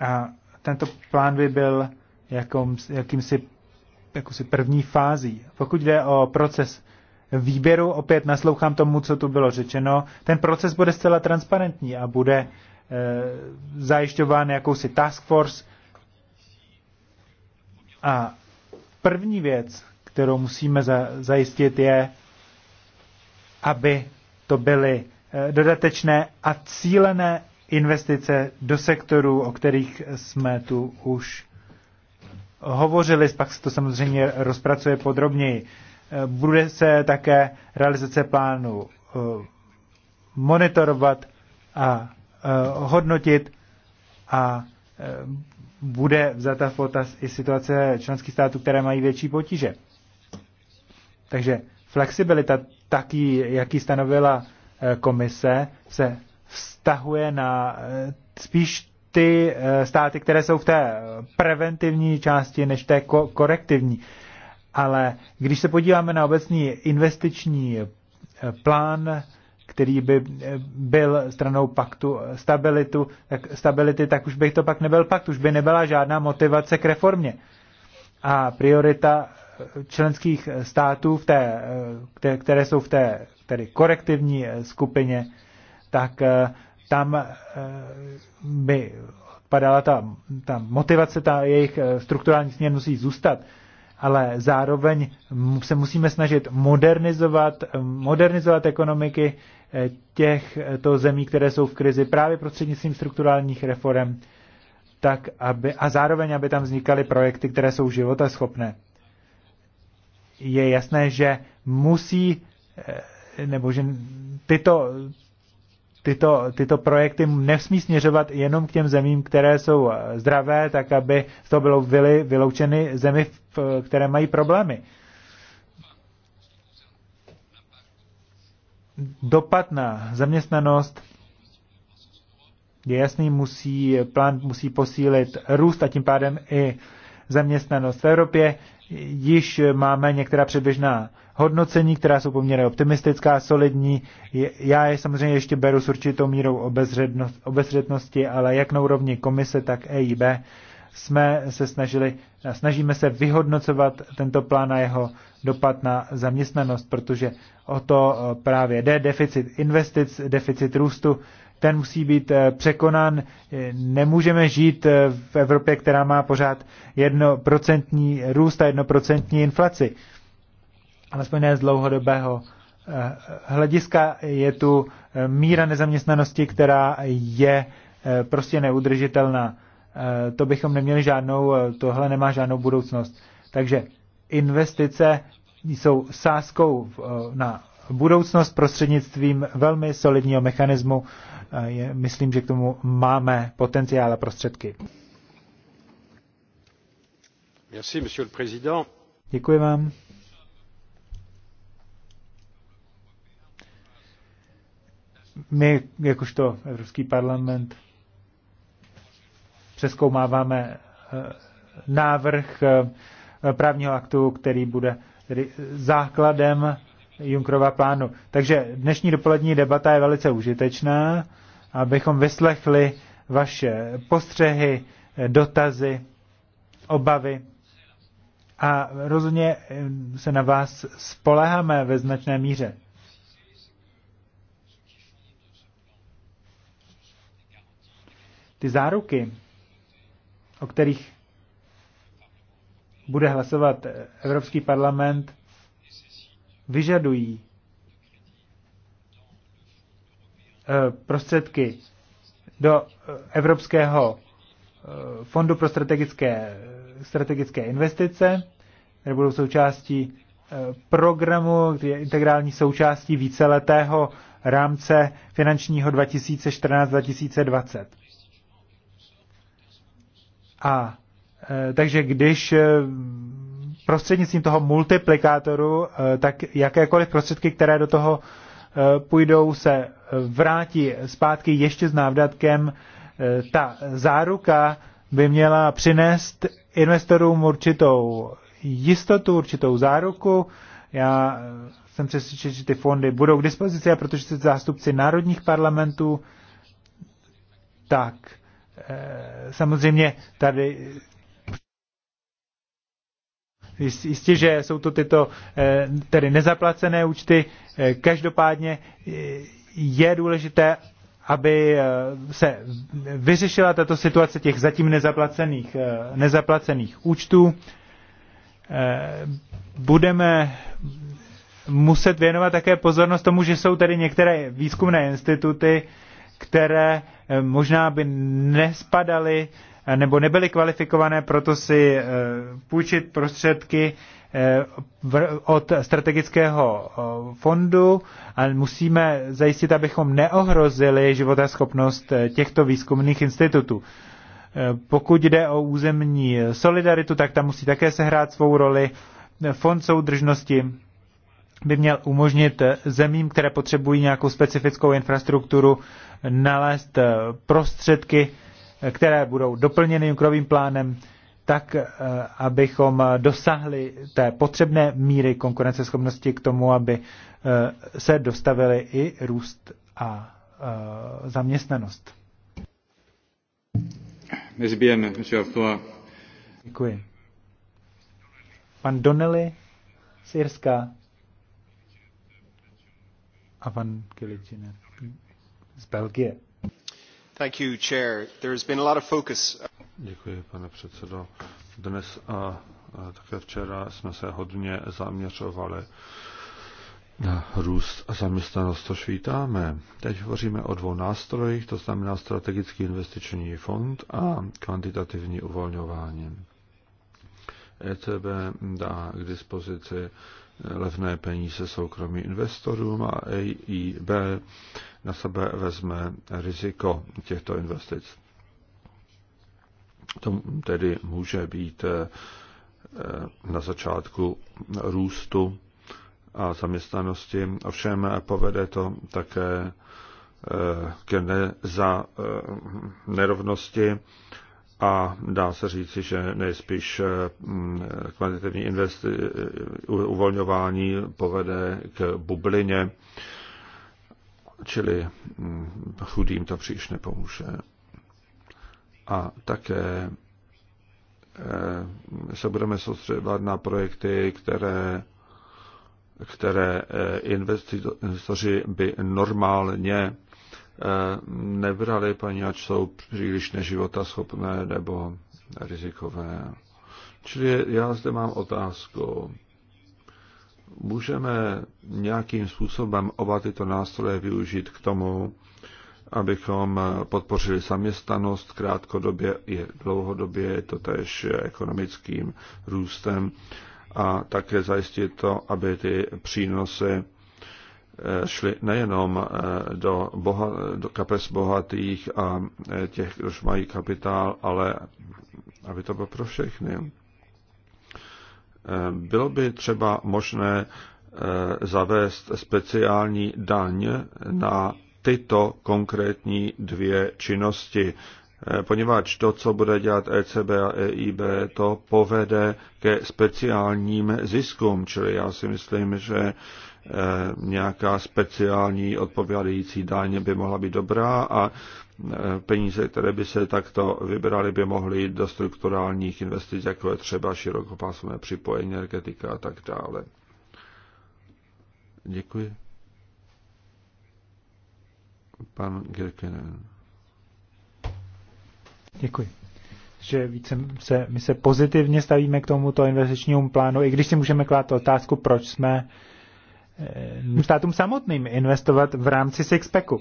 a tento plán by byl jakom, jakýmsi jakousi první fází. Pokud jde o proces výběru, opět naslouchám tomu, co tu bylo řečeno, ten proces bude zcela transparentní a bude e, zajišťován jakousi task force. A první věc, kterou musíme za, zajistit, je, aby to byly e, dodatečné a cílené investice do sektorů, o kterých jsme tu už hovořili, pak se to samozřejmě rozpracuje podrobněji. Bude se také realizace plánu eh, monitorovat a eh, hodnotit a eh, bude vzata v potaz i situace členských států, které mají větší potíže. Takže flexibilita, taky, jaký stanovila komise, se vztahuje na eh, spíš ty eh, státy, které jsou v té preventivní části než té ko- korektivní. Ale když se podíváme na obecný investiční eh, plán, který by byl stranou paktu stabilitu, tak, stability, tak už bych to pak nebyl pakt, už by nebyla žádná motivace k reformě. A priorita členských států, v té, které jsou v té tedy korektivní skupině, tak eh, tam eh, by padala ta, ta motivace, ta jejich eh, strukturální směr musí zůstat, ale zároveň se musíme snažit modernizovat, modernizovat ekonomiky těchto zemí, které jsou v krizi právě prostřednictvím strukturálních reform, tak aby, a zároveň, aby tam vznikaly projekty, které jsou života schopné. Je jasné, že musí nebo že tyto, tyto, tyto projekty nesmí směřovat jenom k těm zemím, které jsou eh, zdravé, tak aby z toho bylo vyli, vyloučeny zemi, eh, které mají problémy. Dopad na zaměstnanost je jasný, musí, eh, plán musí posílit růst a tím pádem i zaměstnanost v Evropě již máme některá předběžná hodnocení, která jsou poměrně optimistická, solidní. Já je samozřejmě ještě beru s určitou mírou obezřetnosti, ale jak na úrovni komise, tak EIB jsme se snažili, snažíme se vyhodnocovat tento plán a jeho dopad na zaměstnanost, protože o to eh, právě jde, deficit investic, deficit růstu ten musí být eh, překonán. Eh, nemůžeme žít eh, v Evropě, která má pořád jednoprocentní růst a jednoprocentní inflaci. Alespoň ne z dlouhodobého hlediska je tu míra nezaměstnanosti, která je prostě neudržitelná. To bychom neměli žádnou, tohle nemá žádnou budoucnost. Takže investice jsou sázkou na budoucnost prostřednictvím velmi solidního mechanismu. Eh, myslím, že k tomu máme potenciál a prostředky. Merci, monsieur le président. Děkuji vám. My, jakožto Evropský parlament, přeskoumáváme eh, návrh eh, právního aktu, který bude tedy základem Junkrova plánu. Takže dnešní dopolední debata je velice užitečná, abychom vyslechli vaše postřehy, dotazy, obavy. A rozhodně se na vás spoleháme ve značné míře. Ty záruky, o kterých bude hlasovat eh, Evropský parlament, vyžadují eh, prostředky do eh, Evropského eh, fondu pro strategické, strategické investice, které budou součástí programu, který je integrální součástí víceletého rámce finančního 2014-2020. A takže když prostřednictvím toho multiplikátoru, eh, tak jakékoliv prostředky, které do toho eh, půjdou, se eh, vrátí zpátky ještě s návratkem. Ta záruka by měla přinést investorům určitou jistotu, určitou záruku. Já jsem přesvědčen, že ty fondy budou k dispozici, a protože se zástupci národních parlamentů, tak samozřejmě tady Jistě, že jsou to tyto eh, tedy nezaplacené účty. Eh, každopádně eh, je důležité, aby se vyřešila tato situace těch zatím nezaplacených, nezaplacených účtů. Budeme muset věnovat také pozornost tomu, že jsou tady některé výzkumné instituty, které možná by nespadaly Eh, nebo nebyly kvalifikované proto si eh, půjčit prostředky eh, od strategického fondu a musíme zajistit, abychom neohrozili životaschopnost těchto výzkumných institutů. Pokud jde o územní solidaritu, tak tam musí také sehrát svou roli. Fond soudržnosti by měl umožnit zemím, které potřebují nějakou specifickou infrastrukturu, nalézt prostředky, které budou doplněny jukrovým plánem, tak eh, abychom dosáhli té potřebné míry konkurenceschopnosti k tomu, aby eh, se dostavili i růst a eh, zaměstnanost. Děkuji. Pan Donnelly z Irska a pan Kiličine z Belgie. Děkuji, pane předsedo. Dnes a také včera jsme se hodně zaměřovali na růst a zaměstnanost, což vítáme. Teď hovoříme o dvou nástrojích, to znamená strategický investiční fond a kvantitativní uvolňování. ECB dá k dispozici levné peníze soukromým investorům a EIB na sebe vezme riziko těchto investic. To tedy může být eh, na začátku růstu a zaměstnanosti, ovšem povede to také eh, k neza, eh, nerovnosti a dá se říci, že nejspíš eh, mm, kvantitativní investi- uvolňování povede k bublině, čili mm, chudým to příliš nepomůže. A také eh, se budeme soustředovat na projekty, které, které eh, investoři by normálně Eh, nebrali, poněvadž jsou příliš neživota schopné nebo rizikové. Čili já zde mám otázku. Můžeme nějakým způsobem oba tyto nástroje využít k tomu, abychom podpořili zaměstnanost krátkodobě i dlouhodobě, to tež ekonomickým růstem a také zajistit to, aby ty přínosy šli nejenom eh, do, boha, do kapes bohatých a eh, těch, kdož mají kapitál, ale aby to bylo pro všechny. Eh, bylo by třeba možné zavést speciální daň na tyto konkrétní dvě činnosti, poněvadž to, co bude dělat ECB a EIB, to povede ke speciálním ziskům, čili já si myslím, že Eh, nějaká speciální odpovědající daň by mohla být dobrá a eh, peníze, které by se takto vybraly, by mohly jít do strukturálních investic, jako je třeba širokopásmové připojení, energetika a tak dále. Děkuji. Pan Girkenen. Děkuji. Že více se, my se pozitivně stavíme k tomuto investičnímu plánu, i když si můžeme klát otázku, proč jsme uh, Eh, státům samotným investovat v rámci Sixpacku.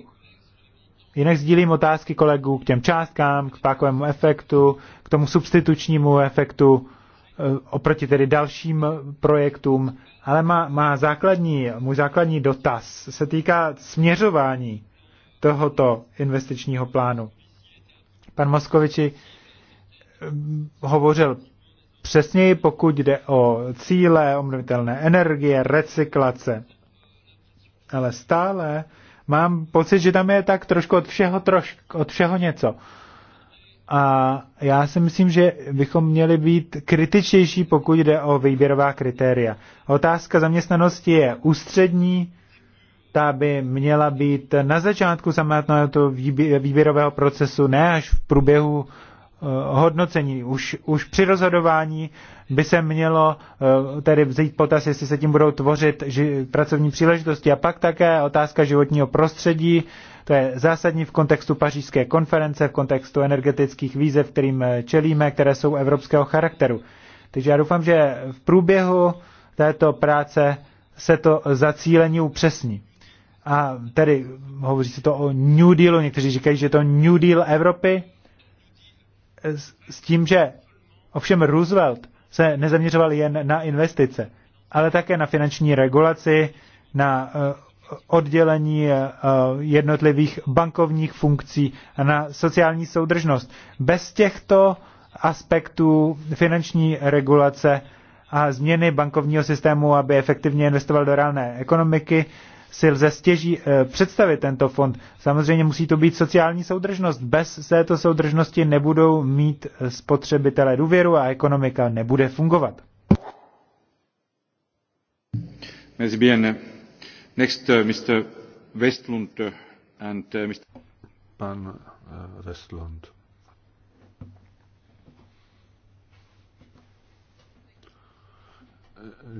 Jinak sdílím otázky kolegů k těm částkám, k pákovému efektu, k tomu substitučnímu efektu, eh, oproti tedy dalším projektům, ale má, má základní, můj základní dotaz se týká směřování tohoto investičního plánu. Pan Moskoviči eh, hovořil přesněji, pokud jde o cíle, obnovitelné energie, recyklace. Ale stále mám pocit, že tam je tak trošku od všeho, trošku od všeho něco. A já si myslím, že bychom měli být kritičtější, pokud jde o výběrová kritéria. Otázka zaměstnanosti je ústřední, ta by měla být na začátku samotného výběrového procesu, ne až v průběhu Eh, hodnocení. Už, už při rozhodování by se mělo eh, tedy vzít potaz, jestli se tím budou tvořit ži- pracovní příležitosti. A pak také otázka životního prostředí. To je zásadní v kontextu pařížské konference, v kontextu energetických výzev, kterým eh, čelíme, které jsou evropského charakteru. Takže já doufám, že v průběhu této práce se to zacílení upřesní. A tedy hovoří se to o New Dealu, někteří říkají, že to New Deal Evropy, s tím, že ovšem Roosevelt se nezaměřoval jen na investice, ale také na finanční regulaci, na eh, oddělení eh, jednotlivých bankovních funkcí a na sociální soudržnost. Bez těchto aspektů finanční regulace a změny bankovního systému, aby efektivně investoval do reálné ekonomiky, si lze stěží eh, představit tento fond. Samozřejmě musí to být sociální soudržnost. Bez této soudržnosti nebudou mít eh, spotřebitelé důvěru a ekonomika nebude fungovat. Next, eh, Mr. Westlund and Mr. Pan Westlund.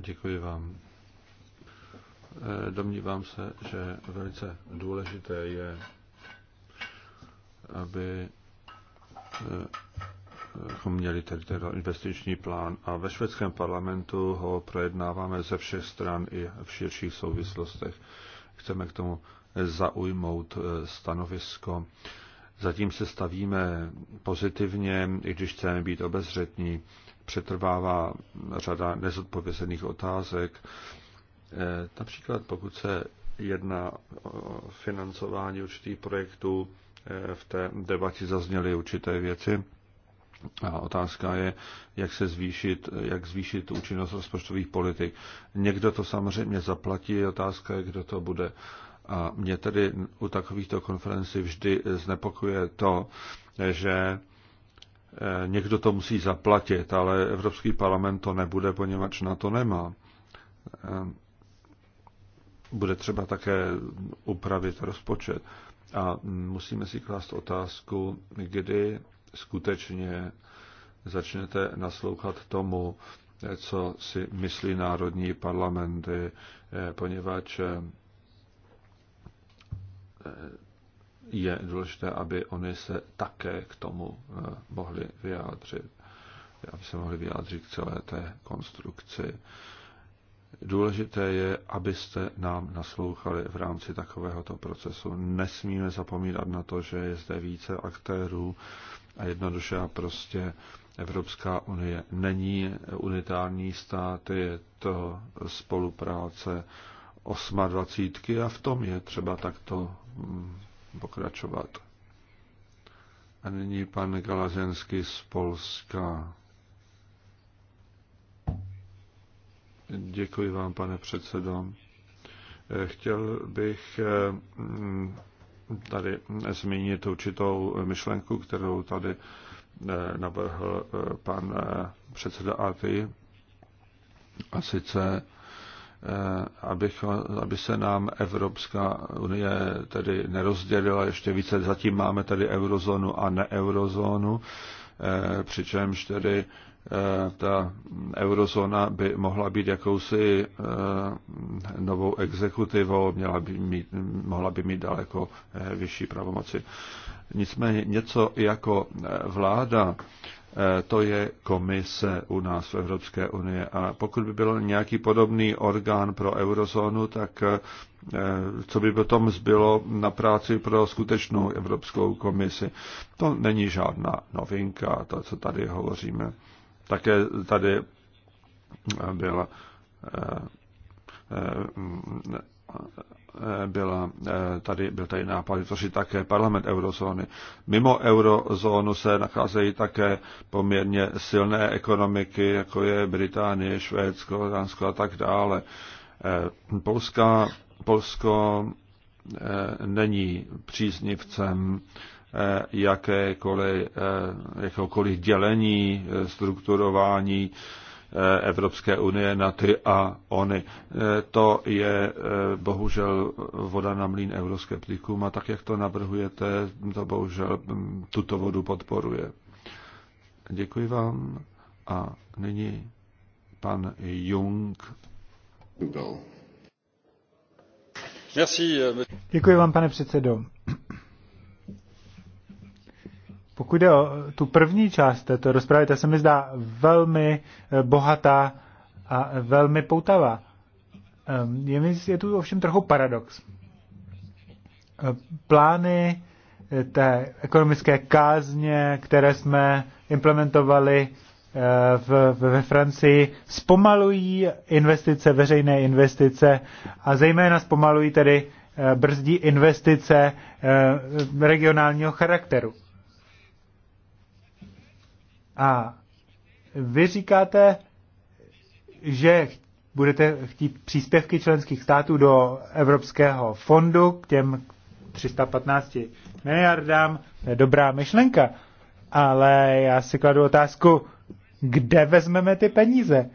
Děkuji vám. Eh, domnívám se, že velice důležité je, aby eh, měli tedy ten investiční plán a ve švédském parlamentu ho projednáváme ze všech stran i v širších souvislostech. Chceme k tomu zaujmout eh, stanovisko. Zatím se stavíme pozitivně, i když chceme být obezřetní. Přetrvává řada nezodpovězených otázek Eh, například pokud se jedná o financování určitých projektů, eh, v té debatě zazněly určité věci. A otázka je, jak se zvýšit, jak zvýšit účinnost rozpočtových politik. Někdo to samozřejmě zaplatí, otázka je, kdo to bude. A mě tedy u takovýchto konferencí vždy znepokuje to, že eh, někdo to musí zaplatit, ale Evropský parlament to nebude, poněvadž na to nemá bude třeba také upravit rozpočet. A musíme si klást otázku, kdy skutečně začnete naslouchat tomu, co si myslí národní parlamenty, eh, poněvadž eh, je důležité, aby oni se také k tomu eh, mohli vyjádřit, aby se mohli vyjádřit k celé té konstrukci. Důležité je, abyste nám naslouchali v rámci takovéhoto procesu. Nesmíme zapomínat na to, že je zde více aktérů a jednoduše a prostě Evropská unie není unitární stát, je to spolupráce 28 a v tom je třeba takto mm, pokračovat. A nyní pan Galazenský z Polska. Děkuji vám, pane předsedo. Chtěl bych mm, tady zmínit určitou myšlenku, kterou tady eh, navrhl eh, pan eh, předseda Arty. A sice, aby, aby se nám Evropská unie tedy nerozdělila ještě více. Zatím máme tady eurozónu a neeurozónu, přičemž tedy Eh, ta eurozóna by mohla být jakousi eh, novou exekutivou, měla by mít, mohla by mít daleko eh, vyšší pravomoci. Nicméně něco jako vláda, to je komise u nás v Evropské unii. A pokud by byl nějaký podobný orgán pro eurozónu, tak co by potom zbylo na práci pro skutečnou Evropskou komisi? To není žádná novinka, to, co tady hovoříme. Také tady byla byla tady, byl tady nápad vytvořit také parlament eurozóny. Mimo eurozónu se nacházejí také poměrně silné ekonomiky, jako je Británie, Švédsko, Dánsko a tak dále. Polska, Polsko eh, není příznivcem Eh, jakékoliv, eh, jakéhokoliv dělení, eh, strukturování Evropské unie na ty a ony. To je bohužel voda na mlín euroskeptikům a tak, jak to navrhujete, to bohužel hm, tuto vodu podporuje. Děkuji vám a nyní pan Jung. Děkuji vám, pane předsedo. Pokud jde o tu první část této rozpravy, ta se mi zdá velmi eh, bohatá a velmi poutavá. Ehm, je, mi, je tu ovšem trochu paradox. Eh, plány eh, té ekonomické kázně, které jsme implementovali v, ve Francii, zpomalují investice, veřejné investice a zejména zpomalují tedy brzdí investice regionálního charakteru. A vy říkáte, že budete chtít příspěvky členských států do Evropského fondu k těm 315 miliardám. To je dobrá myšlenka, ale já si kladu otázku, kde vezmeme ty peníze?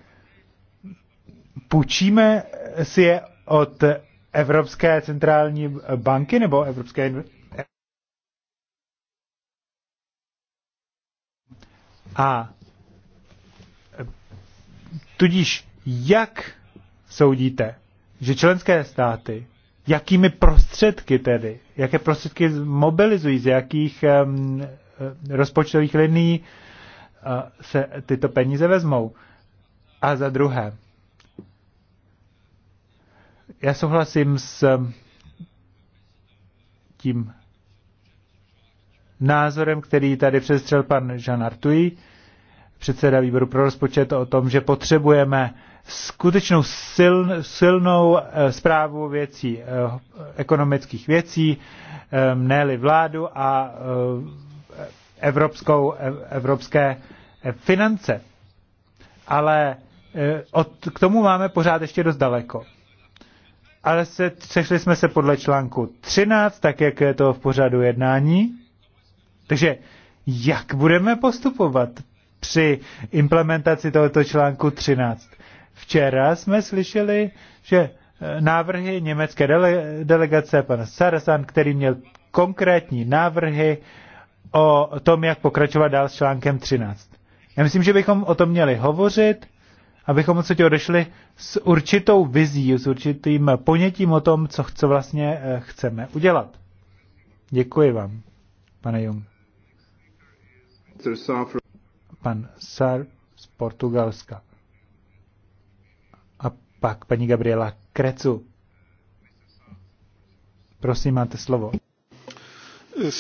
Půjčíme si je od Evropské centrální banky nebo Evropské A tudíž jak soudíte, že členské státy, jakými prostředky tedy, jaké prostředky mobilizují, z jakých um, rozpočtových liní uh, eh, se tyto peníze vezmou? A za druhé, já souhlasím s tím názorem, který tady přestřel pan Jean Artuy, předseda výboru pro rozpočet, o tom, že potřebujeme skutečnou siln, silnou zprávu eh, věcí, eh, ekonomických věcí, eh, ne vládu a evropskou, evropské finance. Ale od, k tomu máme pořád ještě dost daleko. Ale se, sešli jsme se podle článku 13, tak jak je to v pořadu jednání. Takže jak budeme postupovat při implementaci tohoto článku 13? Včera jsme slyšeli, že eh, návrhy německé dele, delegace pana Sarasan, který měl konkrétní návrhy o tom, jak pokračovat dál s článkem 13. Já myslím, že bychom o tom měli hovořit, abychom odsud odešli s určitou vizí, s určitým ponětím o tom, co, co vlastně eh, chceme udělat. Děkuji vám, pane Jung. Pan Sar z Portugalska. A pak paní Gabriela Krecu. Prosím, máte slovo. Eh,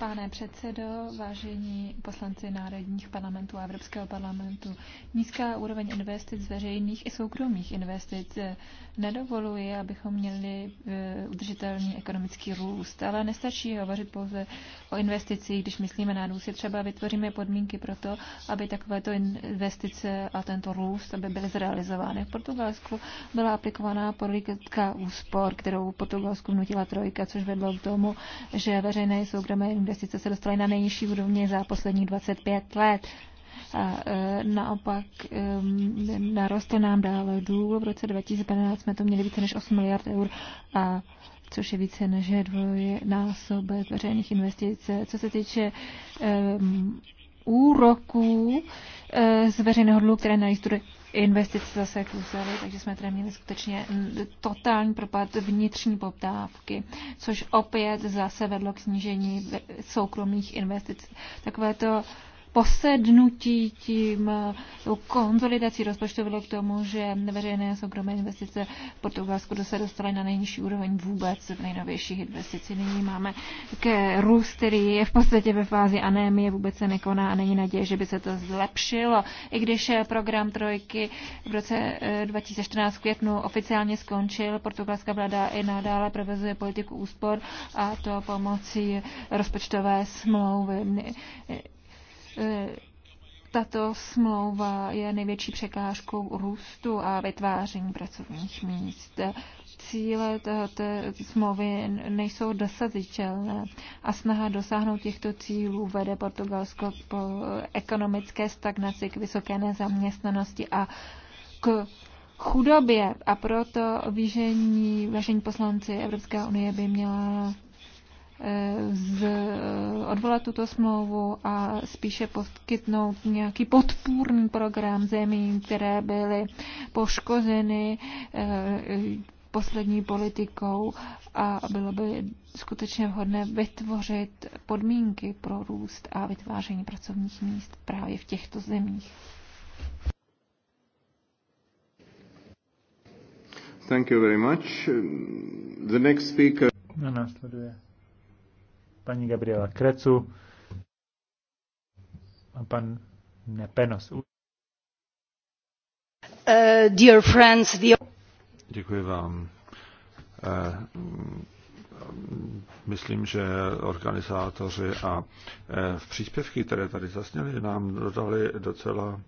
Pane předsedo, vážení poslanci národních parlamentů a Evropského parlamentu, nízká úroveň investic veřejných i soukromých investic eh, nedovoluje, abychom měli eh, udržitelný ekonomický růst. Ale nestačí hovořit pouze o investicích, když myslíme na růst. třeba vytvoříme podmínky pro to, aby takovéto investice a tento růst aby byly zrealizovány. V Portugalsku byla aplikovaná politika úspor, kterou Portugalsku nutila trojka, což vedlo k tomu, že veřejné i soukromé investice investice se dostaly na nejnižší úrovně za posledních 25 let. A e, naopak e, narostl nám dále důl. V roce 2015 jsme to měli více než 8 miliard eur, a, což je více než dvojnásobek veřejných investic. Co se týče e, úroků eh, z veřejného dluhu, které na investice zase kluzely, takže jsme tady měli skutečně mm, totální propad vnitřní poptávky, což opět zase vedlo k snížení soukromých investic. Takové to posednutí tím konzolidací rozpočtu vedlo k tomu, že veřejné a soukromé investice v Portugalsku se dostaly na nejnižší úroveň vůbec v nejnovějších investicích. Nyní máme k růst, který je v podstatě ve fázi anémie, vůbec se nekoná a není naděje, že by se to zlepšilo. I když program trojky v roce 2014 eh, v květnu oficiálně skončil, portugalská vláda i nadále provozuje politiku úspor a to pomocí rozpočtové smlouvy Eh, tato smlouva je největší překážkou růstu a vytváření pracovních míst. Cíle této smlouvy nejsou dosažitelné a snaha dosáhnout těchto cílů vede Portugalsko po ekonomické stagnaci, k vysoké nezaměstnanosti a k chudobě. A proto výžení, vážení poslanci Evropské unie by měla z, odvolat tuto smlouvu a spíše poskytnout nějaký podpůrný program zemí, které byly poškozeny eh, poslední politikou a bylo by skutečně vhodné vytvořit podmínky pro růst a vytváření pracovních míst právě v těchto zemích. Thank you very much. The next speaker. Následuje paní Gabriela Krecu a pan Nepenos. Uh, dear friends, the... Děkuji vám. Uh, myslím, že organizátoři a eh, v příspěvky, které tady zasněly, nám dodali docela,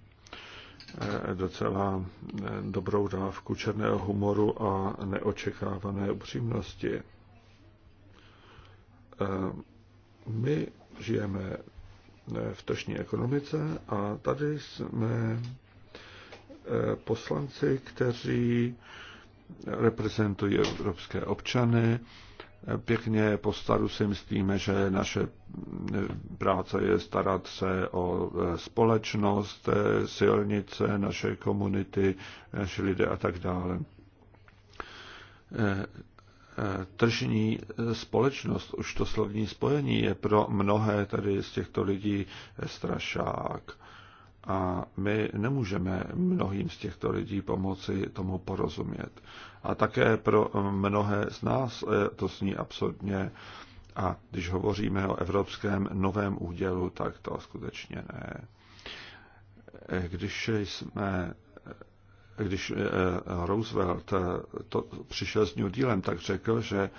eh, docela dobrou dávku černého humoru a neočekávané upřímnosti. Eh, my žijeme eh, v tržní ekonomice a tady jsme eh, poslanci, kteří reprezentují evropské občany. Pěkně po staru si myslíme, že naše práce je starat se o společnost, silnice, naše komunity, naše lidé a tak dále. Eh, tržní eh, společnost, už to slovní spojení je pro mnohé tady z těchto lidí eh, strašák. A my nemůžeme mnohým z těchto lidí pomoci tomu porozumět. A také pro mnohé z nás to sní absurdně. A když hovoříme o evropském novém údělu, tak to skutečně ne. Když jsme když eh, eh, Roosevelt eh, to přišel s New Dealem, tak řekl, že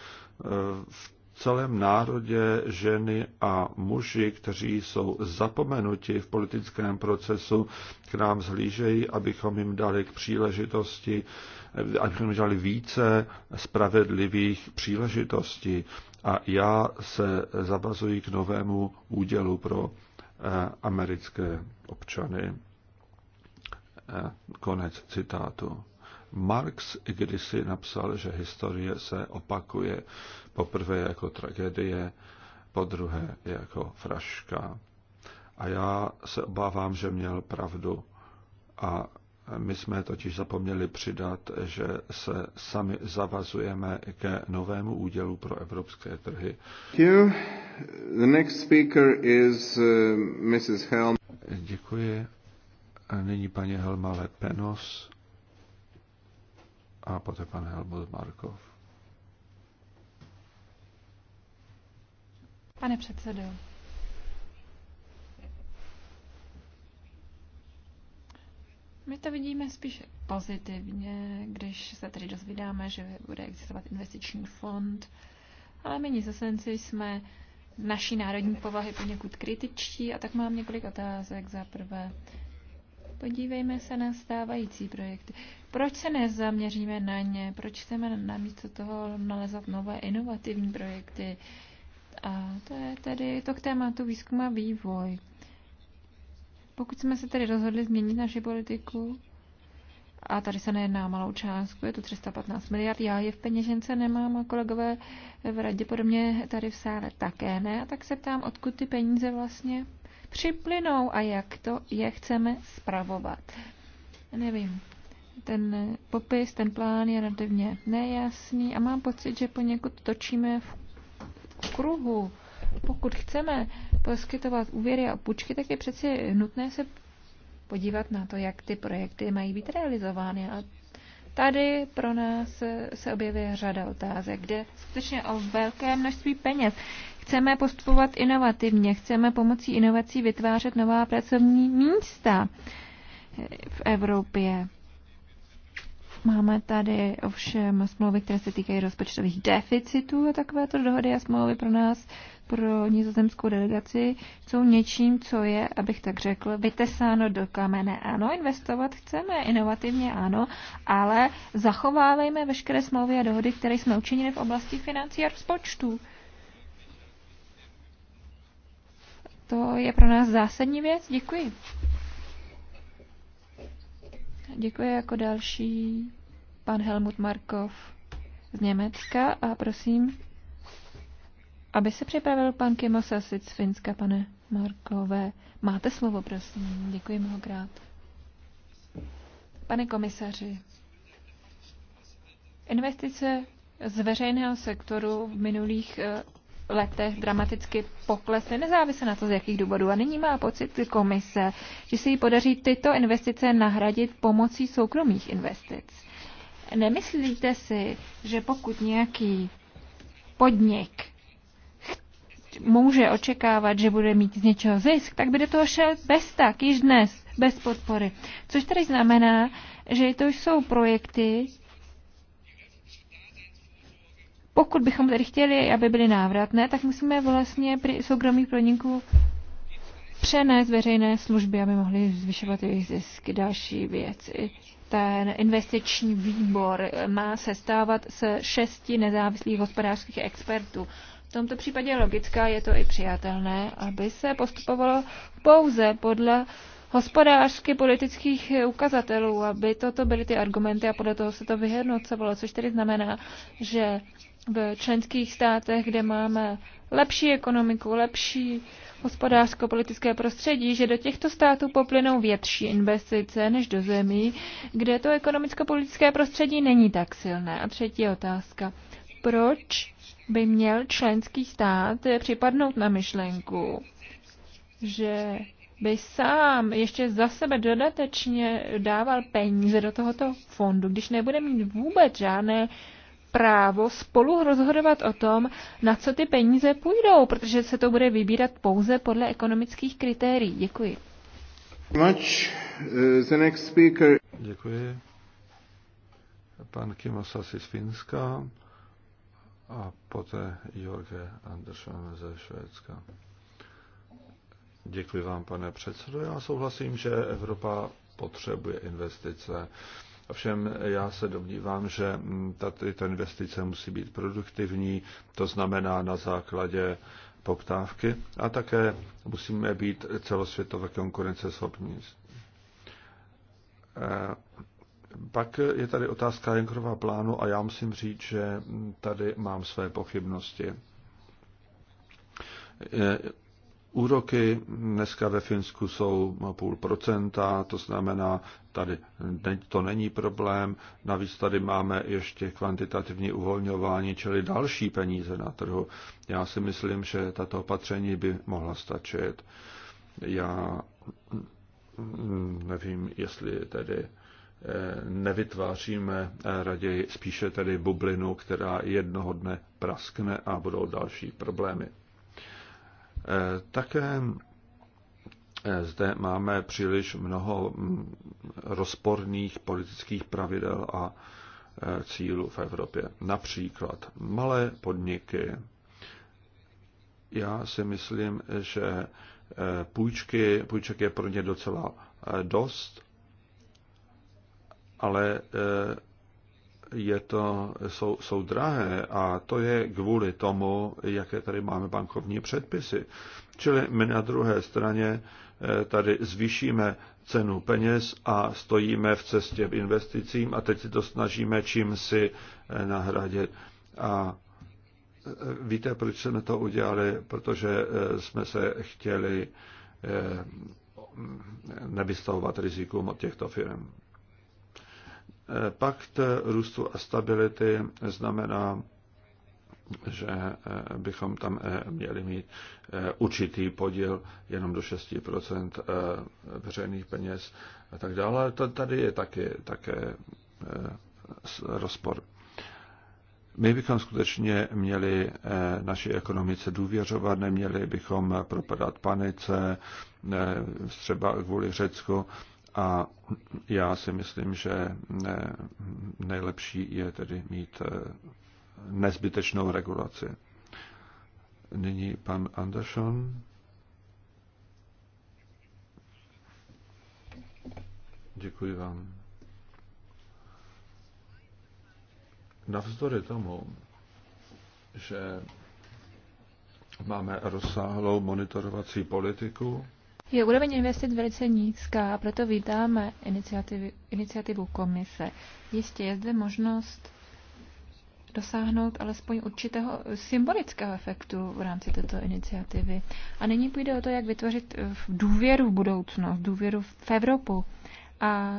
v celém národě ženy a muži, kteří jsou zapomenuti v politickém procesu, k nám zhlížejí, abychom jim dali k příležitosti, abychom jim dali více spravedlivých příležitostí. A já se zavazuji k novému údělu pro americké občany. Eh, konec citátu. Marx kdysi napsal, že historie se opakuje poprvé jako tragédie, po druhé jako fraška. A já se obávám, že měl pravdu. A my jsme totiž zapomněli přidat, že se sami zavazujeme ke novému údělu pro evropské trhy. Děkuji. The next speaker is, uh, Mrs. Helm. Děkuji nyní paní Helma Lepenos a poté pan Helmut Markov. Pane předsedo, My to vidíme spíš pozitivně, když se tedy dozvídáme, že bude existovat investiční fond, ale my Nizosenci jsme naší národní povahy poněkud kritičtí a tak mám několik otázek. Za prvé, Podívejme se na stávající projekty. Proč se nezaměříme na ně? Proč chceme namísto toho nalezat nové inovativní projekty? A to je tedy to k tématu výzkum a vývoj. Pokud jsme se tedy rozhodli změnit naši politiku, a tady se nejedná malou částku, je to 315 miliard, já je v peněžence nemám a kolegové v radě podobně tady v sále také ne, a tak se ptám, odkud ty peníze vlastně připlynou a jak to je chceme spravovat. Nevím. Ten popis, ten plán je relativně nejasný a mám pocit, že poněkud točíme v kruhu. Pokud chceme poskytovat úvěry a půjčky, tak je přeci nutné se podívat na to, jak ty projekty mají být realizovány. A Tady pro nás se objevuje řada otázek, kde skutečně o velké množství peněz. Chceme postupovat inovativně, chceme pomocí inovací vytvářet nová pracovní místa v Evropě. Máme tady ovšem smlouvy, které se týkají rozpočtových deficitů a takovéto dohody a smlouvy pro nás uh, pro nizozemskou delegaci jsou něčím, co je, abych tak řekl, vytesáno do kamene. Ano, investovat chceme, inovativně ano, ale zachovávejme veškeré smlouvy a dohody, které jsme učinili v oblasti financí a rozpočtu. To je pro nás zásadní věc. Děkuji. Děkuji jako další pan Helmut Markov z Německa a prosím aby se připravil pan Kimos Asic z Finska, pane Markové. Máte slovo, prosím. Děkuji mnohokrát. Pane komisaři, investice z veřejného sektoru v minulých eh, letech dramaticky poklesly, nezávisle na to, z jakých důvodů. A nyní má pocit komise, že se jí podaří tyto investice nahradit pomocí soukromých investic. Nemyslíte si, že pokud nějaký podnik může očekávat, že bude mít z něčeho zisk, tak by do toho šel bez tak, již dnes, bez podpory. Což tedy znamená, že to jsou projekty, pokud bychom tedy chtěli, aby byly návratné, tak musíme vlastně pri soukromých podniků přenést veřejné služby, aby mohli zvyšovat jejich zisky. Další věc. Ten investiční výbor má se stávat se šesti nezávislých hospodářských expertů tomto případě logická, je to i přijatelné, aby se postupovalo pouze podle hospodářsky politických ukazatelů, aby toto byly ty argumenty a podle toho se to vyhodnocovalo, což tedy znamená, že v členských státech, kde máme lepší ekonomiku, lepší hospodářsko-politické prostředí, že do těchto států poplynou větší investice než do zemí, kde to ekonomicko-politické prostředí není tak silné. A třetí otázka. Proč by měl členský stát eh, připadnout na myšlenku, že by sám ještě za sebe dodatečně dával peníze do tohoto fondu, když nebude mít vůbec žádné právo spolu rozhodovat o tom, na co ty peníze půjdou, protože se to bude vybírat pouze podle ekonomických kritérií. Děkuji. Much. Eh, the next speaker. Děkuji. Pan Kimosasi z Finska a poté Jorge Andersson ze Švédska. Děkuji vám, pane předsedo. Já souhlasím, že Evropa potřebuje investice. Ovšem já se domnívám, že tato investice musí být produktivní, to znamená na základě poptávky a také musíme být celosvětově konkurenceschopní. Eh, pak je tady otázka Junckerova plánu a já musím říct, že tady mám své pochybnosti. Úroky dneska ve Finsku jsou půl procenta, to znamená, tady to není problém. Navíc tady máme ještě kvantitativní uvolňování, čili další peníze na trhu. Já si myslím, že tato opatření by mohla stačit. Já nevím, jestli tedy nevytváříme eh, raději spíše tedy bublinu, která jednoho dne praskne a budou další problémy. Eh, také eh, zde máme příliš mnoho mm, rozporných politických pravidel a cílů v Evropě. Například malé podniky. Já si myslím, že půjčky, půjček je pro ně docela dost ale eh, je to, jsou, jsou drahé a to je kvůli tomu, jaké tady máme bankovní předpisy. Čili my na druhé straně eh, tady zvýšíme cenu peněz a stojíme v cestě v investicím a teď si to snažíme čím si eh, nahradit. A víte, proč jsme to udělali? Protože jsme se chtěli nevystavovat rizikům od těchto firm. Pakt růstu a stability znamená, že eh, bychom tam eh, měli mít eh, určitý podíl jenom do 6% veřejných peněz a tak dále. Tady je taky, také rozpor. My bychom skutečně měli naší ekonomice důvěřovat, neměli bychom propadat panice, třeba kvůli Řecku. A já si myslím, že nejlepší je tedy mít eh, nezbytečnou regulaci. Nyní pan Anderson. Děkuji vám. Navzdory tomu, že máme rozsáhlou monitorovací politiku, je úroveň investic velice nízká, a proto vítáme iniciativu komise. Jistě je zde možnost dosáhnout alespoň určitého symbolického efektu v rámci této iniciativy. A nyní půjde o to, jak vytvořit eh, důvěru v budoucnost, důvěru v Evropu. A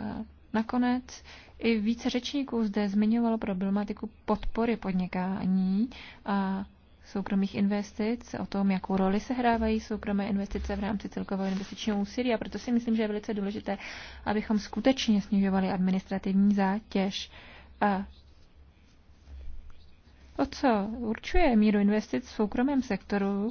nakonec i více řečníků zde zmiňovalo problematiku podpory podnikání a soukromých investic, o tom, jakou roli se hrávají soukromé investice v rámci celkového investičního úsilí a proto si myslím, že je velice důležité, abychom skutečně snižovali administrativní zátěž a To, co určuje míru investic v soukromém sektoru,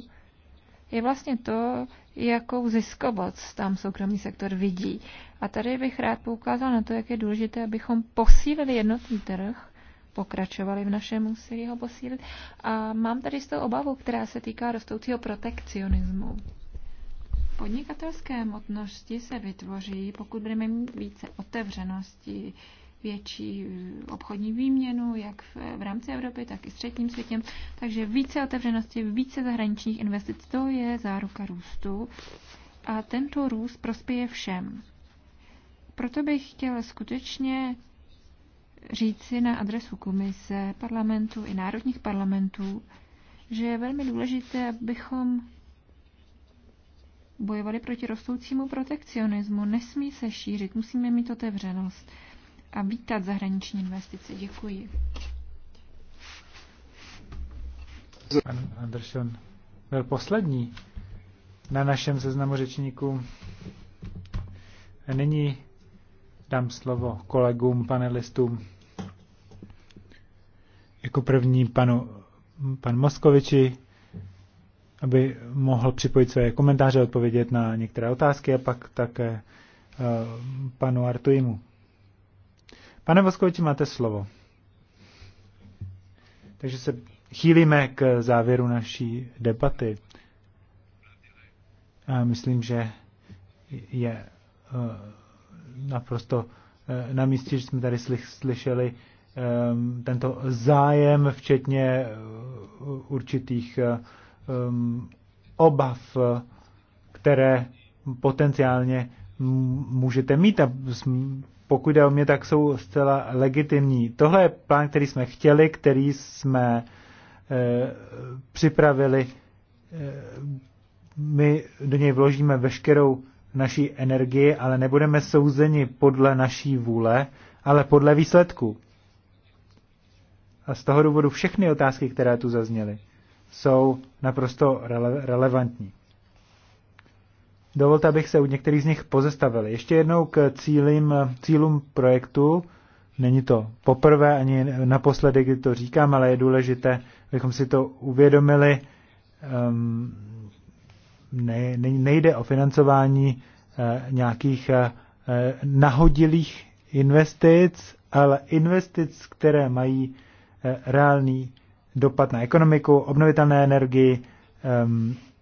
je vlastně to, jakou ziskovost tam soukromý sektor vidí. A tady bych rád poukázal na to, jak je důležité, abychom posílili jednotný trh pokračovali v našem úsilí ho posílit. A mám tady jistou obavu, která se týká rostoucího protekcionismu. Podnikatelské motnosti se vytvoří, pokud budeme mít více otevřenosti, větší eh, obchodní výměnu, jak v, v rámci Evropy, tak i s třetím světem. Takže více otevřenosti, více zahraničních investic, to je záruka růstu. A tento růst prospěje všem. Proto bych chtěla skutečně říci na adresu komise, parlamentu i národních parlamentů, že je velmi důležité, abychom bojovali proti rostoucímu protekcionismu. Nesmí se šířit, musíme mít otevřenost a vítat zahraniční investice. Děkuji. Pan Anderson byl poslední na našem seznamu řečníků. A nyní dám slovo kolegům, panelistům jako první panu, pan Moskoviči, aby mohl připojit své komentáře, odpovědět na některé otázky a pak také eh, panu Artuimu. Pane Moskoviči, máte slovo. Takže se chýlíme k závěru naší debaty. A myslím, že je eh, naprosto eh, na místě, že jsme tady slyšeli Ehm, tento zájem, včetně eh, určitých eh, ehm, obav, které potenciálně můžete mít a pokud jde o mě, tak jsou zcela legitimní. Tohle je plán, který jsme chtěli, který jsme eh, připravili. my do něj vložíme veškerou naší energii, ale nebudeme souzeni podle naší vůle, ale podle výsledku. A z toho důvodu všechny otázky, které tu zazněly, jsou naprosto rele- relevantní. Dovolte, abych se u některých z nich pozastavil. Ještě jednou k cílim, cílům projektu. Není to poprvé ani naposledy, kdy to říkám, ale je důležité, abychom si to uvědomili. Um, ehm, ne, nejde o financování uh, nějakých uh, nahodilých investic, ale investic, které mají Eh, reálný dopad na ekonomiku, obnovitelné energii,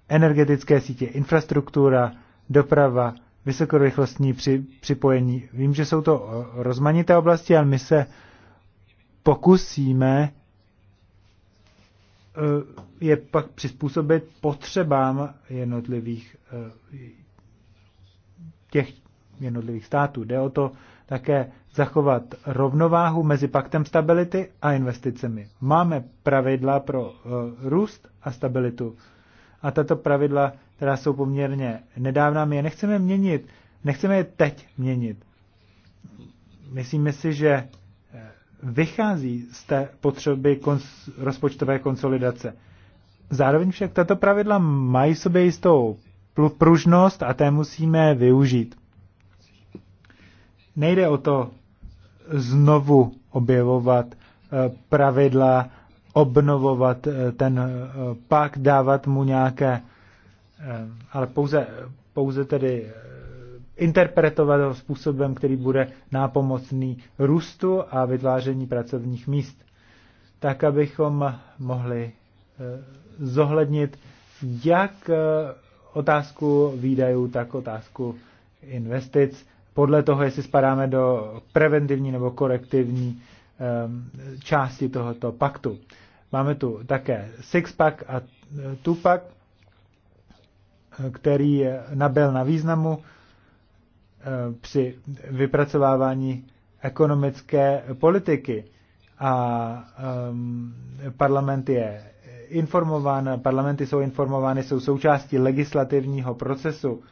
energetické sítě, infrastruktura, doprava, vysokorychlostní při, připojení. Vím, že jsou to eh, rozmanité oblasti, ale my se pokusíme eh, je pak přizpůsobit potřebám jednotlivých těch jednotlivých států. Jde o to také zachovat rovnováhu mezi paktem stability a investicemi. Máme pravidla pro eh, růst a stabilitu. A tato pravidla, která jsou poměrně nedávná, my je nechceme měnit. Nechceme je teď měnit. Myslíme si, že eh, vychází z té potřeby kons- rozpočtové konsolidace. Zároveň však tato pravidla mají sobě jistou pružnost a té musíme využít. Nejde o to znovu objevovat eh, pravidla, obnovovat eh, ten eh, pak, dávat mu nějaké, ale pouze, pouze tedy interpretovat ho způsobem, který bude nápomocný růstu a vytváření pracovních míst, tak abychom mohli zohlednit jak otázku výdajů, tak otázku investic podle toho, jestli spadáme do preventivní nebo korektivní ehm, části tohoto paktu. Máme tu také six-pack a e, two-pack, e, který nabil na významu e, při vypracovávání ekonomické politiky. A ehm, parlament je informován, parlamenty jsou informovány, jsou součástí legislativního procesu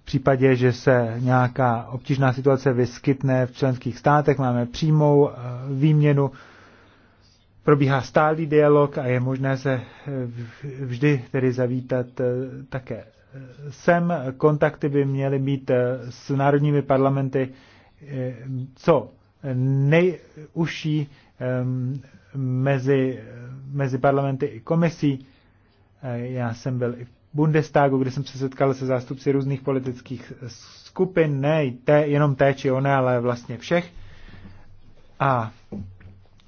v případě, že se nějaká obtížná situace vyskytne v členských státech, máme přímou eh, výměnu, probíhá stálý dialog a je možné se eh, vždy tedy zavítat eh, také sem. Kontakty by měly být s národními parlamenty co nejužší ehm, mezi, mezi parlamenty i komisí. Já jsem byl i v Bundestagu, kde jsem se setkal se zástupci různých politických skupin, ne té, jenom té či oné, ale vlastně všech. A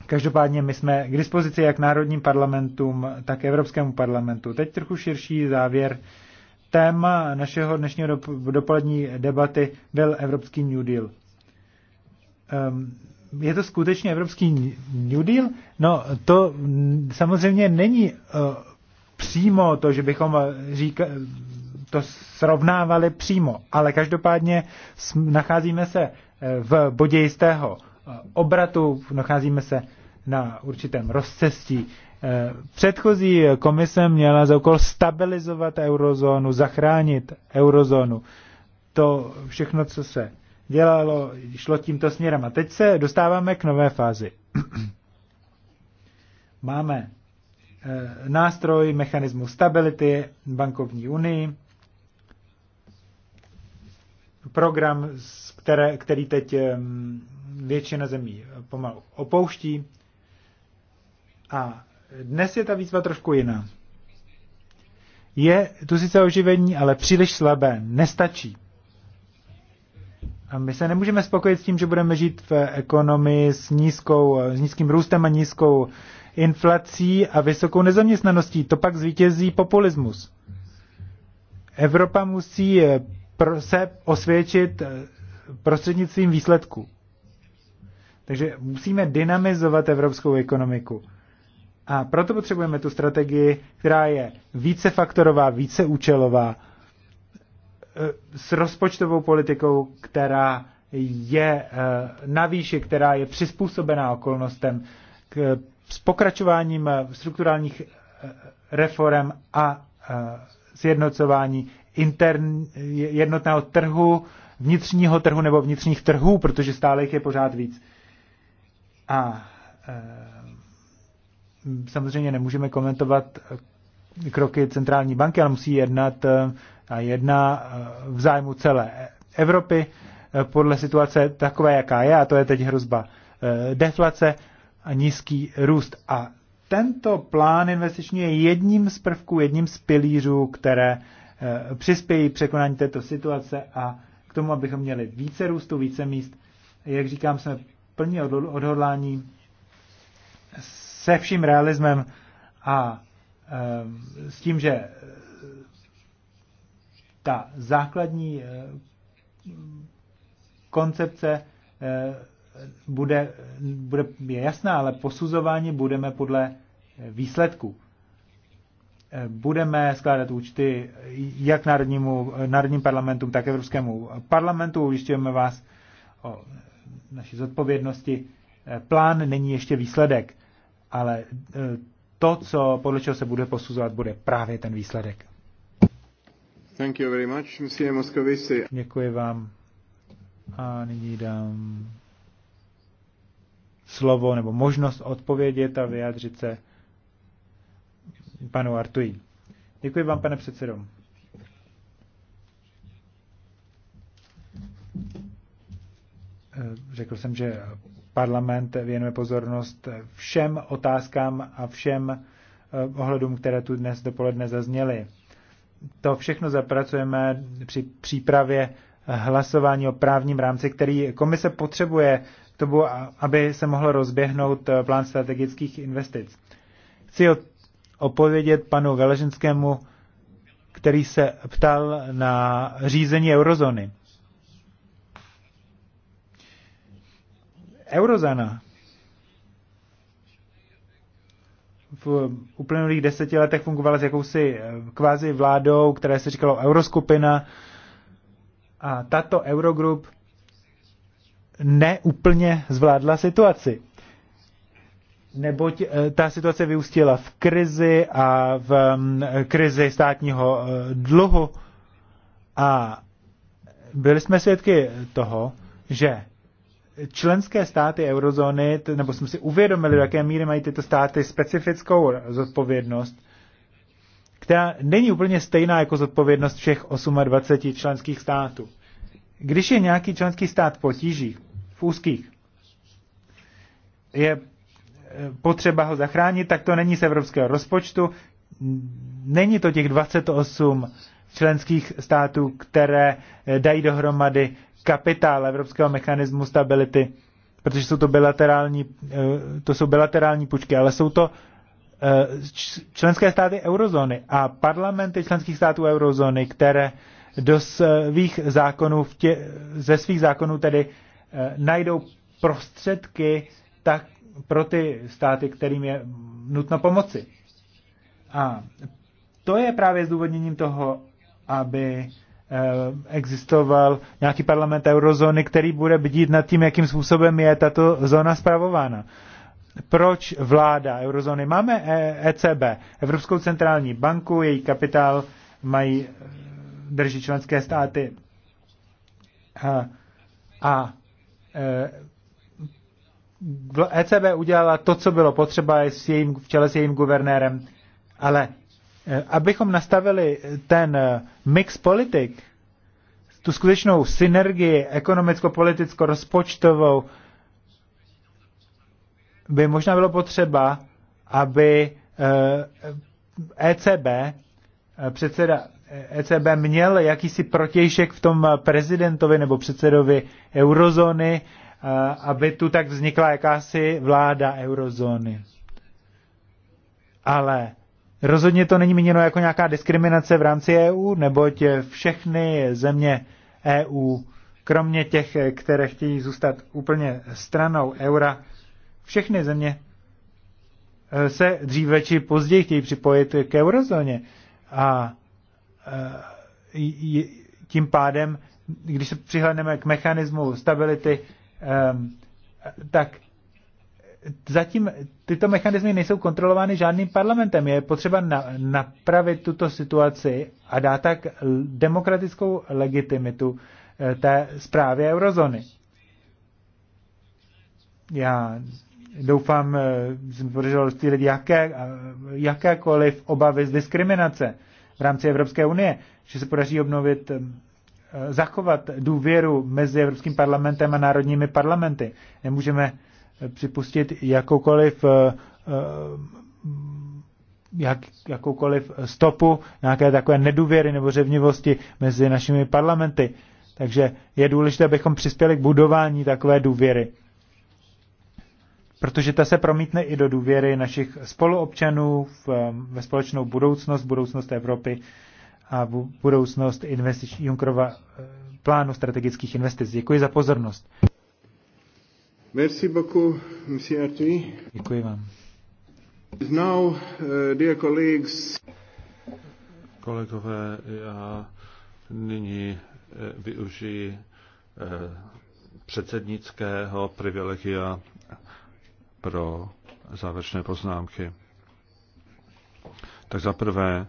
každopádně my jsme k dispozici jak národním parlamentům, tak Evropskému parlamentu. Teď trochu širší závěr. Téma našeho dnešního dopolední debaty byl Evropský New Deal. Um, je to skutečně Evropský New Deal? No, to samozřejmě není eh, přímo, to, že bychom eh, říka, to srovnávali přímo, ale každopádně nacházíme se eh, v bodě jistého eh, obratu, nacházíme se na určitém rozcestí. Předchozí komise měla za úkol stabilizovat eurozónu, zachránit eurozónu. To všechno, co se dělalo, šlo tímto směrem. A teď se dostáváme k nové fázi. [clears throat] Máme Eh, nástroj mechanismu stability bankovní unii, program, které, který teď většina zemí pomalu opouští. A dnes je ta výzva trošku jiná. Je tu sice oživení, ale příliš slabé, nestačí. A my se nemůžeme spokojit s tím, že budeme žít v ekonomii s, nízkou, s nízkým růstem a nízkou inflací a vysokou nezaměstnaností. To pak zvítězí populismus. Evropa musí eh, se osvědčit eh, prostřednictvím výsledků. Takže musíme dynamizovat evropskou ekonomiku. A proto potřebujeme tu strategii, která je vícefaktorová, víceúčelová, eh, s rozpočtovou politikou, která je na výši, která je přizpůsobená okolnostem, s pokračováním eh, strukturálních eh, reform a zjednocování eh, intern, jednotného trhu, vnitřního trhu nebo vnitřních trhů, protože stále jich je pořád víc. A samozřejmě nemůžeme komentovat kroky centrální banky, ale musí jednat a jedna v zájmu celé Evropy podle situace takové, jaká je, a to je teď hrozba deflace, a nízký růst. A tento plán investiční je jedním z prvků, jedním z pilířů, které eh, přispějí překonání této situace a k tomu, abychom měli více růstu, více míst. Jak říkám, jsme plně odhodlání se vším realismem a eh, s tím, že eh, ta základní koncepce bude, bude, je jasná, ale posuzování budeme podle výsledků. Budeme skládat účty jak národnímu, národním parlamentům, tak Evropskému parlamentu. Ujišťujeme vás o naší zodpovědnosti. Plán není ještě výsledek, ale e, to, co, podle čeho se bude posuzovat, bude právě ten výsledek. Thank you very much, Děkuji vám. A nyní dám slovo nebo možnost odpovědět a vyjádřit se panu Artuji. Děkuji vám, pane předsedo. Řekl jsem, že parlament věnuje pozornost všem otázkám a všem eh, ohledům, které tu dnes dopoledne zazněly. To všechno zapracujeme při přípravě hlasování o právním rámci, který komise potřebuje to bylo, aby se mohl rozběhnout eh, plán strategických investic. Chci odpovědět panu Veleženskému, který se ptal na řízení eurozóny. Eurozona v uplynulých deseti letech fungovala s jakousi eh, kvázi vládou, které se říkalo Euroskupina. A tato Eurogroup neúplně zvládla situaci. Neboť eh, ta situace vyústila v krizi a v mm, krizi státního eh, dluhu. A byli jsme svědky toho, že členské státy eurozóny, nebo jsme si uvědomili, do jaké míry mají tyto státy specifickou zodpovědnost, která není úplně stejná jako zodpovědnost všech 28 členských států. Když je nějaký členský stát potíží, v úzkých. Je eh, potřeba ho zachránit, tak to není z evropského rozpočtu. Není to těch 28 členských států, které eh, dají dohromady kapitál Evropského mechanismu stability, protože jsou to bilaterální, eh, to jsou bilaterální půjčky, ale jsou to členské státy eurozóny a parlamenty členských států eurozóny, které do svých zákonů, ze svých zákonů tedy Eh, najdou prostředky tak pro ty státy, kterým je nutno pomoci. A to je právě zdůvodněním toho, aby eh, existoval nějaký parlament eurozóny, který bude bdít nad tím, jakým způsobem je tato zóna zpravována. Proč vláda eurozóny? Máme ECB, eh, e Evropskou centrální banku, její kapitál mají drží členské státy. A, a ECB eh, e udělala to, co bylo potřeba s jejím, v čele s jejím guvernérem, ale eh, abychom nastavili ten eh, mix politik, tu skutečnou synergii ekonomicko-politicko-rozpočtovou, by možná bylo potřeba, aby ECB, e předseda ECB měl jakýsi protějšek v tom prezidentovi nebo předsedovi eurozóny, e, aby tu tak vznikla jakási vláda eurozóny. Ale rozhodně to není míněno jako nějaká diskriminace v rámci EU, neboť všechny země EU, kromě těch, které chtějí zůstat úplně stranou eura, všechny země e, se dříve či později chtějí připojit k eurozóně. A Eh, tím pádem, když se přihledneme k mechanismu stability, ehm, tak zatím tyto mechanismy nejsou kontrolovány žádným parlamentem. Je potřeba napravit tuto situaci a dát tak demokratickou legitimitu eh, té zprávě eurozóny. Já doufám, eh, že jsem podržel lidi jaké, jakékoliv obavy z diskriminace v rámci Evropské unie, že se podaří obnovit, eh, zachovat důvěru mezi Evropským parlamentem a národními parlamenty. Nemůžeme eh, připustit jakoukoliv eh, jak, jakoukoliv stopu, nějaké takové nedůvěry nebo řevnivosti mezi našimi parlamenty. Takže je důležité, abychom přispěli k budování takové důvěry protože ta se promítne i do důvěry našich spoluobčanů v, ve společnou budoucnost, budoucnost Evropy a budoucnost Junkrova eh, plánu strategických investic. Děkuji za pozornost. Merci beaucoup, monsieur Artui. Děkuji vám. Now, uh, dear colleagues. Kolegové, já nyní eh, využiji předsednického privilegia pro závěrečné poznámky. Tak za prvé,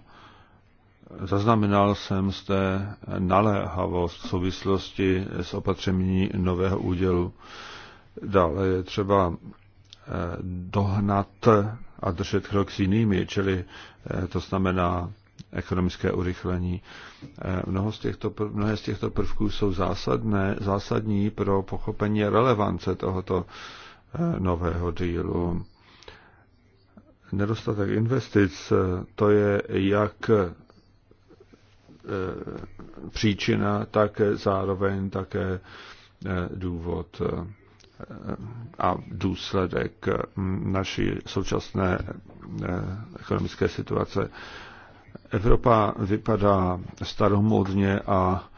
zaznamenal jsem zde naléhavost v souvislosti s opatření nového údělu. Dále je třeba eh, dohnat a držet krok s jinými, čili eh, to znamená ekonomické urychlení. Eh, mnoho z těchto, mnohé z těchto prvků jsou zásadné, zásadní pro pochopení relevance tohoto nového dílu. Nedostatek investic, to je jak e, příčina, tak zároveň také e, důvod e, a důsledek naší současné ekonomické situace. Evropa vypadá staromodně a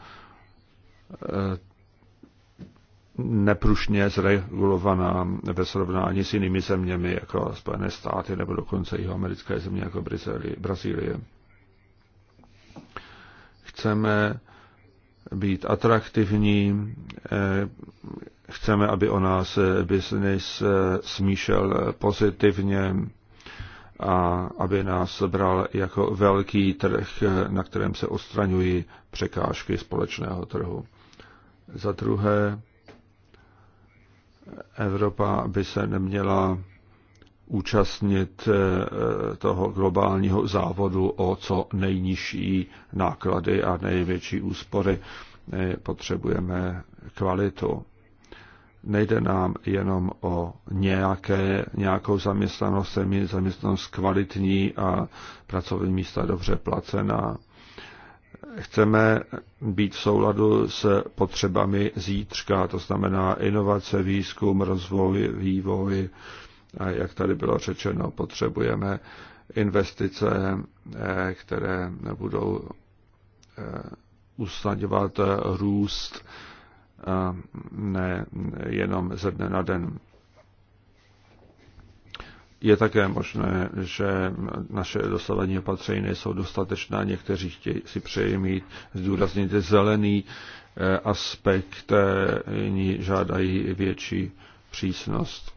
neprušně zregulovaná ve srovnání s jinými zeměmi, jako Spojené státy nebo dokonce i americké země, jako Brazílie. Chceme být atraktivní, eh, chceme, aby o nás biznis eh, smíšel pozitivně a aby nás bral jako velký trh, na kterém se odstraňují překážky společného trhu. Za druhé, Evropa by se neměla účastnit eh, toho globálního závodu o co nejnižší náklady a největší úspory. Potřebujeme kvalitu. Nejde nám jenom o nějaké, nějakou zaměstnanost, zaměstnanost kvalitní a pracovní místa dobře placená chceme být v souladu s potřebami zítřka, to znamená inovace, výzkum, rozvoj, vývoj. A jak tady bylo řečeno, potřebujeme investice, eh, které budou eh, usnadňovat růst nejenom ze dne na den. Je také možné, že naše dosavadní opatření nejsou dostatečná. Někteří chtějí, si přejí mít zdůraznit zelený eh, aspekt, jiní eh, žádají větší přísnost.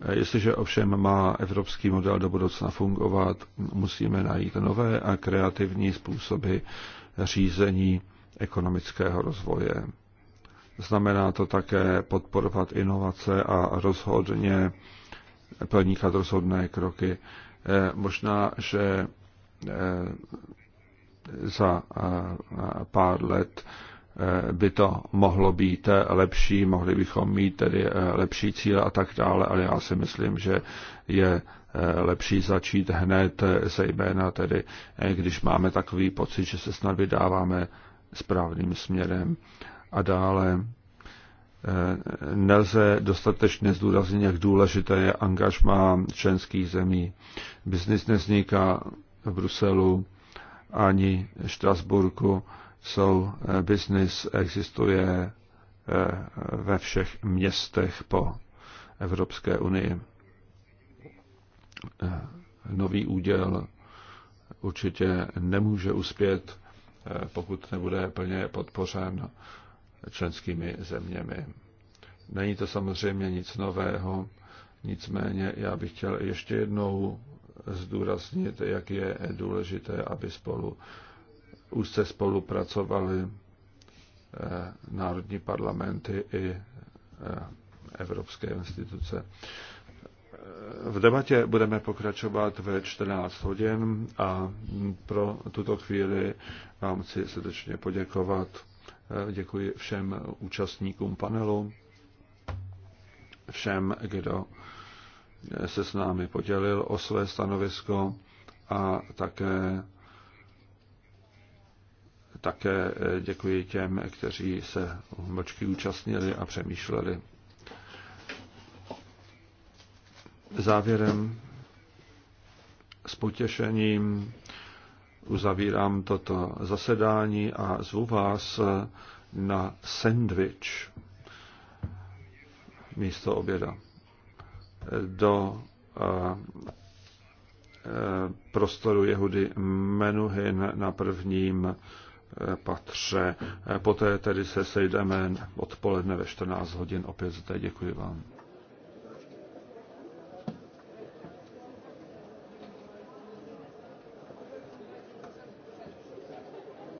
Eh, jestliže ovšem má evropský model do budoucna fungovat, musíme najít nové a kreativní způsoby řízení ekonomického rozvoje. Znamená to také podporovat inovace a rozhodně podnikat rozhodné kroky. Eh, možná, že eh, za eh, pár let by to mohlo být lepší, mohli bychom mít tedy lepší cíle a tak dále, ale já si myslím, že je lepší začít hned, zejména tedy, když máme takový pocit, že se snad vydáváme správným směrem. A dále nelze dostatečně zdůraznit, jak důležité je angažma členských zemí. Biznis nevzniká v Bruselu ani v Štrasburku, jsou eh, biznis existuje eh, ve všech městech po Evropské unii. Eh, nový úděl určitě nemůže uspět, pokud nebude plně podpořen členskými zeměmi. Není to samozřejmě nic nového, nicméně já bych chtěl ještě jednou zdůraznit, jak je důležité, aby spolu úzce spolupracovali eh, národní parlamenty i eh, evropské instituce. V debatě budeme pokračovat ve 14 hodin a pro tuto chvíli vám chci srdečně poděkovat děkuji všem účastníkům panelu, všem, kdo se s námi podělil o své stanovisko a také, také děkuji těm, kteří se mlčky účastnili a přemýšleli. Závěrem s potěšením uzavírám toto zasedání a zvu vás na sendvič místo oběda do eh, eh, prostoru Jehudy Menuhin na prvním eh, patře. Poté tedy se sejdeme odpoledne ve 14 hodin. Opět zde děkuji vám.